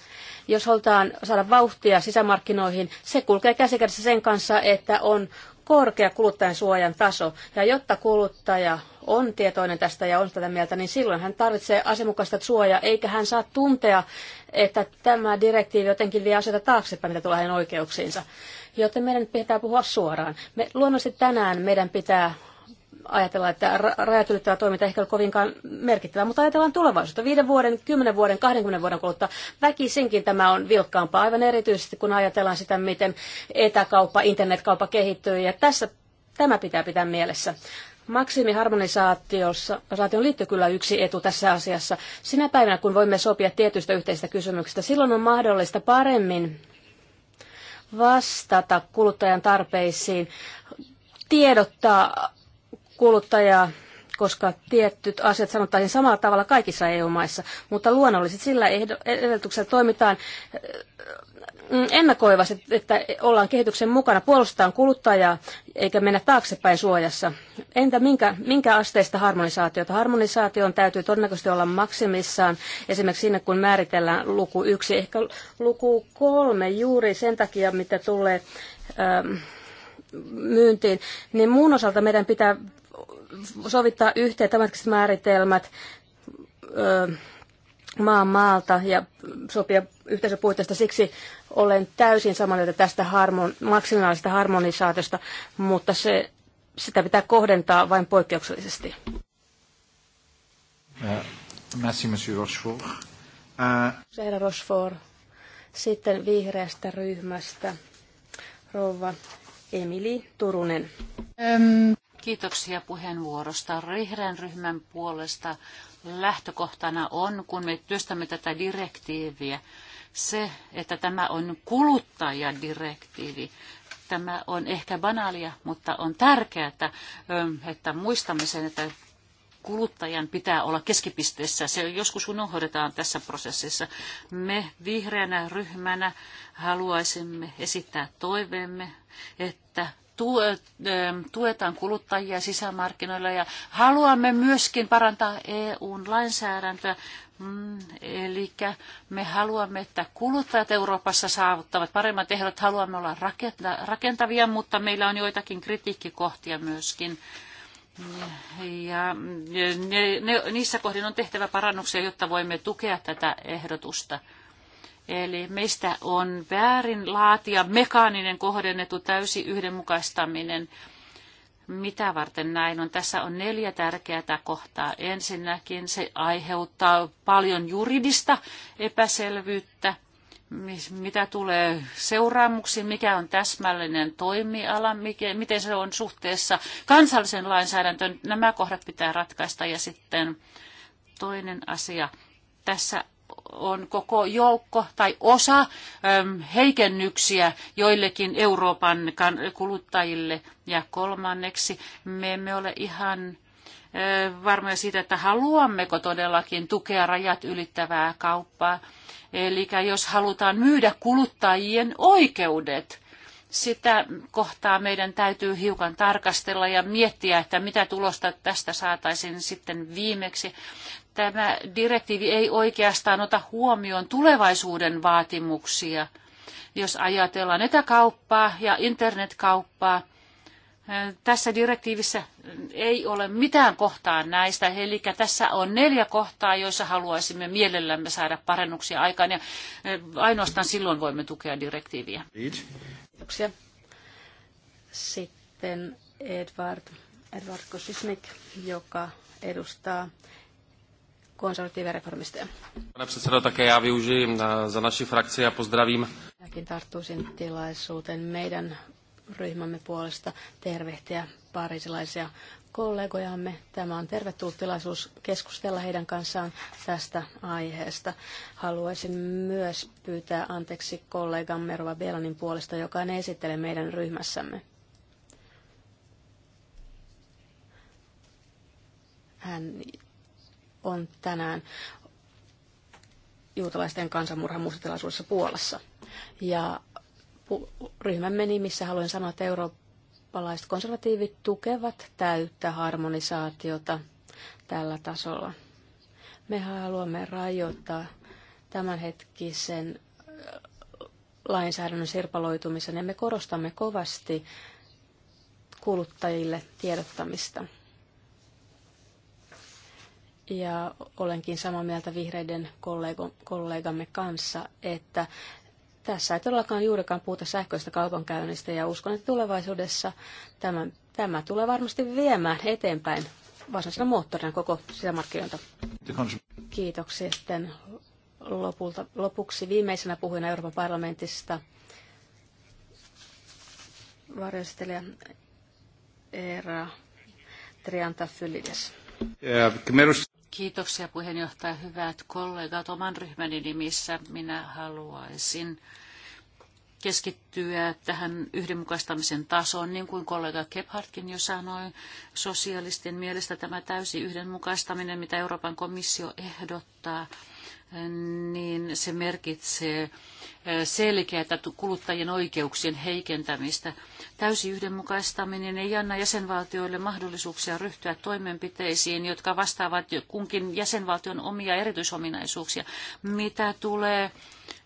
jos halutaan saada vauhtia sisämarkkinoihin, se kulkee käsikädessä sen kanssa, että on korkea kuluttajan suojan taso. Ja jotta kuluttaja on tietoinen tästä ja on tätä mieltä, niin silloin hän tarvitsee asemukasta suojaa, eikä hän saa tuntea, että tämä direktiivi jotenkin vie asioita taaksepäin, mitä tulee hänen oikeuksiinsa. Joten meidän pitää puhua suoraan. Me, luonnollisesti tänään meidän pitää ajatella, että rajat ylittävä toiminta ehkä ole kovinkaan merkittävä, mutta ajatellaan tulevaisuutta. Viiden vuoden, kymmenen vuoden, kahdenkymmenen vuoden kuluttua väkisinkin tämä on vilkkaampaa, aivan erityisesti kun ajatellaan sitä, miten etäkauppa, internetkauppa kehittyy, ja tässä tämä pitää pitää mielessä. Maksimiharmonisaation liittyy kyllä yksi etu tässä asiassa. Sinä päivänä, kun voimme sopia tietyistä yhteisistä kysymyksistä, silloin on mahdollista paremmin vastata kuluttajan tarpeisiin, tiedottaa kuluttajaa, koska tietyt asiat sanottaisiin samalla tavalla kaikissa EU-maissa, mutta luonnollisesti sillä ehdotuksella toimitaan Mm, ennakoivasti, että ollaan kehityksen mukana, puolustetaan kuluttajaa eikä mennä taaksepäin suojassa. Entä minkä, minkä asteista harmonisaatiota? Harmonisaation täytyy todennäköisesti olla maksimissaan, esimerkiksi siinä kun määritellään luku yksi, ehkä luku kolme juuri sen takia, mitä tulee ähm, myyntiin, niin muun osalta meidän pitää sovittaa yhteen tämänhetkiset määritelmät, ähm, maan maalta ja sopia yhteisöpuitteista. Siksi olen täysin samaa mieltä tästä harmon, maksimaalisesta harmonisaatiosta, mutta se, sitä pitää kohdentaa vain poikkeuksellisesti. Äh, merci, monsieur Rochefort. Äh, Herra Rochefort. Sitten vihreästä ryhmästä rouva Emili Turunen. Kiitoksia puheenvuorosta. Vihreän ryhmän puolesta lähtökohtana on, kun me työstämme tätä direktiiviä, se, että tämä on kuluttajadirektiivi. Tämä on ehkä banaalia, mutta on tärkeää, että muistamme sen, että kuluttajan pitää olla keskipisteessä. Se joskus unohdetaan tässä prosessissa. Me vihreänä ryhmänä haluaisimme esittää toiveemme, että Ähm, tuetaan kuluttajia sisämarkkinoilla ja haluamme myöskin parantaa EUn lainsäädäntöä. Mm, eli me haluamme, että kuluttajat Euroopassa saavuttavat paremmat ehdot. Haluamme olla rakentavia, mutta meillä on joitakin kritiikkikohtia myöskin. Ja ne, ne, niissä kohdin on tehtävä parannuksia, jotta voimme tukea tätä ehdotusta. Eli meistä on väärin laatia mekaaninen kohdennettu täysi yhdenmukaistaminen. Mitä varten näin on? Tässä on neljä tärkeää kohtaa. Ensinnäkin se aiheuttaa paljon juridista epäselvyyttä, mitä tulee seuraamuksiin, mikä on täsmällinen toimiala, mikä, miten se on suhteessa kansallisen lainsäädäntöön. Nämä kohdat pitää ratkaista ja sitten toinen asia. Tässä on koko joukko tai osa ähm, heikennyksiä joillekin Euroopan kuluttajille. Ja kolmanneksi me emme ole ihan äh, varmoja siitä, että haluammeko todellakin tukea rajat ylittävää kauppaa. Eli jos halutaan myydä kuluttajien oikeudet, sitä kohtaa meidän täytyy hiukan tarkastella ja miettiä, että mitä tulosta tästä saataisiin sitten viimeksi tämä direktiivi ei oikeastaan ota huomioon tulevaisuuden vaatimuksia. Jos ajatellaan etäkauppaa ja internetkauppaa, eh, tässä direktiivissä ei ole mitään kohtaa näistä, eli tässä on neljä kohtaa, joissa haluaisimme mielellämme saada parannuksia aikaan, ja eh, ainoastaan silloin voimme tukea direktiiviä. Kiitoksia. Sitten Edward, Edward Kosisnik, joka edustaa konservatiivien reformisteja. Pane předsedo, také já využijím eh, za naši frakci ja pozdravím. Minäkin tarttuisin tilaisuuteen meidän ryhmämme puolesta tervehtiä parisilaisia kollegojamme. Tämä on tervetullut tilaisuus keskustella heidän kanssaan tästä aiheesta. Haluaisin myös pyytää anteeksi kollegamme Rova Bielanin puolesta, joka ne esittelee meidän ryhmässämme. Hän on tänään juutalaisten kansanmurhan muistotilaisuudessa Puolassa. Ja ryhmämme nimissä haluan sanoa, että eurooppalaiset konservatiivit tukevat täyttä harmonisaatiota tällä tasolla. Me haluamme rajoittaa tämänhetkisen äh, lainsäädännön sirpaloitumisen ja me korostamme kovasti kuluttajille tiedottamista. Ja olenkin samaa mieltä vihreiden kollego, kollegamme kanssa, että tässä ei todellakaan juurikaan puhuta sähköistä kaupankäynnistä ja uskon, että tulevaisuudessa tämä, tämä tulee varmasti viemään eteenpäin varsinaisena moottorina koko sisämarkkinoita. Kiitoksia sitten lopulta, lopuksi viimeisenä puhujana Euroopan parlamentista varjoistelija Eera Yeah, Kiitoksia puheenjohtaja, hyvät kollegat. Oman ryhmäni nimissä minä haluaisin keskittyä tähän yhdenmukaistamisen tasoon, niin kuin kollega Kephartkin jo sanoi. Sosialistien mielestä tämä täysi yhdenmukaistaminen, mitä Euroopan komissio ehdottaa, niin se merkitsee selkeää kuluttajien oikeuksien heikentämistä. Täysi yhdenmukaistaminen ei anna jäsenvaltioille mahdollisuuksia ryhtyä toimenpiteisiin, jotka vastaavat kunkin jäsenvaltion omia erityisominaisuuksia. Mitä tulee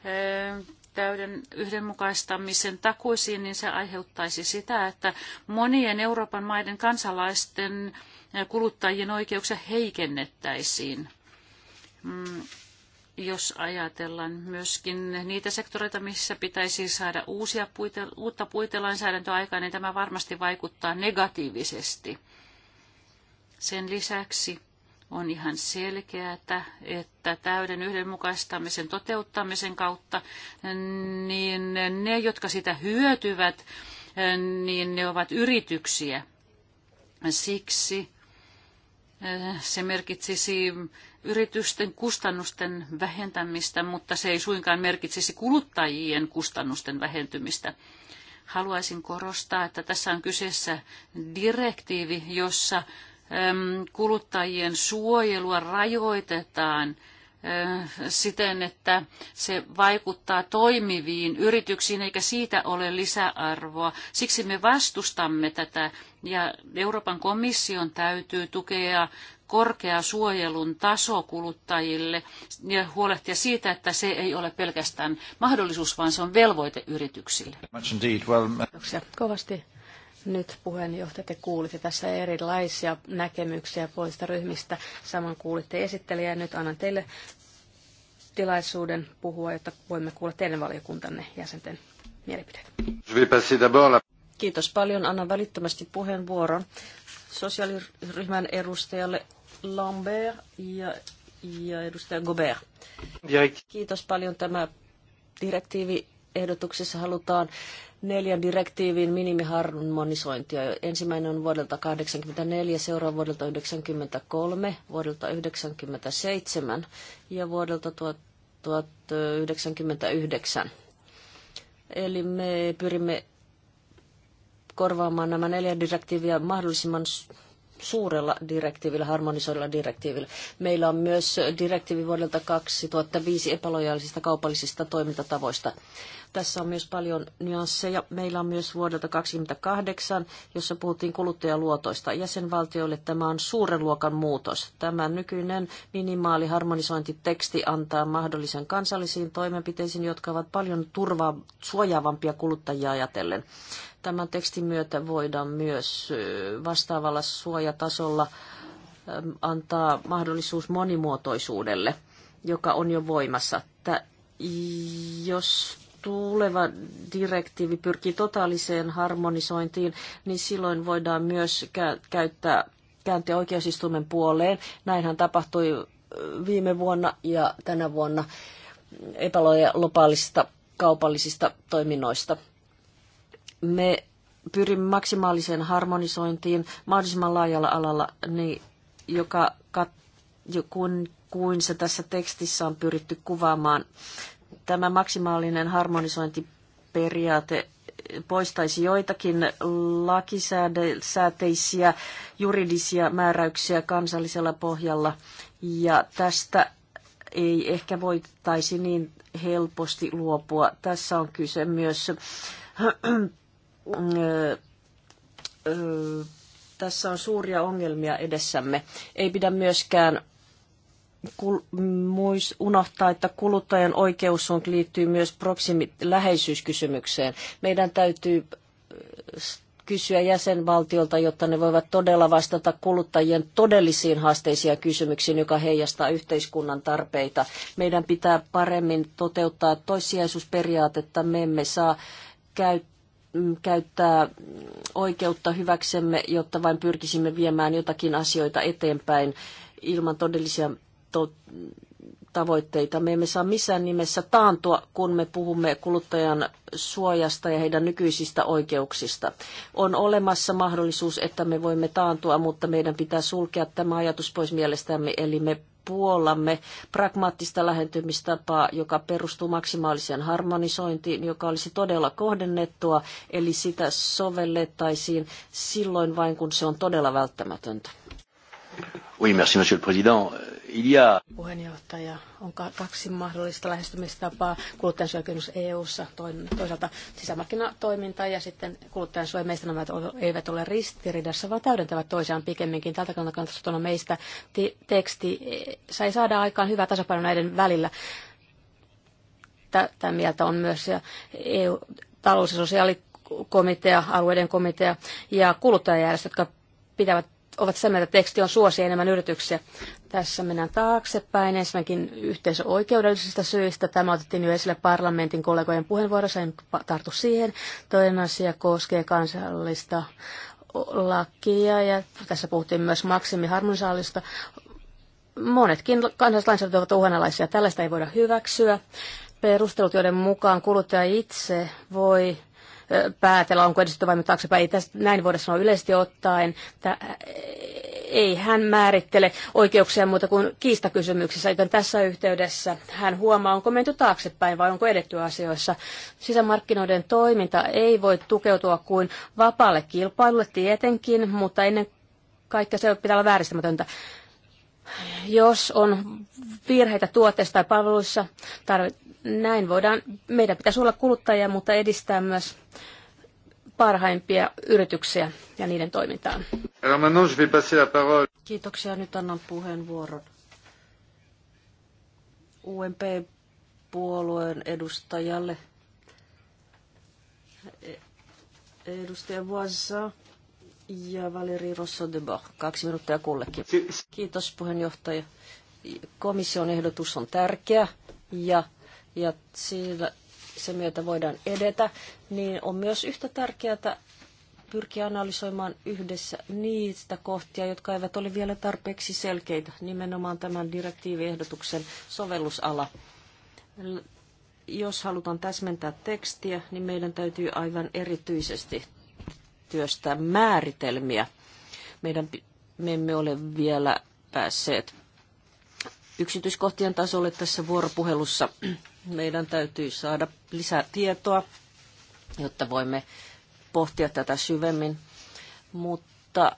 eh, täyden yhdenmukaistamisen takuisiin, niin se aiheuttaisi sitä, että monien Euroopan maiden kansalaisten kuluttajien oikeuksia heikennettäisiin. Mm, jos ajatellaan myöskin niitä sektoreita, missä pitäisi saada uusia puite, uutta puitelainsäädäntöä aikaan, niin tämä varmasti vaikuttaa negatiivisesti. Sen lisäksi on ihan selkeää, että täyden yhdenmukaistamisen toteuttamisen kautta, niin ne, jotka sitä hyötyvät, niin ne ovat yrityksiä. Siksi eh, se merkitsisi yritysten kustannusten vähentämistä, mutta se ei suinkaan merkitsisi kuluttajien kustannusten vähentymistä. Haluaisin korostaa, että tässä on kyseessä direktiivi, jossa kuluttajien suojelua rajoitetaan siten, että se vaikuttaa toimiviin yrityksiin eikä siitä ole lisäarvoa. Siksi me vastustamme tätä ja Euroopan komission täytyy tukea korkea suojelun taso kuluttajille ja huolehtia siitä, että se ei ole pelkästään mahdollisuus, vaan se on velvoite yrityksille. Uh, Kiitoksia kovasti. Nyt puheenjohtaja, te kuulitte tässä erilaisia näkemyksiä poista ryhmistä. Saman kuulitte ja Nyt annan teille tilaisuuden puhua, jotta voimme kuulla teidän valiokuntanne jäsenten mielipiteet. Kiitos paljon. Annan välittömästi puheenvuoron sosiaaliryhmän edustajalle Lambert ja, ja edustaja Gobert. Kiitos paljon. Tämä direktiivi ehdotuksessa halutaan neljän direktiivin minimiharmonisointia. Ensimmäinen on vuodelta 1984, seuraava vuodelta 1993, vuodelta 1997 ja vuodelta 1999. Eli me pyrimme korvaamaan nämä neljä direktiiviä mahdollisimman suurella direktiivillä, harmonisoidulla direktiivillä. Meillä on myös direktiivi vuodelta 2005 epälojaalisista kaupallisista toimintatavoista. Tässä on myös paljon nyansseja. Meillä on myös vuodelta 2028, jossa puhuttiin kuluttajaluotoista. Jäsenvaltioille tämä on suuren luokan muutos. Tämä nykyinen minimaali harmonisointiteksti antaa mahdollisen kansallisiin toimenpiteisiin, jotka ovat paljon turvaa suojaavampia kuluttajia ajatellen. Tämän tekstin myötä voidaan myös vastaavalla suojatasolla antaa mahdollisuus monimuotoisuudelle, joka on jo voimassa. Tä, jos tuleva direktiivi pyrkii totaaliseen harmonisointiin, niin silloin voidaan myös käyttää kääntyä oikeusistuimen puoleen. Näinhän tapahtui viime vuonna ja tänä vuonna epäloja kaupallisista toiminnoista. Me pyrimme maksimaaliseen harmonisointiin mahdollisimman laajalla alalla, niin joka kat, kun, kuin se tässä tekstissä on pyritty kuvaamaan. Tämä maksimaalinen harmonisointiperiaate poistaisi joitakin lakisääteisiä juridisia määräyksiä kansallisella pohjalla, ja tästä ei ehkä voitaisi niin helposti luopua. Tässä on kyse myös tässä on suuria ongelmia edessämme. Ei pidä myöskään muis unohtaa, että kuluttajan oikeus on, liittyy myös proksimi- läheisyyskysymykseen. Meidän täytyy kysyä jäsenvaltiolta, jotta ne voivat todella vastata kuluttajien todellisiin haasteisiin ja kysymyksiin, joka heijastaa yhteiskunnan tarpeita. Meidän pitää paremmin toteuttaa toissijaisuusperiaatetta. Me emme saa käyttää Mm, käyttää oikeutta hyväksemme, jotta vain pyrkisimme viemään jotakin asioita eteenpäin ilman todellisia to- tavoitteita. Me emme saa missään nimessä taantua, kun me puhumme kuluttajan suojasta ja heidän nykyisistä oikeuksista. On olemassa mahdollisuus, että me voimme taantua, mutta meidän pitää sulkea tämä ajatus pois mielestämme, eli me puollamme pragmaattista lähentymistapaa, joka perustuu maksimaaliseen harmonisointiin, joka olisi todella kohdennettua, eli sitä sovellettaisiin silloin vain, kun se on todella välttämätöntä. Oui, merci, monsieur le président. Il y a... Puheenjohtaja, on kaksi mahdollista lähestymistapaa kuluttajansuojakysymys EU-ssa, toisaalta sisämarkkinatoiminta ja sitten kuluttajansuoja meistä nämä eivät ole ristiriidassa, vaan täydentävät toisiaan pikemminkin. Tältä kannalta katsottuna meistä teksti eh, sai saada aikaan hyvää tasapainoa näiden välillä. Tätä mieltä on myös EU, talous- ja sosiaalikomitea, alueiden komitea ja kuluttajajärjestöt, jotka pitävät ovat sitä mieltä, että teksti on suosi enemmän yrityksiä. Tässä mennään taaksepäin. Ensinnäkin yhteisöoikeudellisista syistä. Tämä otettiin jo esille parlamentin kollegojen puheenvuorossa, en tartu siihen. Toinen asia koskee kansallista lakia ja tässä puhuttiin myös maksimiharmonisaalista. Monetkin kansalliset ovat uhanalaisia. Tällaista ei voida hyväksyä. Perustelut, joiden mukaan kuluttaja itse voi päätellä, onko edistetty vai taaksepäin. Ei tästä näin voida sanoa yleisesti ottaen. Tää, e, ei hän määrittele oikeuksia muuta kuin kiistakysymyksissä, joten tässä yhteydessä hän huomaa, onko menty taaksepäin vai onko edetty asioissa. Sisämarkkinoiden toiminta ei voi tukeutua kuin vapaalle kilpailulle tietenkin, mutta ennen kaikkea se pitää olla vääristämätöntä jos on virheitä tuotteissa tai palveluissa, näin voidaan, meidän pitäisi olla kuluttajia, mutta edistää myös parhaimpia yrityksiä ja niiden toimintaa. Kiitoksia. Nyt annan puheenvuoron UMP-puolueen edustajalle. Edustaja Voisa ja Valeri de Kaksi minuuttia kullekin. Kiitos puheenjohtaja. Komission ehdotus on tärkeä ja ja sillä, se myötä voidaan edetä, niin on myös yhtä tärkeää pyrkiä analysoimaan yhdessä niistä kohtia, jotka eivät ole vielä tarpeeksi selkeitä, nimenomaan tämän direktiiviehdotuksen sovellusala. Jos halutaan täsmentää tekstiä, niin meidän täytyy aivan erityisesti työstää määritelmiä. Meidän, me emme ole vielä päässeet yksityiskohtien tasolle tässä vuoropuhelussa. Meidän täytyy saada lisää tietoa, jotta voimme pohtia tätä syvemmin. Mutta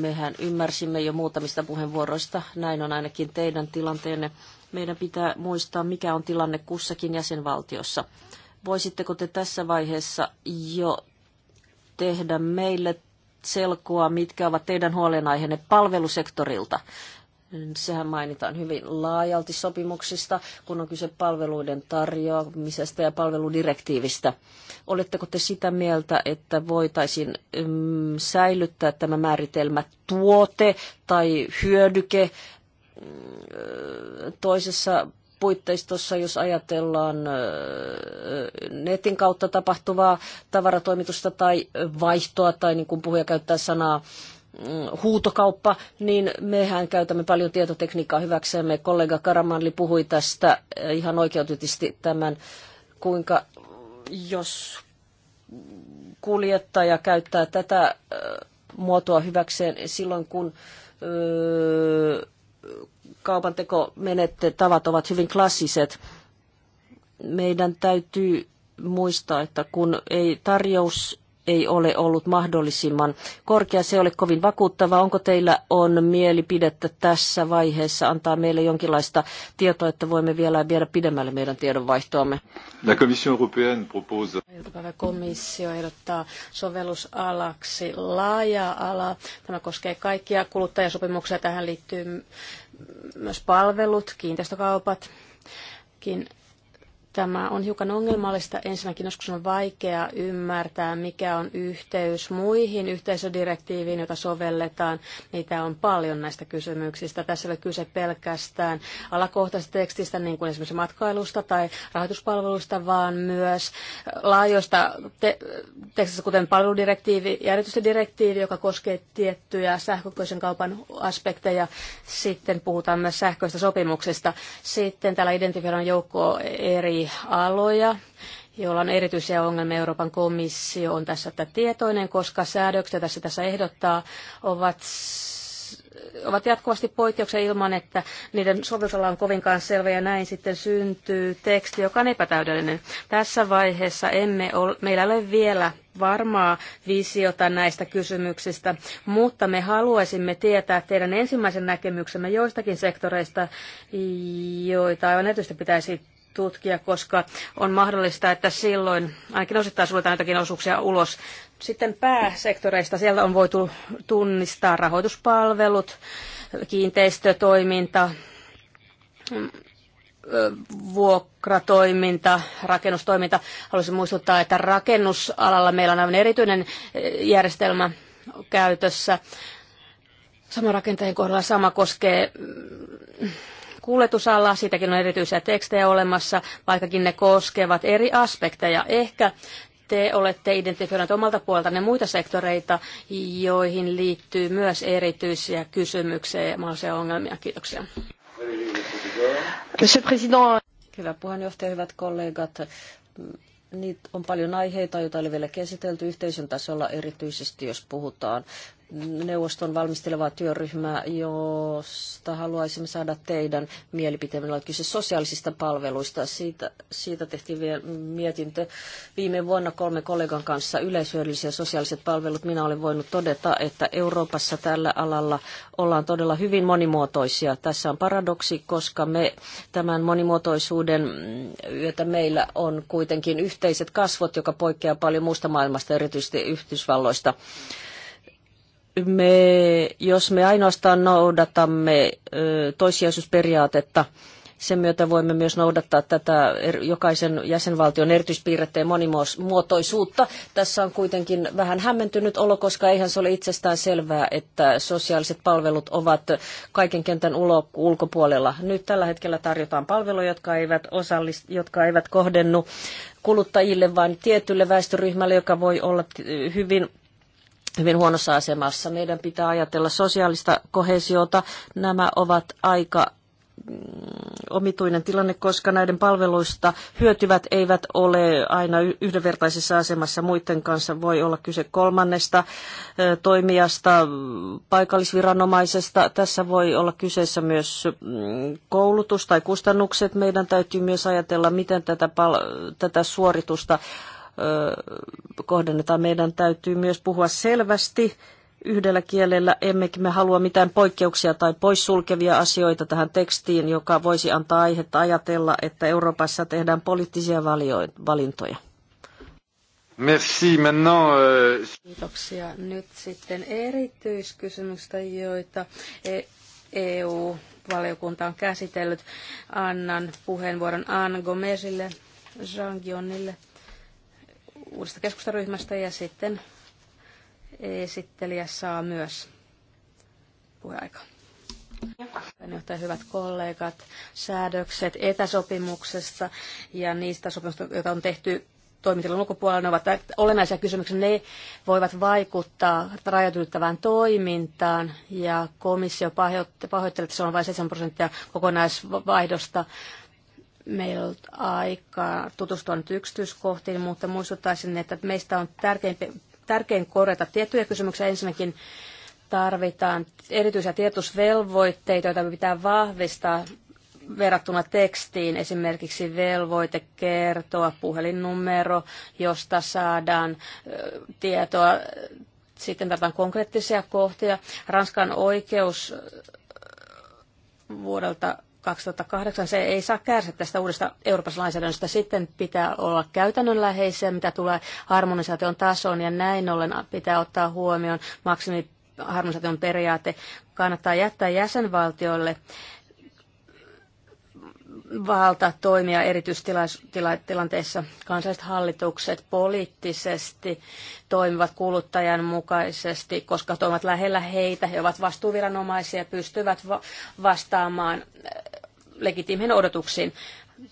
mehän ymmärsimme jo muutamista puheenvuoroista, näin on ainakin teidän tilanteenne. Meidän pitää muistaa, mikä on tilanne kussakin jäsenvaltiossa. Voisitteko te tässä vaiheessa jo tehdä meille selkoa, mitkä ovat teidän huolenaiheenne palvelusektorilta? Sehän mainitaan hyvin laajalti sopimuksista, kun on kyse palveluiden tarjoamisesta ja palveludirektiivistä. Oletteko te sitä mieltä, että voitaisiin mm, säilyttää tämä määritelmä tuote tai hyödyke mm, toisessa puitteistossa, jos ajatellaan netin kautta tapahtuvaa tavaratoimitusta tai vaihtoa, tai niin kuin puhuja käyttää sanaa, Mm, huutokauppa, niin mehän käytämme paljon tietotekniikkaa hyväksemme. Kollega Karamanli puhui tästä ihan oikeutetusti tämän, kuinka jos kuljettaja käyttää tätä äh, muotoa hyväkseen silloin, kun äh, kaupan tavat ovat hyvin klassiset, meidän täytyy muistaa, että kun ei tarjous ei ole ollut mahdollisimman korkea. Se ei ole kovin vakuuttava. Onko teillä on mielipidettä tässä vaiheessa antaa meille jonkinlaista tietoa, että voimme vielä viedä pidemmälle meidän tiedonvaihtoamme? La Commission européenne propose... Komissio ehdottaa sovellusalaksi laaja ala. Tämä koskee kaikkia kuluttajasopimuksia. Tähän liittyy myös palvelut, kiinteistökaupat, Tämä on hiukan ongelmallista. Ensinnäkin joskus on vaikea ymmärtää, mikä on yhteys muihin yhteisödirektiiviin, jota sovelletaan. Niitä on paljon näistä kysymyksistä. Tässä ei ole kyse pelkästään alakohtaisesta tekstistä, niin kuin esimerkiksi matkailusta tai rahoituspalveluista, vaan myös laajoista te- tekstistä, kuten palveludirektiivi ja erityisesti joka koskee tiettyjä sähköisen kaupan aspekteja. Sitten puhutaan myös sähköistä sopimuksesta. Sitten täällä identifioidaan joukko eri aloja, joilla on erityisiä ongelmia. Euroopan komissio on tässä tietoinen, koska säädökset tässä, tässä ehdottaa ovat ovat jatkuvasti poikkeuksia ilman, että niiden sovellusala on kovinkaan selvä ja näin sitten syntyy teksti, joka on epätäydellinen. Tässä vaiheessa emme ole, meillä ei ole vielä varmaa visiota näistä kysymyksistä, mutta me haluaisimme tietää teidän ensimmäisen näkemyksemme joistakin sektoreista, joita aivan erityisesti pitäisi tutkia, koska on mahdollista, että silloin ainakin osittain suljetaan jotakin osuuksia ulos. Sitten pääsektoreista, siellä on voitu tunnistaa rahoituspalvelut, kiinteistötoiminta, vuokratoiminta, rakennustoiminta. Haluaisin muistuttaa, että rakennusalalla meillä on aivan erityinen eh, järjestelmä käytössä. sama rakenteen kohdalla sama koskee mm, kuljetusalaa, siitäkin on erityisiä tekstejä olemassa, vaikkakin ne koskevat eri aspekteja. Ehkä te olette identifioineet omalta puoleltanne muita sektoreita, joihin liittyy myös erityisiä kysymyksiä ja mahdollisia ongelmia. Kiitoksia. Hyvä puheenjohtaja, hyvät kollegat. Niitä on paljon aiheita, joita oli vielä käsitelty yhteisön tasolla, erityisesti jos puhutaan neuvoston valmistelevaa työryhmää, josta haluaisimme saada teidän mielipiteemme. Oli kyse sosiaalisista palveluista. Siitä, siitä tehtiin vielä mietintö viime vuonna kolme kollegan kanssa yleishyödylliset sosiaaliset palvelut. Minä olen voinut todeta, että Euroopassa tällä alalla ollaan todella hyvin monimuotoisia. Tässä on paradoksi, koska me tämän monimuotoisuuden yötä meillä on kuitenkin yhteiset kasvot, joka poikkeaa paljon muusta maailmasta, erityisesti Yhdysvalloista me, jos me ainoastaan noudatamme toissijaisuusperiaatetta, sen myötä voimme myös noudattaa tätä er, jokaisen jäsenvaltion erityispiirretteen monimuotoisuutta. Tässä on kuitenkin vähän hämmentynyt olo, koska eihän se ole itsestään selvää, että sosiaaliset palvelut ovat kaiken kentän ulkopuolella. Nyt tällä hetkellä tarjotaan palveluja, jotka eivät, osallist, jotka eivät kohdennu kuluttajille, vaan tietylle väestöryhmälle, joka voi olla hyvin hyvin huonossa asemassa. Meidän pitää ajatella sosiaalista kohesiota. Nämä ovat aika mm, omituinen tilanne, koska näiden palveluista hyötyvät eivät ole aina yhdenvertaisessa asemassa muiden kanssa. Voi olla kyse kolmannesta toimijasta, paikallisviranomaisesta. Tässä voi olla kyseessä myös mm, koulutus tai kustannukset. Meidän täytyy myös ajatella, miten tätä, tätä suoritusta kohdennetaan. Meidän täytyy myös puhua selvästi yhdellä kielellä, emmekä me halua mitään poikkeuksia tai poissulkevia asioita tähän tekstiin, joka voisi antaa aihetta ajatella, että Euroopassa tehdään poliittisia valintoja. Merci. Maintenant, euh... Kiitoksia. Nyt sitten erityiskysymystä, joita EU-valiokunta e on käsitellyt. Annan puheenvuoron Anne Gomezille, Jean Gionille uudesta keskustaryhmästä ja sitten esittelijä saa myös puheaikaa. Johtaja, hyvät kollegat, säädökset etäsopimuksesta ja niistä sopimuksista, joita on tehty toimitilan ulkopuolella, ne ovat olennaisia kysymyksiä. Ne voivat vaikuttaa rajoitettavaan toimintaan ja komissio pahoittelee, että se on vain 7 prosenttia kokonaisvaihdosta meillä on aikaa tutustua nyt yksityiskohtiin, mutta muistuttaisin, että meistä on tärkein, tärkein korjata tiettyjä kysymyksiä. Ensinnäkin tarvitaan erityisiä tietosvelvoitteita, joita pitää vahvistaa verrattuna tekstiin, esimerkiksi velvoite kertoa puhelinnumero, josta saadaan tietoa. Sitten tarvitaan konkreettisia kohtia. Ranskan oikeus vuodelta 2008 se ei saa kärsiä tästä uudesta Euroopan lainsäädännöstä. Sitten pitää olla käytännönläheisiä, mitä tulee harmonisaation tasoon, ja näin ollen pitää ottaa huomioon maksimiharmonisaation periaate. Kannattaa jättää jäsenvaltioille valta toimia erityistilanteissa. Kansalliset hallitukset poliittisesti toimivat kuluttajan mukaisesti, koska toimivat lähellä heitä. He ovat vastuuviranomaisia ja pystyvät vastaamaan legitiimeihin odotuksiin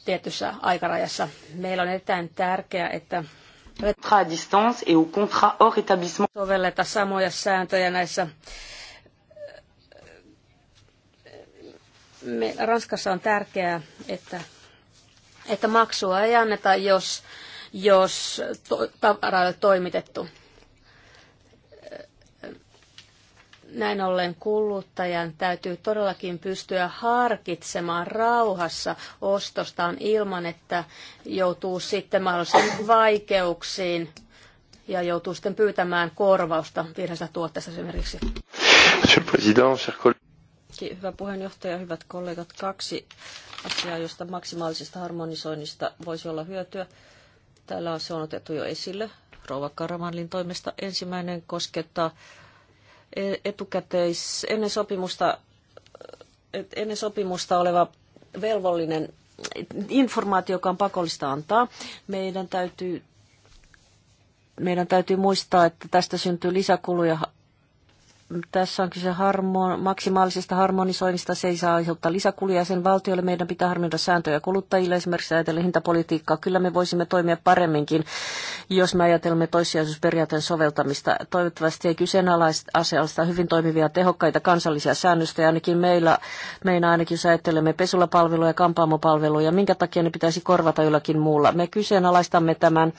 tietyssä aikarajassa. Meillä on erittäin tärkeää, että sovelleta samoja sääntöjä näissä me, Ranskassa on tärkeää, että, että maksua ei anneta, jos, jos to, tavara on toimitettu. Näin ollen kuluttajan täytyy todellakin pystyä harkitsemaan rauhassa ostostaan ilman, että joutuu sitten mahdollisiin vaikeuksiin ja joutuu sitten pyytämään korvausta virheistä tuotteesta esimerkiksi. Hyvä puheenjohtaja, hyvät kollegat, kaksi asiaa, josta maksimaalisesta harmonisoinnista voisi olla hyötyä. Täällä on se on otettu jo esille Rouva Karamanlin toimesta. Ensimmäinen koskettaa etukäteis, ennen sopimusta, ennen sopimusta oleva velvollinen informaatio, joka on pakollista antaa. Meidän täytyy meidän täytyy muistaa, että tästä syntyy lisäkuluja tässä on kyse harmon, maksimaalisesta harmonisoinnista. Se ei saa aiheuttaa lisäkuluja sen valtiolle. Meidän pitää harmonisoida sääntöjä kuluttajille, esimerkiksi ajatellen hintapolitiikkaa. Kyllä me voisimme toimia paremminkin, jos me ajatelemme toissijaisuusperiaatteen soveltamista. Toivottavasti ei kyseenalaista hyvin toimivia tehokkaita kansallisia säännöstä. ainakin meillä, meina ainakin jos ajattelemme pesulapalveluja kampaamopalveluja, minkä takia ne pitäisi korvata jollakin muulla. Me kyseenalaistamme tämän.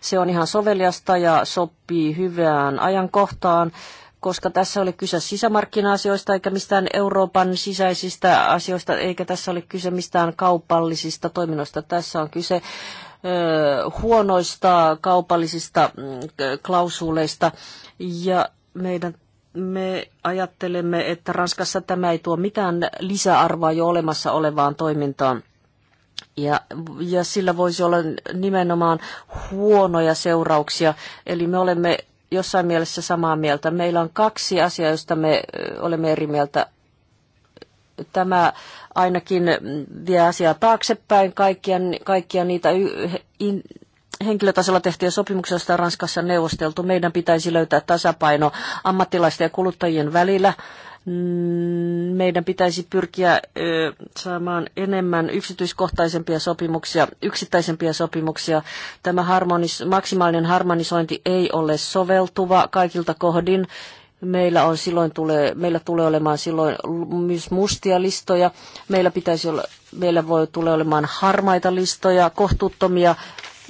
Se on ihan soveliasta ja sopii hyvään ajankohtaan koska tässä oli kyse sisämarkkina-asioista eikä mistään Euroopan sisäisistä asioista, eikä tässä ole kyse mistään kaupallisista toiminnoista. Tässä on kyse huonoista kaupallisista mm, klausuuleista ja meidän me ajattelemme, että Ranskassa tämä ei tuo mitään lisäarvoa jo olemassa olevaan toimintaan. Ja, ja sillä voisi olla nimenomaan huonoja seurauksia. Eli me olemme jossain mielessä samaa mieltä. Meillä on kaksi asiaa, joista me olemme eri mieltä. Tämä ainakin vie asiaa taaksepäin kaikkia, kaikkia niitä in, henkilötasolla tehtyjä sopimuksia, joista Ranskassa on neuvosteltu. Meidän pitäisi löytää tasapaino ammattilaisten ja kuluttajien välillä Mm, meidän pitäisi pyrkiä saamaan enemmän yksityiskohtaisempia sopimuksia, yksittäisempiä sopimuksia. Tämä harmonis, maksimaalinen harmonisointi ei ole soveltuva kaikilta kohdin. Meillä, on silloin tulee, meillä tulee olemaan silloin myös mustia listoja. Meillä, pitäisi olla, meillä voi tulee olemaan harmaita listoja, kohtuuttomia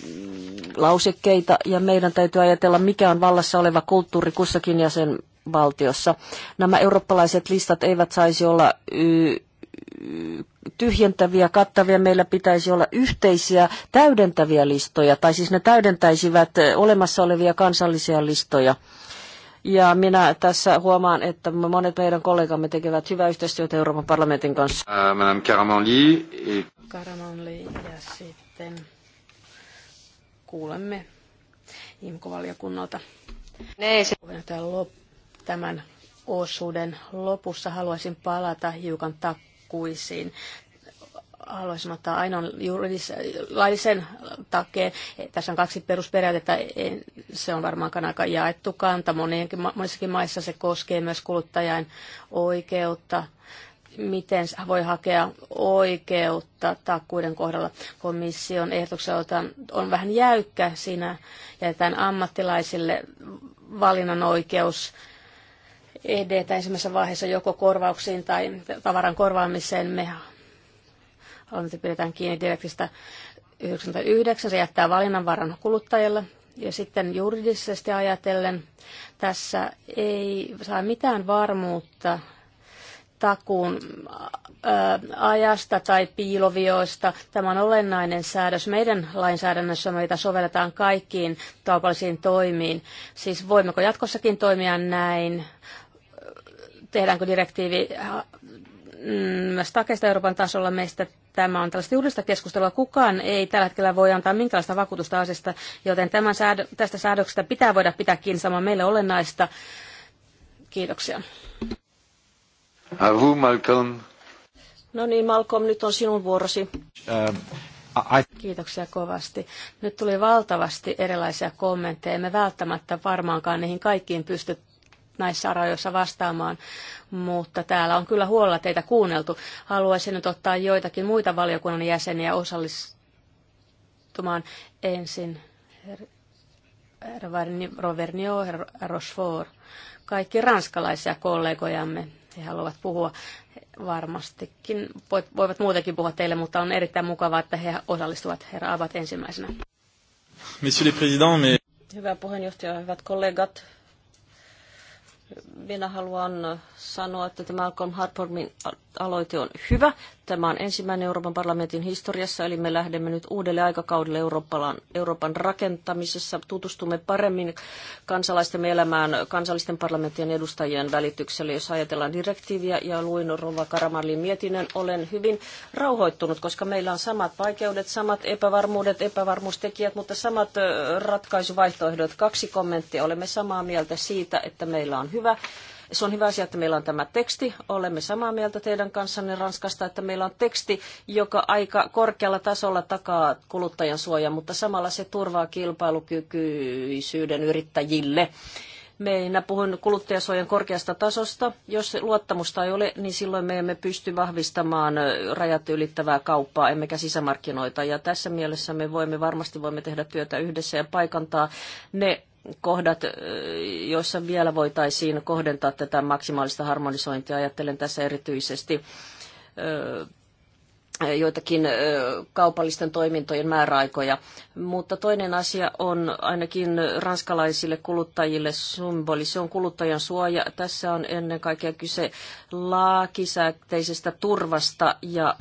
mm, lausekkeita ja meidän täytyy ajatella, mikä on vallassa oleva kulttuuri kussakin jäsen valtiossa. Nämä eurooppalaiset listat eivät saisi olla tyhjentäviä, kattavia. Meillä pitäisi olla yhteisiä täydentäviä listoja, tai siis ne täydentäisivät olemassa olevia kansallisia listoja. Ja minä tässä huomaan, että monet meidän kollegamme tekevät hyvää yhteistyötä Euroopan parlamentin kanssa. Uh, Madame Karamanli. Karamanli eh. ja sitten kuulemme IMKO-valiokunnalta. Ne, se... Puheenjohtaja Loppu tämän osuuden lopussa haluaisin palata hiukan takkuisiin. Haluaisin ottaa ainoan juridisen takeen. Tässä on kaksi perusperiaatetta. Se on varmaan aika jaettu kanta. Monienkin, monissakin maissa se koskee myös kuluttajan oikeutta miten voi hakea oikeutta takkuuden kohdalla. Komission ehdotuksella on vähän jäykkä siinä, jätetään ammattilaisille valinnan oikeus edetä ensimmäisessä vaiheessa joko korvauksiin tai tavaran korvaamiseen. Me haluamme, pidetään kiinni direktistä 99, se jättää valinnanvaran kuluttajalle. Ja sitten juridisesti ajatellen tässä ei saa mitään varmuutta takuun ajasta tai piilovioista. Tämä on olennainen säädös. Meidän lainsäädännössä meitä sovelletaan kaikkiin kaupallisiin toimiin. Siis voimmeko jatkossakin toimia näin? tehdäänkö direktiivi äh, mm, myös takeista Euroopan tasolla meistä tämä on tällaista juridista keskustelua. Kukaan ei tällä hetkellä voi antaa minkälaista vakuutusta asiasta, joten tämän säädö, tästä säädöksestä pitää voida pitää kiinni sama meille olennaista. Kiitoksia. Avu, ah, Malcolm. No niin, Malcolm, nyt on sinun vuorosi. Uh, I... Kiitoksia kovasti. Nyt tuli valtavasti erilaisia kommentteja. Me välttämättä varmaankaan niihin kaikkiin pysty näissä rajoissa vastaamaan, mutta täällä on kyllä huolella teitä kuunneltu. Haluaisin nyt ottaa joitakin muita valiokunnan jäseniä osallistumaan ensin. Herra Rovernio, herra Rochefort, kaikki ranskalaisia kollegojamme, he haluavat puhua varmastikin. Voivat muutenkin puhua teille, mutta on erittäin mukavaa, että he osallistuvat. Herra Abad ensimmäisenä. Monsieur le Président, mais... Hyvä puheenjohtaja, hyvät kollegat, minä haluan sanoa, että tämä Malcolm Hartbormin aloite on hyvä. Tämä on ensimmäinen Euroopan parlamentin historiassa, eli me lähdemme nyt uudelle aikakaudelle Euroopan, Euroopan rakentamisessa. Tutustumme paremmin kansalaisten elämään kansallisten parlamenttien edustajien välityksellä. Jos ajatellaan direktiiviä ja luin Rova Karamallin mietinnön, olen hyvin rauhoittunut, koska meillä on samat vaikeudet, samat epävarmuudet, epävarmuustekijät, mutta samat ratkaisuvaihtoehdot. Kaksi kommenttia. Olemme samaa mieltä siitä, että meillä on hyvä se on hyvä asia, että meillä on tämä teksti. Olemme samaa mieltä teidän kanssanne Ranskasta, että meillä on teksti, joka aika korkealla tasolla takaa kuluttajan suojan, mutta samalla se turvaa kilpailukykyisyyden yrittäjille. Meinä puhun kuluttajasuojan korkeasta tasosta. Jos luottamusta ei ole, niin silloin me emme pysty vahvistamaan rajat ylittävää kauppaa, emmekä sisämarkkinoita. Ja tässä mielessä me voimme varmasti voimme tehdä työtä yhdessä ja paikantaa ne kohdat, joissa vielä voitaisiin kohdentaa tätä maksimaalista harmonisointia. Ajattelen tässä erityisesti Äh, joitakin äh, kaupallisten toimintojen määräaikoja. Mutta toinen asia on ainakin ranskalaisille kuluttajille symboli. Se on kuluttajan suoja. Tässä on ennen kaikkea kyse laakisäteisestä turvasta ja,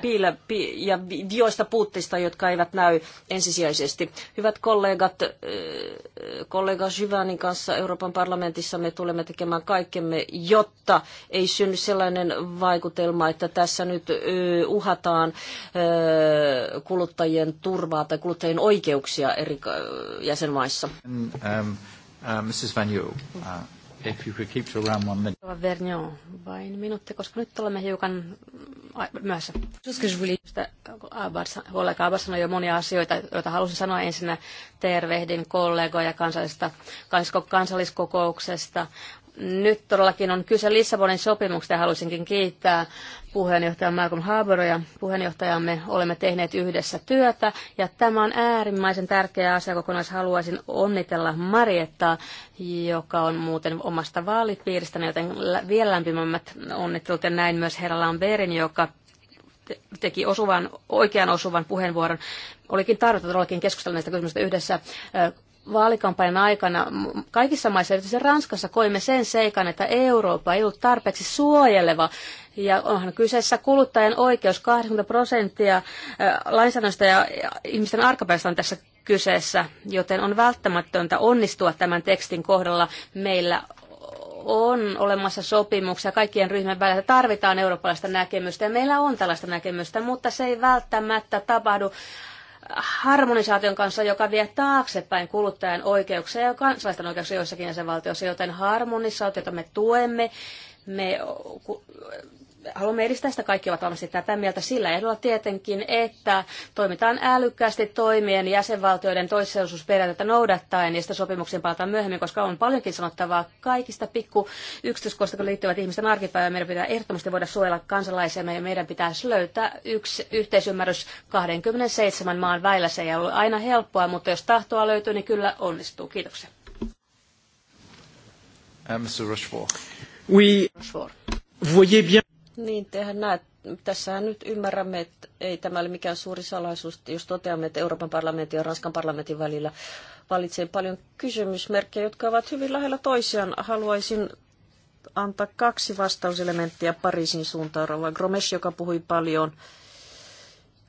piilä, pi, ja vioista puutteista, jotka eivät näy ensisijaisesti. Hyvät kollegat, äh, kollega Syvänin kanssa Euroopan parlamentissa me tulemme tekemään kaikkemme, jotta ei synny sellainen vaikutelma, sanoa, että tässä nyt uhataan kuluttajien turvaa tai kuluttajien oikeuksia eri jäsenmaissa. Um, uh, Mrs. Van Yu, uh, if you could keep to around one minute. Vernion, vain minuutti, koska nyt olemme hiukan mm, myöhässä. Kollega Abar sanoi jo monia asioita, joita halusin sanoa ensinnä tervehdin kollegoja kansallisesta, kansalliskokouksesta nyt todellakin on kyse Lissabonin sopimuksesta ja haluaisinkin kiittää puheenjohtaja Malcolm ja Puheenjohtajamme olemme tehneet yhdessä työtä ja tämä on äärimmäisen tärkeä asia, kokonais haluaisin onnitella Marietta, joka on muuten omasta vaalipiiristäni, joten vielä lämpimämmät onnittelut ja näin myös herra Lamberin, joka teki osuvan, oikean osuvan puheenvuoron. Olikin tarvetta todellakin keskustella näistä kysymyksistä yhdessä vaalikampanjan aikana kaikissa maissa, erityisesti Ranskassa, koimme sen seikan, että Eurooppa ei ollut tarpeeksi suojeleva. Ja onhan kyseessä kuluttajan oikeus 80 prosenttia lainsäädännöstä ja ihmisten arkapäivästä on tässä kyseessä, joten on välttämätöntä onnistua tämän tekstin kohdalla. Meillä on olemassa sopimuksia kaikkien ryhmien välillä, tarvitaan eurooppalaista näkemystä ja meillä on tällaista näkemystä, mutta se ei välttämättä tapahdu harmonisaation kanssa, joka vie taaksepäin kuluttajan oikeuksia ja kansalaisten oikeuksia joissakin jäsenvaltioissa, joten harmonisaatiota me tuemme, me haluamme edistää sitä, kaikki ovat varmasti tätä mieltä sillä ehdolla tietenkin, että toimitaan älykkäästi toimien jäsenvaltioiden toissijaisuusperiaatetta noudattaen ja sitä sopimuksen palataan myöhemmin, koska on paljonkin sanottavaa kaikista pikku kun liittyvät ihmisten arkipäivään. Meidän pitää ehdottomasti voida suojella kansalaisemme ja meidän pitäisi löytää yksi yhteisymmärrys 27 maan väillä. Se ei ole aina helppoa, mutta jos tahtoa löytyy, niin kyllä onnistuu. Kiitoksia. Mr. Rushford. Oui. Rochefort voyez bien niin, tehän näet, tässähän nyt ymmärrämme, että ei tämä ole mikään suuri salaisuus, jos toteamme, että Euroopan parlamentin ja Ranskan parlamentin välillä valitsee paljon kysymysmerkkejä, jotka ovat hyvin lähellä toisiaan. Haluaisin antaa kaksi vastauselementtiä Pariisin suuntaan. Rova Gromesh, joka puhui paljon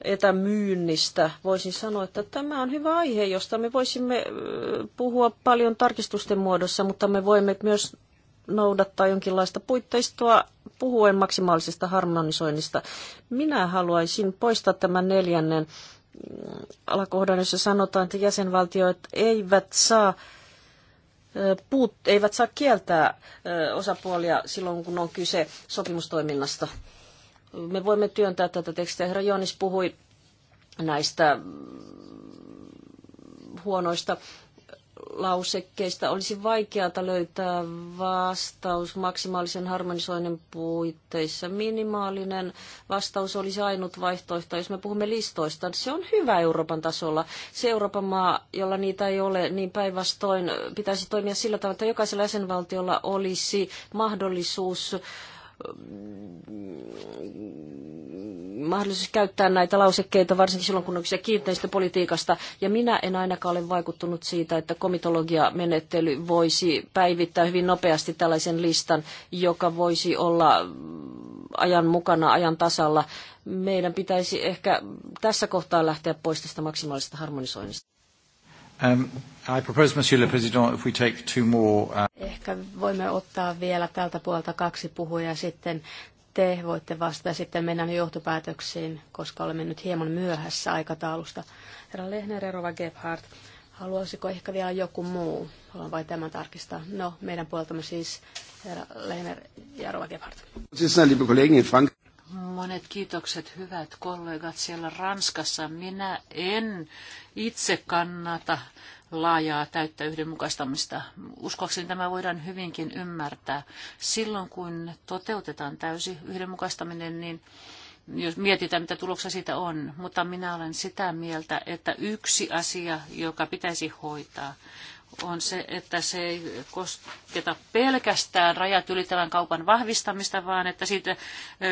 etämyynnistä, voisin sanoa, että tämä on hyvä aihe, josta me voisimme puhua paljon tarkistusten muodossa, mutta me voimme myös noudattaa jonkinlaista puitteistoa puhuen maksimaalisesta harmonisoinnista. Minä haluaisin poistaa tämän neljännen mm, alakohdan, jossa sanotaan, että jäsenvaltiot eivät saa puut, eivät saa kieltää osapuolia silloin, kun on kyse sopimustoiminnasta. Me voimme työntää tätä tekstiä. Herra Joonis puhui näistä mm, huonoista lausekkeista olisi vaikeata löytää vastaus maksimaalisen harmonisoinnin puitteissa. Minimaalinen vastaus olisi ainut vaihtoehto, jos me puhumme listoista. Se on hyvä Euroopan tasolla. Se Euroopan maa, jolla niitä ei ole, niin päinvastoin pitäisi toimia sillä tavalla, että jokaisella jäsenvaltiolla olisi mahdollisuus äh, Mm, mahdollisuus käyttää näitä lausekkeita, varsinkin silloin kun on kyse kiinteistä politiikasta. Ja minä en ainakaan ole vaikuttunut siitä, että komitologiamenettely voisi päivittää hyvin nopeasti tällaisen listan, joka voisi olla mm, ajan mukana, ajan tasalla. Meidän pitäisi ehkä tässä kohtaa lähteä pois tästä maksimaalisesta harmonisoinnista. Um, I propose, Monsieur le Président, if we take two more... Uh... Ehkä voimme ottaa vielä tältä puolta kaksi puhujaa sitten te voitte vastata sitten mennään johtopäätöksiin, koska olemme nyt hieman myöhässä aikataulusta. Herra Lehner ja Rova Gebhardt, haluaisiko ehkä vielä joku muu? Haluan vain tämän tarkistaa. No, meidän puoltamme siis herra Lehner ja Rova Gebhardt. Monet kiitokset, hyvät kollegat siellä Ranskassa. Minä en itse kannata laajaa täyttä yhdenmukaistamista. Uskoakseni tämä voidaan hyvinkin ymmärtää. Silloin kun toteutetaan täysi yhdenmukaistaminen, niin jos mietitään, mitä tuloksia siitä on. Mutta minä olen sitä mieltä, että yksi asia, joka pitäisi hoitaa, on se, että se ei kosketa pelkästään rajat ylittävän kaupan vahvistamista, vaan että siitä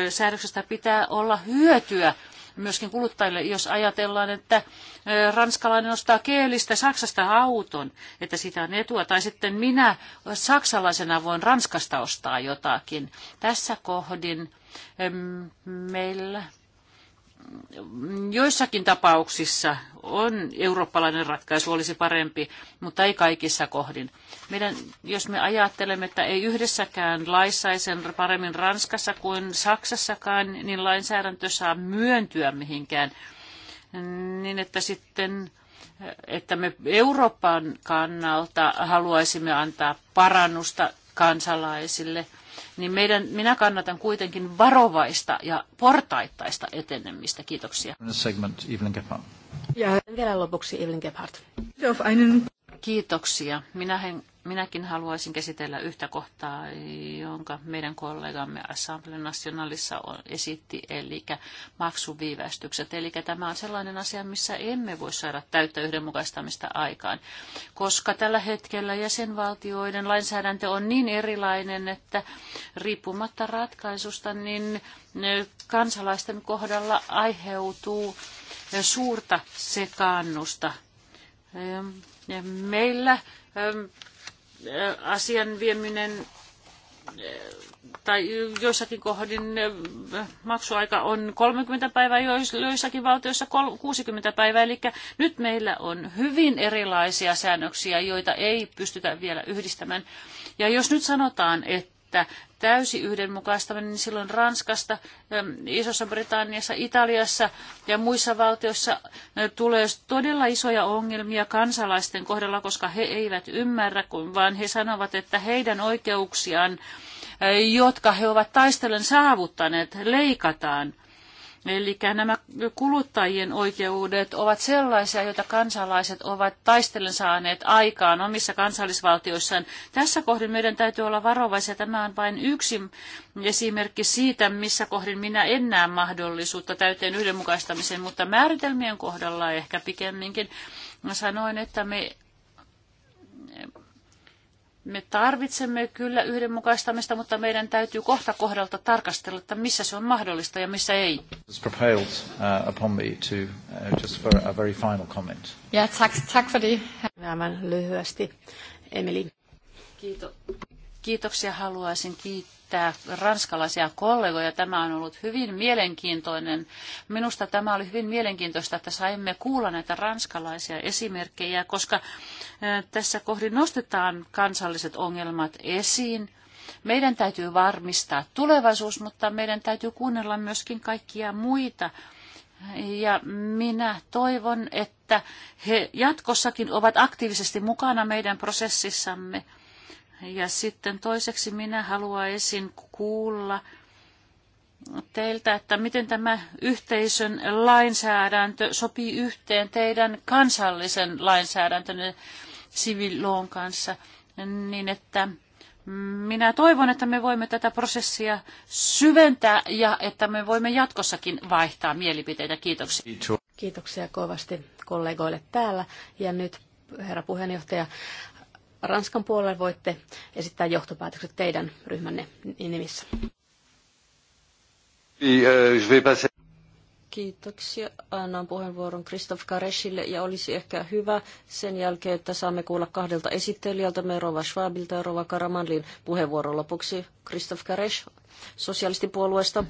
säädöksestä pitää olla hyötyä myöskin kuluttajille, jos ajatellaan, että ranskalainen ostaa keelistä Saksasta auton, että sitä on etua, tai sitten minä saksalaisena voin Ranskasta ostaa jotakin. Tässä kohdin meillä joissakin tapauksissa on eurooppalainen ratkaisu olisi parempi, mutta ei kaikissa kohdin. Meidän, jos me ajattelemme, että ei yhdessäkään laissa, ei sen paremmin Ranskassa kuin Saksassakaan, niin lainsäädäntö saa myöntyä mihinkään, niin että sitten että me Euroopan kannalta haluaisimme antaa parannusta kansalaisille – niin meidän, minä kannatan kuitenkin varovaista ja portaittaista etenemistä. Kiitoksia. Segment, Ja vielä lopuksi Evelyn Gebhardt. Kiitoksia. Minä hän. Minäkin haluaisin käsitellä yhtä kohtaa, jonka meidän kollegamme Assemble Nationalissa on, esitti, eli maksuviivästykset. Eli tämä on sellainen asia, missä emme voi saada täyttä yhdenmukaistamista aikaan, koska tällä hetkellä jäsenvaltioiden lainsäädäntö on niin erilainen, että riippumatta ratkaisusta, niin kansalaisten kohdalla aiheutuu suurta sekaannusta. Meillä asian vieminen tai joissakin kohdin maksuaika on 30 päivää, joissakin valtioissa 60 päivää. Eli nyt meillä on hyvin erilaisia säännöksiä, joita ei pystytä vielä yhdistämään. Ja jos nyt sanotaan, että täysi yhdenmukaistaminen, niin silloin Ranskasta, Isossa Britanniassa, Italiassa ja muissa valtioissa tulee todella isoja ongelmia kansalaisten kohdalla, koska he eivät ymmärrä, vaan he sanovat, että heidän oikeuksiaan, jotka he ovat taistellen saavuttaneet, leikataan – Eli nämä kuluttajien oikeudet ovat sellaisia, joita kansalaiset ovat taistellen saaneet aikaan omissa kansallisvaltioissaan. Tässä kohdin meidän täytyy olla varovaisia. Tämä on vain yksi esimerkki siitä, missä kohdin minä en näe mahdollisuutta täyteen yhdenmukaistamiseen, mutta määritelmien kohdalla ehkä pikemminkin. Mä sanoin, että me me tarvitsemme kyllä yhdenmukaistamista, mutta meidän täytyy kohta kohdalta tarkastella, että missä se on mahdollista ja missä ei. Uh, uh, kiitoksia haluaisin kiittää kiittää ranskalaisia kollegoja. Tämä on ollut hyvin mielenkiintoinen. Minusta tämä oli hyvin mielenkiintoista, että saimme kuulla näitä ranskalaisia esimerkkejä, koska tässä kohdin nostetaan kansalliset ongelmat esiin. Meidän täytyy varmistaa tulevaisuus, mutta meidän täytyy kuunnella myöskin kaikkia muita ja minä toivon, että he jatkossakin ovat aktiivisesti mukana meidän prosessissamme. Ja sitten toiseksi minä haluaisin kuulla teiltä, että miten tämä yhteisön lainsäädäntö sopii yhteen teidän kansallisen lainsäädäntönne siviloon kanssa, niin että minä toivon, että me voimme tätä prosessia syventää ja että me voimme jatkossakin vaihtaa mielipiteitä. Kiitoksia. Kiitoksia kovasti kollegoille täällä. Ja nyt herra puheenjohtaja, Ranskan puolelle voitte esittää johtopäätökset teidän ryhmänne nimissä. E, Kiitoksia. Annan puheenvuoron Kristof Kareshille ja olisi ehkä hyvä sen jälkeen, että saamme kuulla kahdelta esittelijältä, me Rova Schwabilta ja Rova Karamanlin puheenvuoron lopuksi. Kristof Karesh sosialistipuolueesta.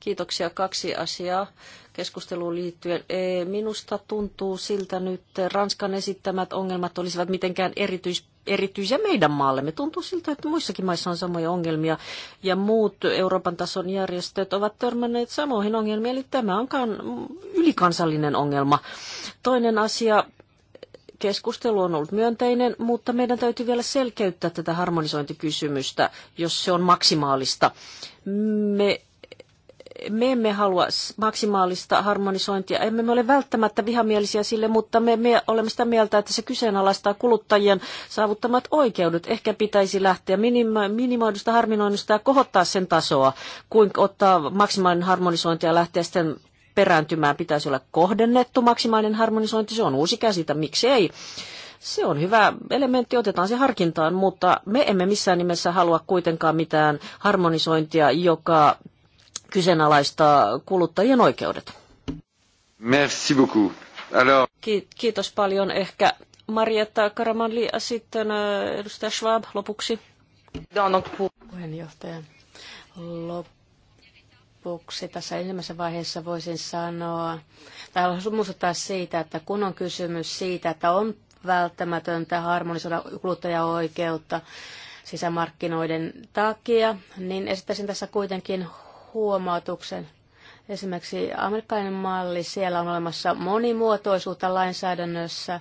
Kiitoksia. Kaksi asiaa keskusteluun liittyen. E, minusta tuntuu siltä nyt että Ranskan esittämät ongelmat olisivat mitenkään erityis erityisiä meidän maallemme. Tuntuu siltä, että muissakin maissa on samoja ongelmia ja muut Euroopan tason järjestöt ovat törmänneet samoihin ongelmiin, eli tämä on ylikansallinen ongelma. Toinen asia, keskustelu on ollut myönteinen, mutta meidän täytyy vielä selkeyttää tätä harmonisointikysymystä, jos se on maksimaalista. Me me emme halua maksimaalista harmonisointia, emme me ole välttämättä vihamielisiä sille, mutta me, me olemme sitä mieltä, että se kyseenalaistaa kuluttajien saavuttamat oikeudet. Ehkä pitäisi lähteä minima, minimoidusta harminoinnista ja kohottaa sen tasoa, kuin ottaa maksimaalinen harmonisointi ja lähteä sitten perääntymään. Pitäisi olla kohdennettu maksimaalinen harmonisointi, se on uusi käsite, miksi ei? se on hyvä elementti, otetaan se harkintaan, mutta me emme missään nimessä halua kuitenkaan mitään harmonisointia, joka kyseenalaistaa kuluttajien oikeudet. Merci beaucoup. Alors... kiitos paljon. Ehkä Marietta Karamanli ja sitten äh, edustaja Schwab lopuksi. Puheenjohtaja. Lopuksi tässä ensimmäisessä vaiheessa voisin sanoa, tai haluaisin muistuttaa siitä, että kun on kysymys siitä, että on välttämätöntä harmonisoida kuluttajaoikeutta sisämarkkinoiden takia, niin esittäisin tässä kuitenkin huomautuksen. Esimerkiksi amerikkalainen malli, siellä on olemassa monimuotoisuutta lainsäädännössä.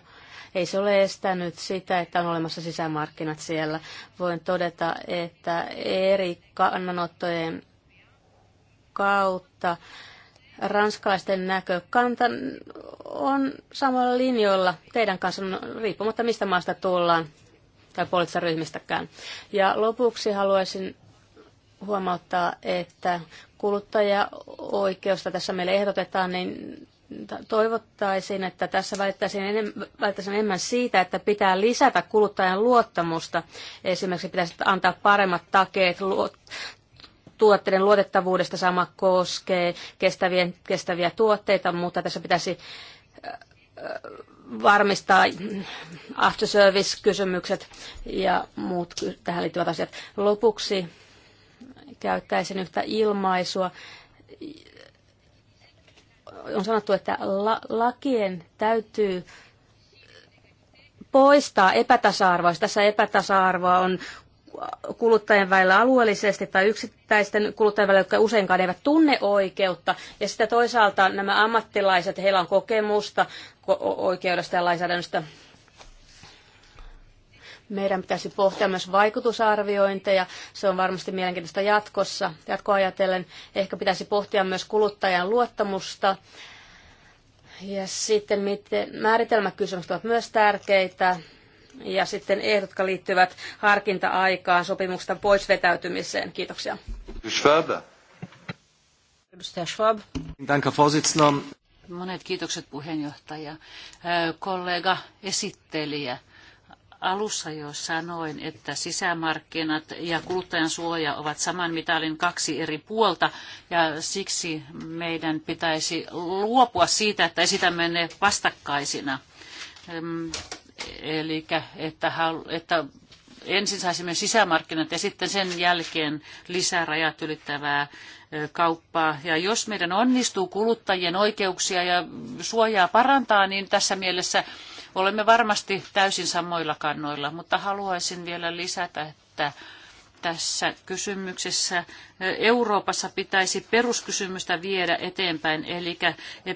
Ei se ole estänyt sitä, että on olemassa sisämarkkinat siellä. Voin todeta, että eri kannanottojen kautta ranskalaisten näkökanta on samalla linjoilla teidän kanssa, riippumatta mistä maasta tullaan tai poliittisista ryhmistäkään. Ja lopuksi haluaisin huomauttaa, että kuluttajaoikeusta tässä meille ehdotetaan, niin toivottaisin, että tässä väittäisin enemmän, enemmän siitä, että pitää lisätä kuluttajan luottamusta. Esimerkiksi pitäisi antaa paremmat takeet luot, tuotteiden luotettavuudesta sama koskee kestäviä, kestäviä tuotteita, mutta tässä pitäisi äh, äh, varmistaa after service kysymykset ja muut tähän liittyvät asiat. Lopuksi käyttäisin yhtä ilmaisua. On sanottu, että la- lakien täytyy poistaa epätasa-arvoa. Tässä epätasa-arvoa on kuluttajien välillä alueellisesti tai yksittäisten kuluttajien välillä, jotka useinkaan eivät tunne oikeutta. Ja sitten toisaalta nämä ammattilaiset, heillä on kokemusta oikeudesta ja lainsäädännöstä meidän pitäisi pohtia myös vaikutusarviointeja. Se on varmasti mielenkiintoista jatkossa. Jatkoajatellen ehkä pitäisi pohtia myös kuluttajan luottamusta. Ja sitten miten, määritelmäkysymykset ovat myös tärkeitä. Ja sitten ehdot, jotka liittyvät harkinta-aikaan sopimuksesta pois vetäytymiseen. Kiitoksia. Schwab. Edustaja Schwab. Danke, Monet kiitokset puheenjohtaja, kollega, esittelijä alussa jo sanoin, että sisämarkkinat ja kuluttajan suoja ovat saman mitalin kaksi eri puolta ja siksi meidän pitäisi luopua siitä, että esitämme ne vastakkaisina. Eli että, että ensin saisimme sisämarkkinat ja sitten sen jälkeen lisää rajat ylittävää kauppaa. Ja jos meidän onnistuu kuluttajien oikeuksia ja suojaa parantaa, niin tässä mielessä Olemme varmasti täysin samoilla kannoilla, mutta haluaisin vielä lisätä, että tässä kysymyksessä Euroopassa pitäisi peruskysymystä viedä eteenpäin, eli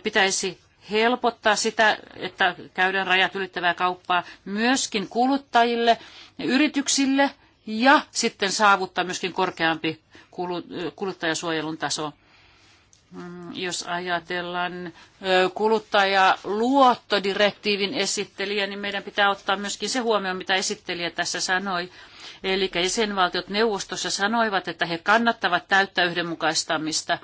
pitäisi helpottaa sitä, että käydään rajat ylittävää kauppaa myöskin kuluttajille, yrityksille ja sitten saavuttaa myöskin korkeampi kuluttajasuojelun taso. Mm, jos ajatellaan kuluttajaluottodirektiivin esittelijä, niin meidän pitää ottaa myöskin se huomioon, mitä esittelijä tässä sanoi. Eli jäsenvaltiot neuvostossa sanoivat, että he kannattavat täyttä yhdenmukaistamista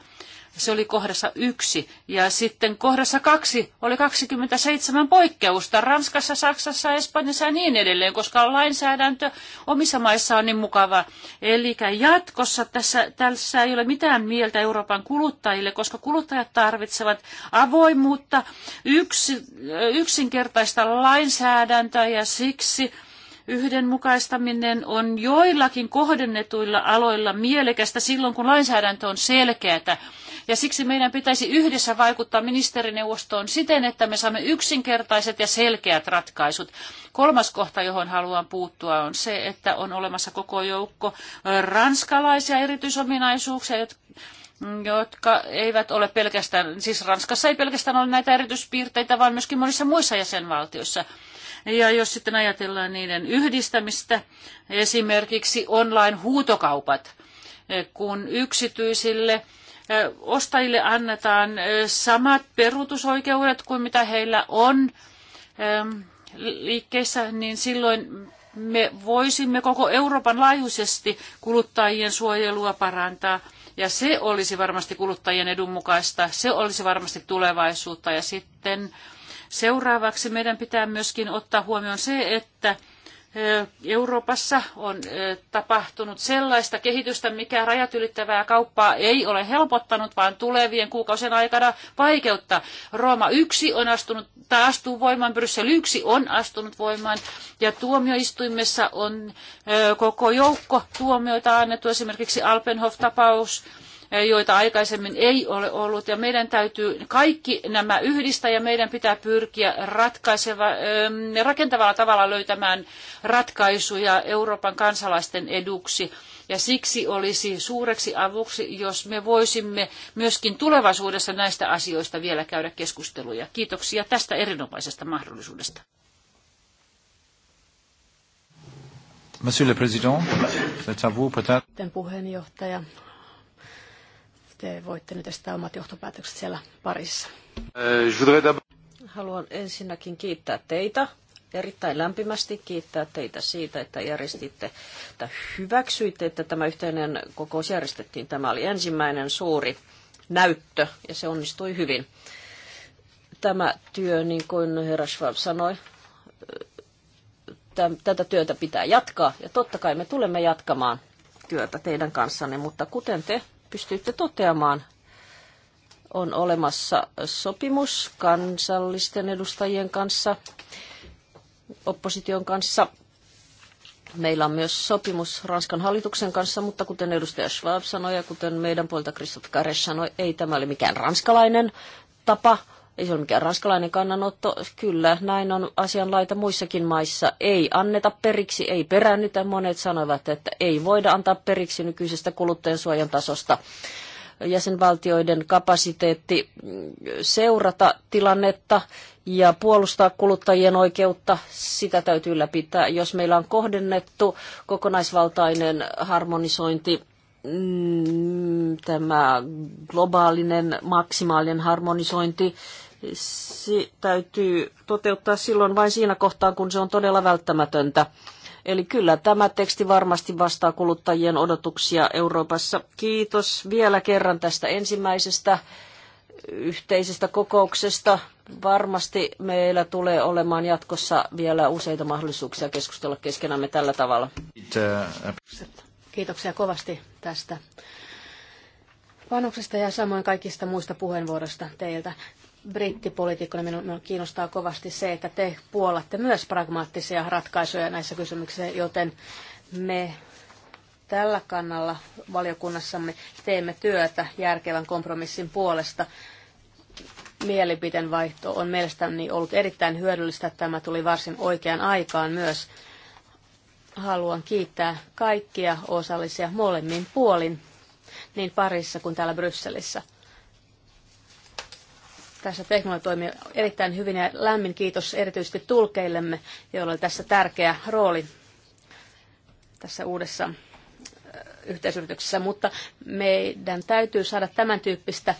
se oli kohdassa yksi. Ja sitten kohdassa kaksi oli 27 poikkeusta Ranskassa, Saksassa, Espanjassa ja niin edelleen, koska lainsäädäntö omissa maissa on niin mukava. Eli jatkossa tässä, tässä ei ole mitään mieltä Euroopan kuluttajille, koska kuluttajat tarvitsevat avoimuutta, yks, yksinkertaista lainsäädäntöä ja siksi – yhdenmukaistaminen on joillakin kohdennetuilla aloilla mielekästä silloin, kun lainsäädäntö on selkeätä. Ja siksi meidän pitäisi yhdessä vaikuttaa ministerineuvostoon siten, että me saamme yksinkertaiset ja selkeät ratkaisut. Kolmas kohta, johon haluan puuttua, on se, että on olemassa koko joukko ranskalaisia erityisominaisuuksia, jotka eivät ole pelkästään, siis Ranskassa ei pelkästään ole näitä erityispiirteitä, vaan myöskin monissa muissa jäsenvaltioissa – ja jos sitten ajatellaan niiden yhdistämistä, esimerkiksi online-huutokaupat, kun yksityisille ostajille annetaan samat peruutusoikeudet kuin mitä heillä on liikkeissä, niin silloin me voisimme koko Euroopan laajuisesti kuluttajien suojelua parantaa. Ja se olisi varmasti kuluttajien edun mukaista, se olisi varmasti tulevaisuutta. Ja sitten Seuraavaksi meidän pitää myöskin ottaa huomioon se, että Euroopassa on tapahtunut sellaista kehitystä, mikä rajat ylittävää kauppaa ei ole helpottanut, vaan tulevien kuukausien aikana vaikeuttaa. Rooma 1 on astunut, tai astuu voimaan, Bryssel 1 on astunut voimaan, ja tuomioistuimessa on koko joukko tuomioita annettu, esimerkiksi Alpenhoff-tapaus, Eh, joita aikaisemmin ei ole ollut. Ja meidän täytyy kaikki nämä yhdistää ja meidän pitää pyrkiä ratkaiseva, rakentavalla tavalla löytämään ratkaisuja Euroopan kansalaisten eduksi. Ja siksi olisi suureksi avuksi, jos me voisimme myöskin tulevaisuudessa näistä asioista vielä käydä keskusteluja. Kiitoksia tästä erinomaisesta mahdollisuudesta. Monsieur le Président, c'est à vous peut-être. Te voitte nyt esittää omat johtopäätökset siellä parissa. Eh, Haluan ensinnäkin kiittää teitä erittäin lämpimästi kiittää teitä siitä, että järjestitte, että hyväksyitte, että tämä yhteinen kokous järjestettiin. Tämä oli ensimmäinen suuri näyttö ja se onnistui hyvin. Tämä työ, niin kuin herra Schwab sanoi, tätä työtä pitää jatkaa ja totta kai me tulemme jatkamaan työtä teidän kanssanne, mutta kuten te pystyitte toteamaan. On olemassa sopimus kansallisten edustajien kanssa, opposition kanssa. Meillä on myös sopimus Ranskan hallituksen kanssa, mutta kuten edustaja Schwab sanoi ja kuten meidän puolta Christophe Kares sanoi, ei tämä ole mikään ranskalainen tapa ei se ole mikään ranskalainen kannanotto. Kyllä, näin on asianlaita muissakin maissa. Ei anneta periksi, ei peräännytä. Monet sanoivat, että ei voida antaa periksi nykyisestä kuluttajansuojan tasosta jäsenvaltioiden kapasiteetti mm, seurata tilannetta ja puolustaa kuluttajien oikeutta, sitä täytyy ylläpitää. Jos meillä on kohdennettu kokonaisvaltainen harmonisointi, mm, tämä globaalinen maksimaalinen harmonisointi, se täytyy toteuttaa silloin vain siinä kohtaa, kun se on todella välttämätöntä. Eli kyllä tämä teksti varmasti vastaa kuluttajien odotuksia Euroopassa. Kiitos vielä kerran tästä ensimmäisestä yhteisestä kokouksesta. Varmasti meillä tulee olemaan jatkossa vielä useita mahdollisuuksia keskustella keskenämme tällä tavalla. Kiitoksia kovasti tästä panoksesta ja samoin kaikista muista puheenvuoroista teiltä brittipoliitikkona minua kiinnostaa kovasti se, että te puolatte myös pragmaattisia ratkaisuja näissä kysymyksissä, joten me tällä kannalla valiokunnassamme teemme työtä järkevän kompromissin puolesta. Mielipiteen vaihto on mielestäni ollut erittäin hyödyllistä. Tämä tuli varsin oikeaan aikaan myös. Haluan kiittää kaikkia osallisia molemmin puolin, niin parissa kuin täällä Brysselissä tässä teknologia toimii erittäin hyvin ja lämmin kiitos erityisesti tulkeillemme, joilla oli tässä tärkeä rooli tässä uudessa yhteisyrityksessä, mutta meidän täytyy saada tämän tyyppistä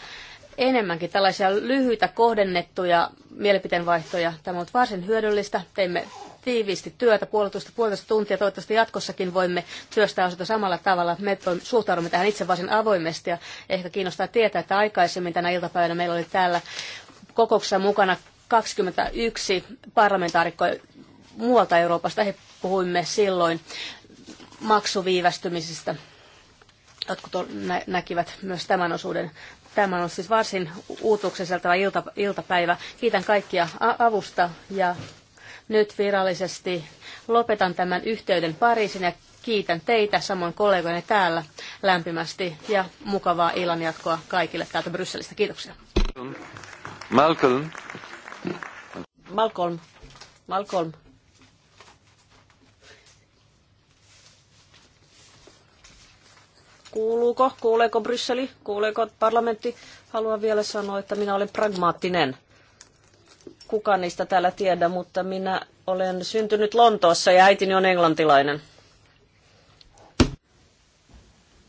enemmänkin tällaisia lyhyitä kohdennettuja mielipiteenvaihtoja. Tämä on varsin hyödyllistä. Teimme tiiviisti työtä puolitoista, puolitoista tuntia. Toivottavasti jatkossakin voimme työstää osata samalla tavalla. Me suhtaudumme tähän itse varsin avoimesti ja ehkä kiinnostaa tietää, että aikaisemmin tänä iltapäivänä meillä oli täällä kokouksessa mukana 21 parlamentaarikkoa muualta Euroopasta. He puhuimme silloin maksuviivästymisistä. Jotkut näkivät myös tämän osuuden Tämä on siis varsin uutuksen iltapäivä. Kiitän kaikkia avusta ja nyt virallisesti lopetan tämän yhteyden Pariisin ja kiitän teitä samoin kollegoina täällä lämpimästi ja mukavaa illanjatkoa kaikille täältä Brysselistä. Kiitoksia. Malcolm. Malcolm. Malcolm. Kuuluuko? Kuuleeko Brysseli? Kuuleeko parlamentti? Haluan vielä sanoa, että minä olen pragmaattinen kukaan niistä täällä tiedä, mutta minä olen syntynyt Lontoossa ja äitini on englantilainen.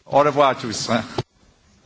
Au revoir,